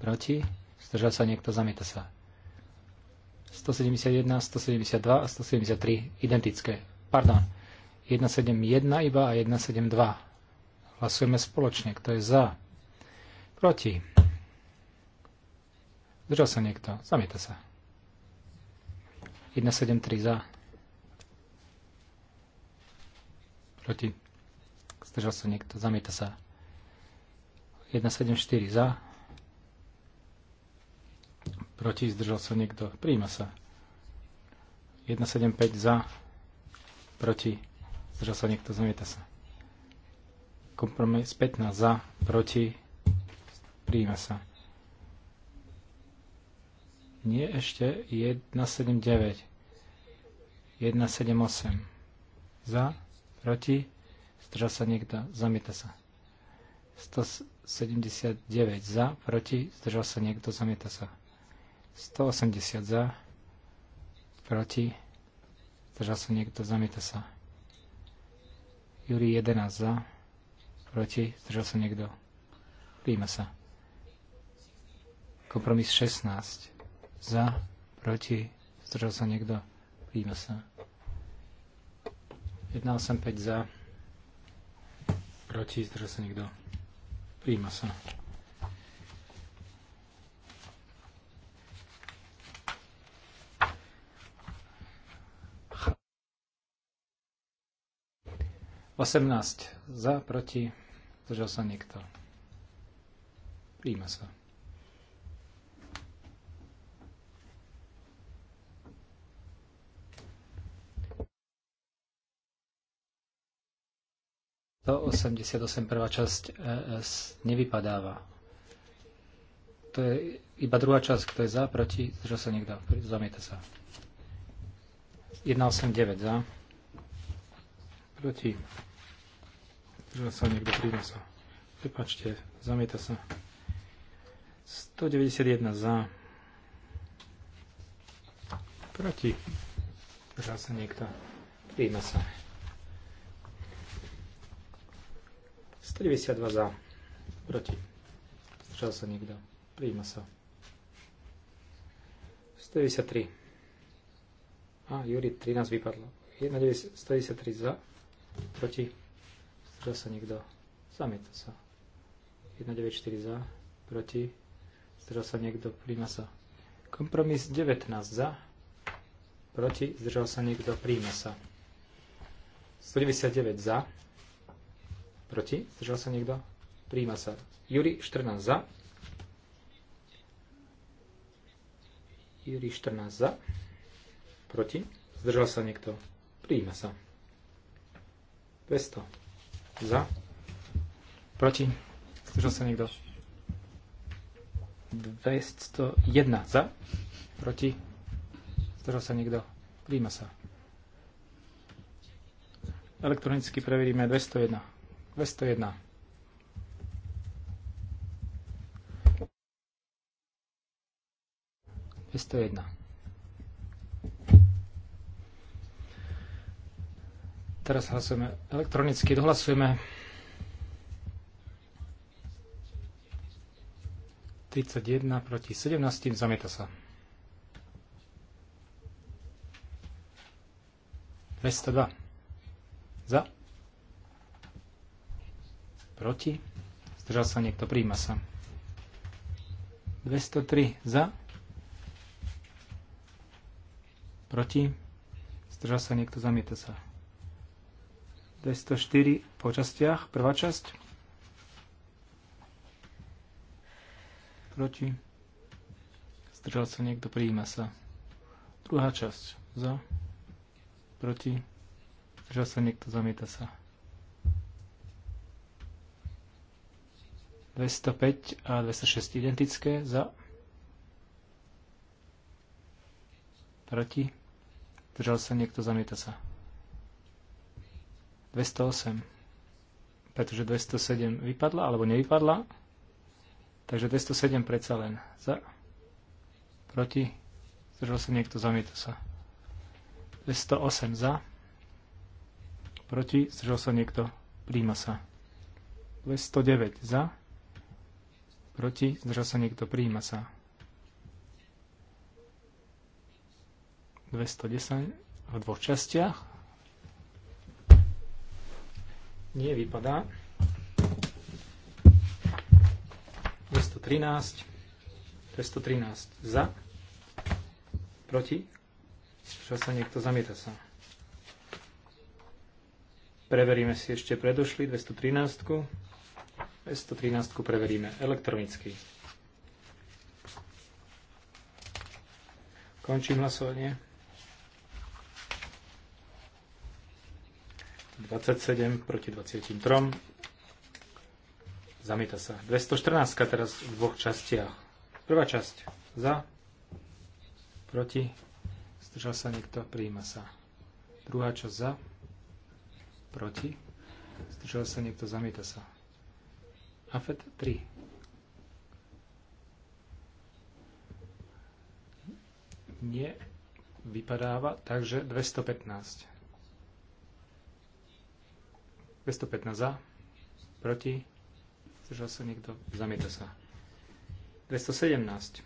proti, zdržal sa niekto, zamieta sa. 171, 172 a 173 identické. Pardon, 171 iba a 172. Hlasujeme spoločne. Kto je za? Proti? Zdržal sa niekto? Zamieta sa. 173 za. Proti? Zdržal sa niekto? Zamieta sa. 174 za proti, zdržal sa niekto, príjma sa. 175 za, proti, zdržal sa niekto, zamieta sa. Kompromis 15 za, proti, príjma sa. Nie ešte 179. 178. Za, proti, zdržal sa niekto, zamieta sa. 179 za, proti, zdržal sa niekto, zamieta sa. 180 za, proti, zdržal sa niekto, zamieta sa. Júri 11 za, proti, zdržal sa niekto, príjma sa. Kompromis 16 za, proti, zdržal sa niekto, príjma sa. 185 za, proti, zdržal sa niekto, príjma sa. 18 za, proti, zdržal sa niekto. Príjme sa. To 88 prvá časť ES nevypadáva. To je iba druhá časť, kto je za, proti, zdržal sa niekto, zamieta sa. 189 za, proti že sa niekto, príjma sa. Prepačte, zamieta sa. 191 za. Proti. Žal sa niekto. Príjme sa. 192 za. Proti. Zdržal sa niekto. Príjme sa. 193. A, Juri 13 vypadlo. 193 za. Proti. Zdržal sa niekto? Zamieta sa. 194 za, proti. Zdržal sa niekto? Príjma sa. Kompromis 19 za, proti. Zdržal sa niekto? Príjma sa. 199 za, proti. Zdržal sa niekto? Príjma sa. Juri 14 za. Juri 14 za. Proti. Zdržal sa niekto? Príjma sa. 200. Za? Proti? Zdržal sa niekto? 201 za? Proti? Zdržal sa niekto? Príjma sa. Elektronicky preveríme 201. 201. es nada. Teraz hlasujeme elektronicky, dohlasujeme. 31 proti 17, zamieta sa. 202. Za. Proti. Zdržal sa niekto, príjma sa. 203. Za. Proti. Zdržal sa niekto, zamieta sa. 204 po častiach. Prvá časť. Proti. Zdržal sa niekto, prijíma sa. Druhá časť. Za. Proti. Zdržal sa niekto, zamieta sa. 205 a 206 identické. Za. Proti. Zdržal sa niekto, zamieta sa. 208. Pretože 207 vypadla alebo nevypadla. Takže 207 predsa len. Za. Proti. Zdržal sa niekto, zamieta sa. 208 za. Proti. Zdržal sa niekto, príjma sa. 209 za. Proti. Zdržal sa niekto, príjma sa. 210 v dvoch častiach nie, vypadá. 213. 213 za. Proti. Čo sa niekto zamieta sa. Preveríme si ešte predošli 213. 213 preveríme elektronicky. Končím hlasovanie. 27 proti 23. Zamieta sa. 214 teraz v dvoch častiach. Prvá časť za, proti, zdržal sa niekto, prijíma sa. Druhá časť za, proti, zdržal sa niekto, zamieta sa. AFET 3. Nie vypadáva, takže 215. 215 za, proti, zdržal sa niekto, zamieta sa. 217.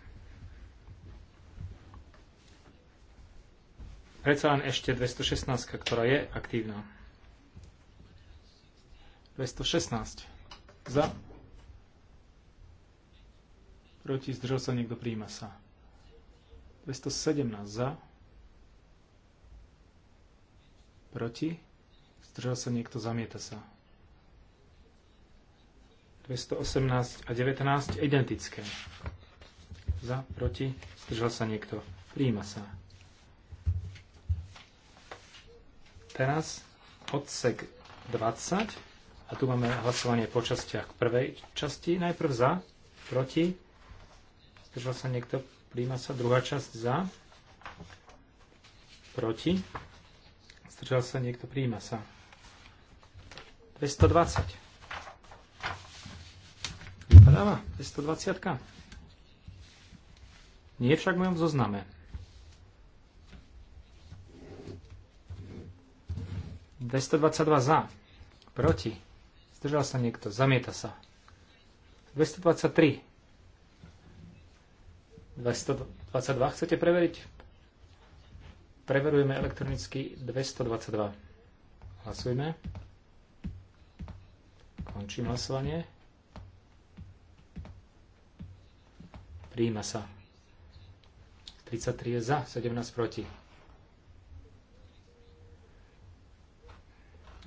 Predsa len ešte 216, ktorá je aktívna. 216. Za. Proti, zdržal sa niekto, príjma sa. 217 za. Proti zdržal sa niekto, zamieta sa. 218 a 19 identické. Za, proti, zdržal sa niekto, príjima sa. Teraz odsek 20 a tu máme hlasovanie po častiach k prvej časti. Najprv za, proti, zdržal sa niekto, príjima sa. Druhá časť za, proti, zdržal sa niekto, príjima sa. 220. Vypadáva 220. Nie je však v mojom zozname. ...222 za. Proti. Zdržal sa niekto. Zamieta sa. 223. 222 chcete preveriť? Preverujeme elektronicky 222. Hlasujme. Končím hlasovanie. Príjima sa. 33 je za, 17 proti.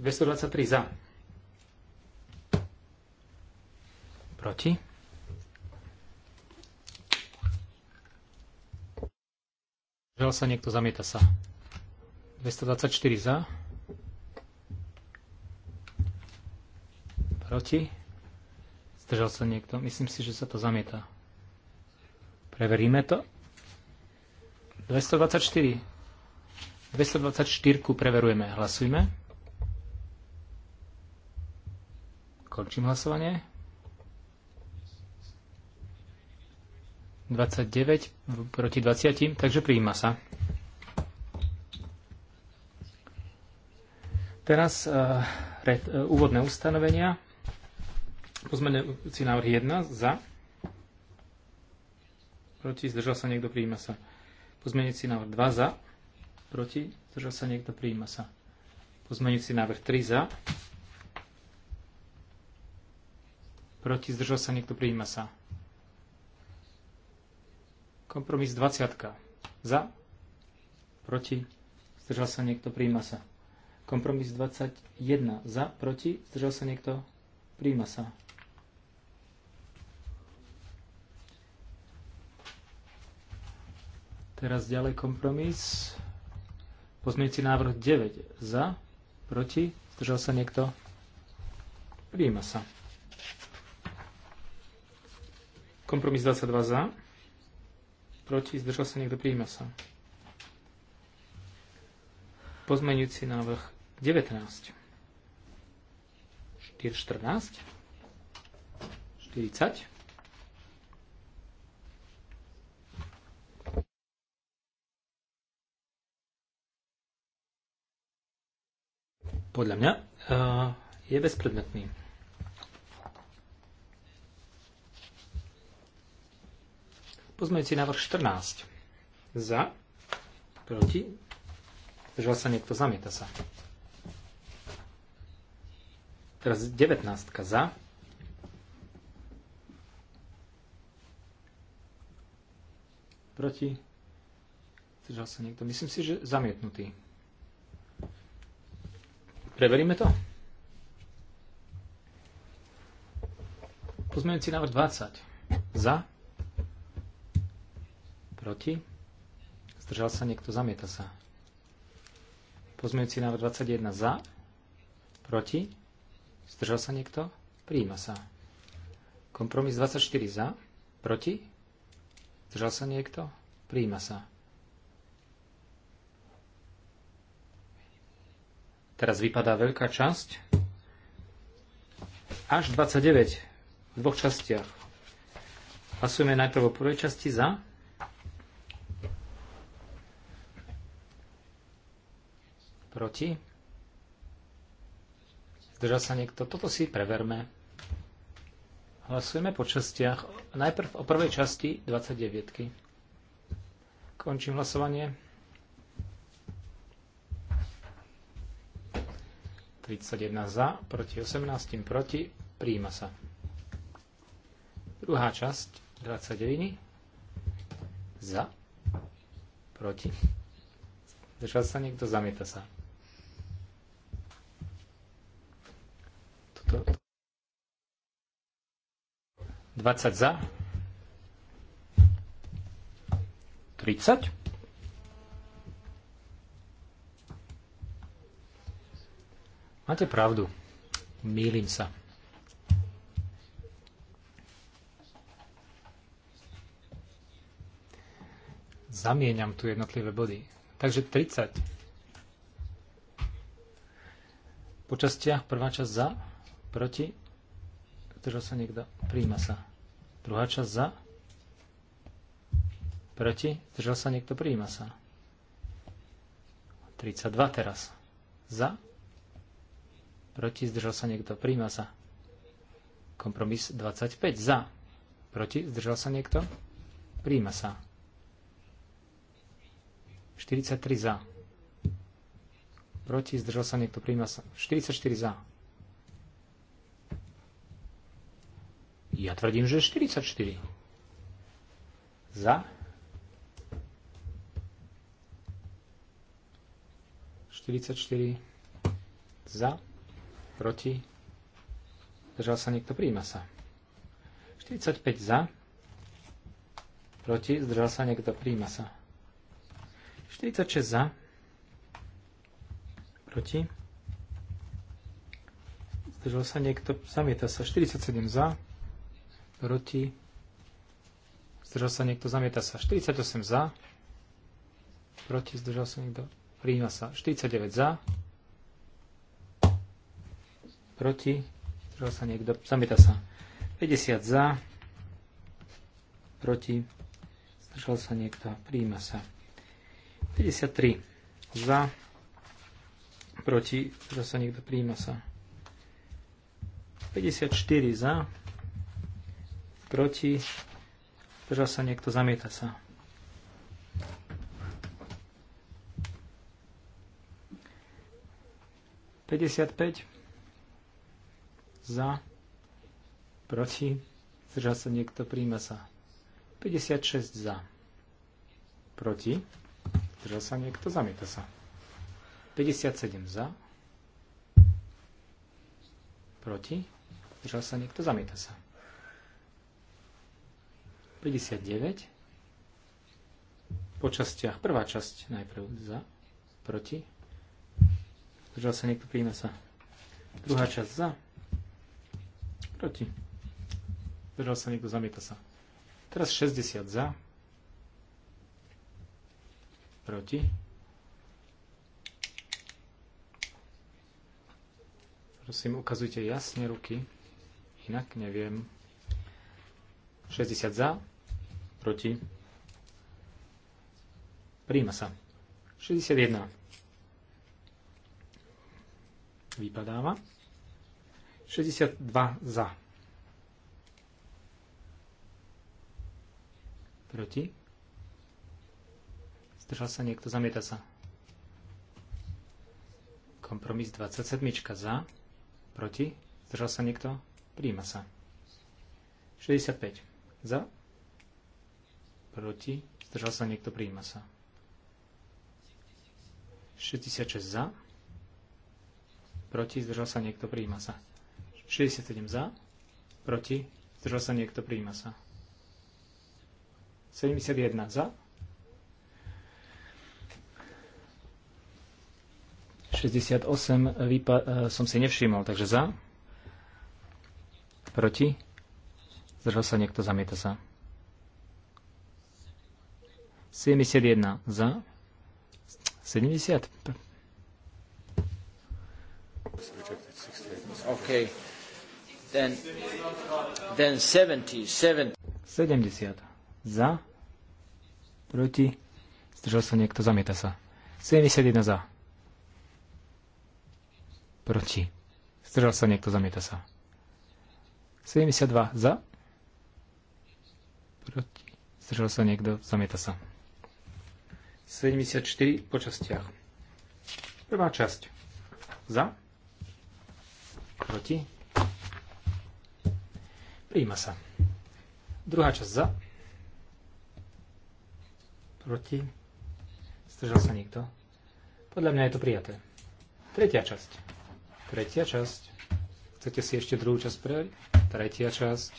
223 za. Proti. Žal sa niekto, zamieta sa. 224 za. Proti? Zdržal sa niekto? Myslím si, že sa to zamieta. Preveríme to. 224. 224 preverujeme. Hlasujme. Končím hlasovanie. 29 proti 20, takže prijíma sa. Teraz uh, uh, úvodné ustanovenia. Pozmenujúci návrh 1 za. Proti. Zdržal sa niekto. Prijíma sa. si návrh 2 za. Proti. Zdržal sa niekto. Prijíma sa. si návrh 3 za. Proti. Zdržal sa niekto. Prijíma sa. Kompromis 20. Za. Proti. Zdržal sa niekto. Prijíma sa. Kompromis 21. Za. Proti. Zdržal sa niekto. Prijíma sa. Teraz ďalej kompromis. Pozmeňujúci návrh 9. Za. Proti. Zdržal sa niekto? Príjima sa. Kompromis 22 za. Proti. Zdržal sa niekto? Príjima sa. Pozmeňujúci návrh 19. 4, 14. 40. podľa mňa eh, je bezpredmetný. si návrh 14. Za, proti, zdržal sa niekto, zamieta sa. Teraz 19. Za, proti, zdržal sa niekto. Myslím si, že zamietnutý. Preveríme to? Pozmeňujúci návrh 20. Za? Proti? Zdržal sa niekto? Zamieta sa. Pozmeňujúci návrh 21. Za? Proti? Zdržal sa niekto? Prijíma sa. Kompromis 24. Za? Proti? Zdržal sa niekto? Prijíma sa. Teraz vypadá veľká časť. Až 29 v dvoch častiach. Hlasujeme najprv o prvej časti za. Proti. Zdržal sa niekto. Toto si preverme. Hlasujeme po častiach. Najprv o prvej časti 29. Končím hlasovanie. 31 za, proti 18, proti, príjima sa. Druhá časť 29 za, proti. Zdržal sa niekto, zamieta sa. Toto. 20 za. 30. Máte pravdu. Mýlim sa. Zamieňam tu jednotlivé body. Takže 30. Po prvá časť za, proti, zdržal sa niekto, príjma sa. Druhá časť za, proti, držal sa niekto, príjma sa. 32 teraz. Za, proti, zdržal sa niekto, príjma sa. Kompromis 25 za, proti, zdržal sa niekto, príjma sa. 43 za, proti, zdržal sa niekto, príjma sa. 44 za. Ja tvrdím, že 44. Za. 44 za proti, zdržal sa niekto, príjma sa. 45 za, proti, zdržal sa niekto, príjma sa. 46 za, proti, zdržal sa niekto, zamieta sa. 47 za, proti, zdržal sa niekto, zamieta sa. 48 za, proti, zdržal sa niekto, príjma sa. 49 za, proti, zdržal sa niekto, zamieta sa. 50 za, proti, zdržal sa niekto, príjima sa. 53 za, proti, zdržal sa niekto, príjima sa. 54 za, proti, zdržal sa niekto, zamieta sa. 55 za, proti, zdržal sa niekto, príjma sa. 56 za, proti, zdržal sa niekto, zamieta sa. 57 za, proti, zdržal sa niekto, zamieta sa. 59 po častiach. Prvá časť najprv za, proti, zdržal sa niekto, príjma sa. Druhá časť za, Proti. Zdržal sa niekto, zamieta sa. Teraz 60 za. Proti. Prosím, ukazujte jasne ruky, inak neviem. 60 za, proti. Príjma sa. 61. Vypadáva. 62 za. Proti? Zdržal sa niekto, zamieta sa. Kompromis 27 za. Proti? Zdržal sa niekto? Príjma sa. 65 za. Proti? Zdržal sa niekto? Príjma sa. 66 za. Proti? Zdržal sa niekto? Príjma sa. 67 za, proti, zdržal sa niekto, prijíma sa. 71 za, 68 výpa- e, som si nevšimol, takže za, proti, zdržal sa niekto, zamieta sa. 71 za, 70. Okay. Then, then 70, 70. 70. Za. Proti. Zdržal sa niekto, zamieta sa. 71 za. Proti. Zdržal sa niekto, zamieta sa. 72 za. Proti. Zdržal sa niekto, zamieta sa. 74 po častiach. Prvá časť. Za. Proti. Príjma sa. Druhá časť za. Proti. Zdržal sa nikto, Podľa mňa je to prijaté. Tretia časť. Tretia časť. Chcete si ešte druhú časť preveriť? Tretia časť.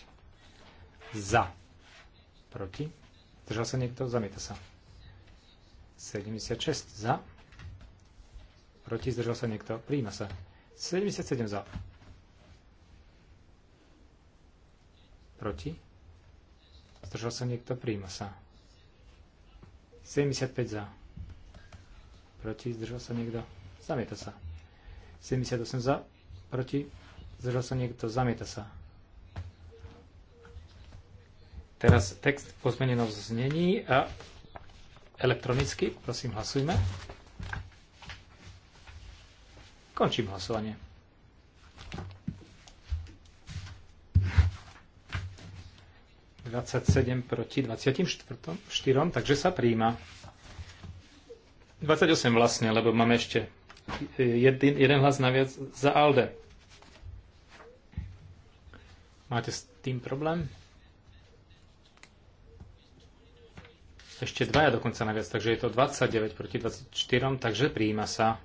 Za. Proti. Zdržal sa niekto? Zamieta sa. 76 za. Proti. Zdržal sa niekto? Príjma sa. 77 za Proti? Zdržal sa niekto? Príjma sa. 75 za. Proti? Zdržal sa niekto? Zamieta sa. 78 za. Proti? Zdržal sa niekto? Zamieta sa. Teraz text po zmenenom znení a elektronicky. Prosím, hlasujme. Končím hlasovanie. 27 proti 24, takže sa príjma. 28 vlastne, lebo máme ešte jeden, jeden hlas naviac za Alde. Máte s tým problém? Ešte dvaja dokonca naviac, takže je to 29 proti 24, takže príjima sa.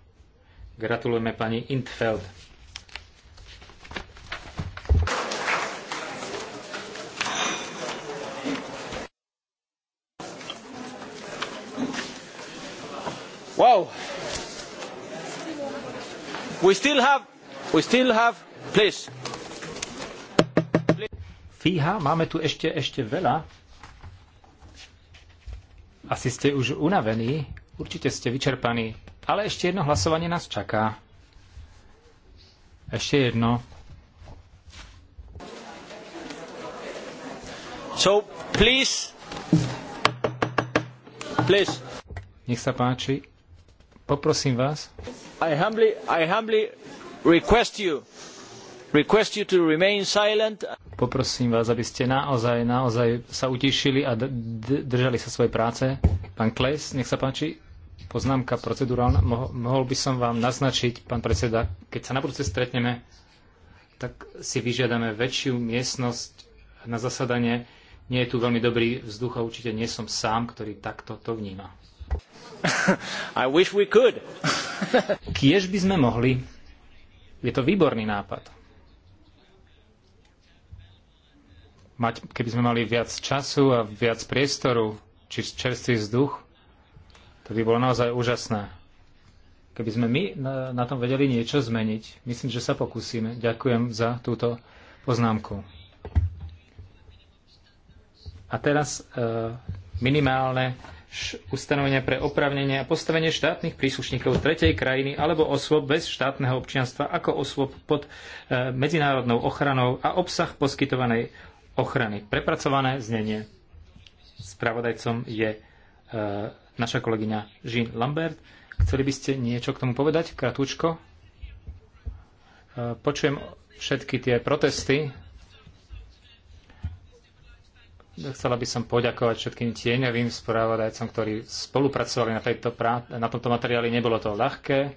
Gratulujeme pani Intfeld. Wow. We still have, we still have, please. Fíha, máme tu ešte, ešte veľa. Asi ste už unavení, určite ste vyčerpaní, ale ešte jedno hlasovanie nás čaká. Ešte jedno. So, please, please. Nech sa páči. Poprosím vás. I humbly, I humbly request you, request you to remain silent. Poprosím vás, aby ste naozaj, naozaj sa utišili a držali sa svojej práce. Pán Kles, nech sa páči, poznámka procedurálna. Mohol by som vám naznačiť, pán predseda, keď sa na budúce stretneme, tak si vyžiadame väčšiu miestnosť na zasadanie. Nie je tu veľmi dobrý vzduch a určite nie som sám, ktorý takto to vníma. I wish we could. Kiež by sme mohli. Je to výborný nápad. Mať, keby sme mali viac času a viac priestoru, či čerstvý vzduch, to by bolo naozaj úžasné. Keby sme my na, na tom vedeli niečo zmeniť, myslím, že sa pokúsime. Ďakujem za túto poznámku. A teraz eh, minimálne ustanovenia pre opravnenie a postavenie štátnych príslušníkov tretej krajiny alebo osôb bez štátneho občianstva ako osôb pod e, medzinárodnou ochranou a obsah poskytovanej ochrany. Prepracované znenie spravodajcom je e, naša kolegyňa Jean Lambert. Chceli by ste niečo k tomu povedať? kratúčko? E, počujem všetky tie protesty Chcela by som poďakovať všetkým tieňovým spravodajcom, ktorí spolupracovali na, tejto prá- na tomto materiáli. Nebolo to ľahké.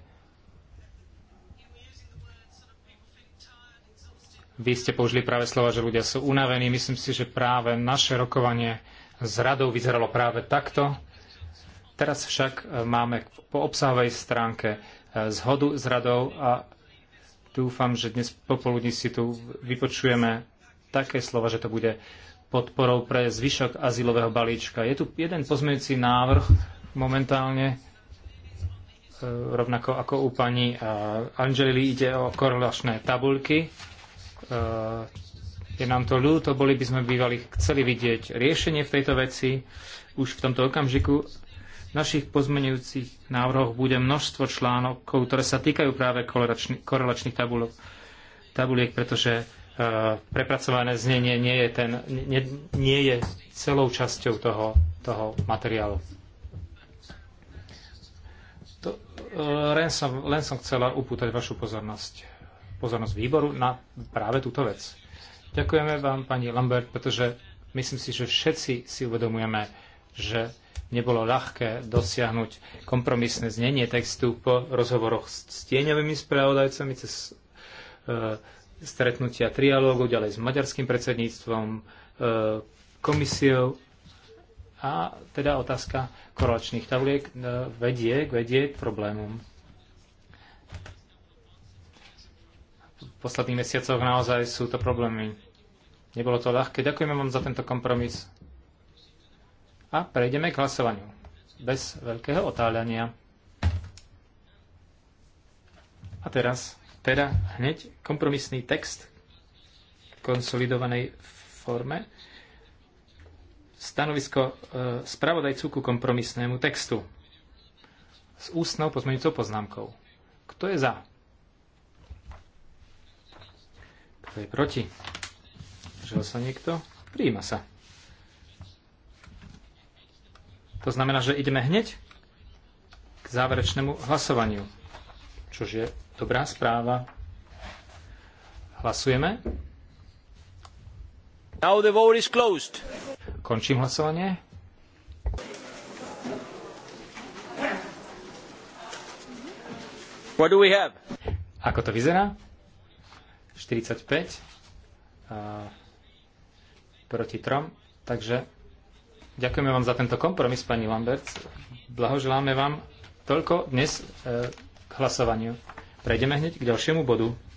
Vy ste použili práve slova, že ľudia sú unavení. Myslím si, že práve naše rokovanie s radou vyzeralo práve takto. Teraz však e, máme po obsahovej stránke e, zhodu s radou a dúfam, že dnes popoludní si tu vypočujeme také slova, že to bude podporou pre zvyšok azylového balíčka. Je tu jeden pozmeňujúci návrh momentálne, e, rovnako ako u pani e, Angelili ide o korelačné tabulky. E, je nám to ľúto, boli by sme bývali chceli vidieť riešenie v tejto veci už v tomto okamžiku. V našich pozmenujúcich návrhoch bude množstvo článok, ktoré sa týkajú práve korelačných tabulok, tabuliek, pretože prepracované znenie nie je, ten, nie, nie je celou časťou toho, toho materiálu. To, e, len, som, len som chcela upútať vašu pozornosť, pozornosť výboru na práve túto vec. Ďakujeme vám, pani Lambert, pretože myslím si, že všetci si uvedomujeme, že nebolo ľahké dosiahnuť kompromisné znenie textu po rozhovoroch s tieňovými spravodajcami cez e, stretnutia trialógu, ďalej s maďarským predsedníctvom, e, komisiou a teda otázka korelačných tabuliek e, vedie, vedie k problémom. V posledných mesiacoch naozaj sú to problémy. Nebolo to ľahké. Ďakujeme vám za tento kompromis. A prejdeme k hlasovaniu. Bez veľkého otáľania. A teraz teda hneď kompromisný text v konsolidovanej forme. Stanovisko e, spravodajcu ku kompromisnému textu s ústnou pozmeňujúcou poznámkou. Kto je za? Kto je proti? Žil sa niekto? Príjima sa. To znamená, že ideme hneď k záverečnému hlasovaniu, čo je Dobrá správa. Hlasujeme. Now the vote is closed. Končím hlasovanie. What do we have? Ako to vyzerá? 45 uh, proti 3. Takže ďakujeme vám za tento kompromis, pani Lambert. Blahoželáme vám toľko dnes uh, k hlasovaniu. Prejdeme hneď k ďalšiemu bodu.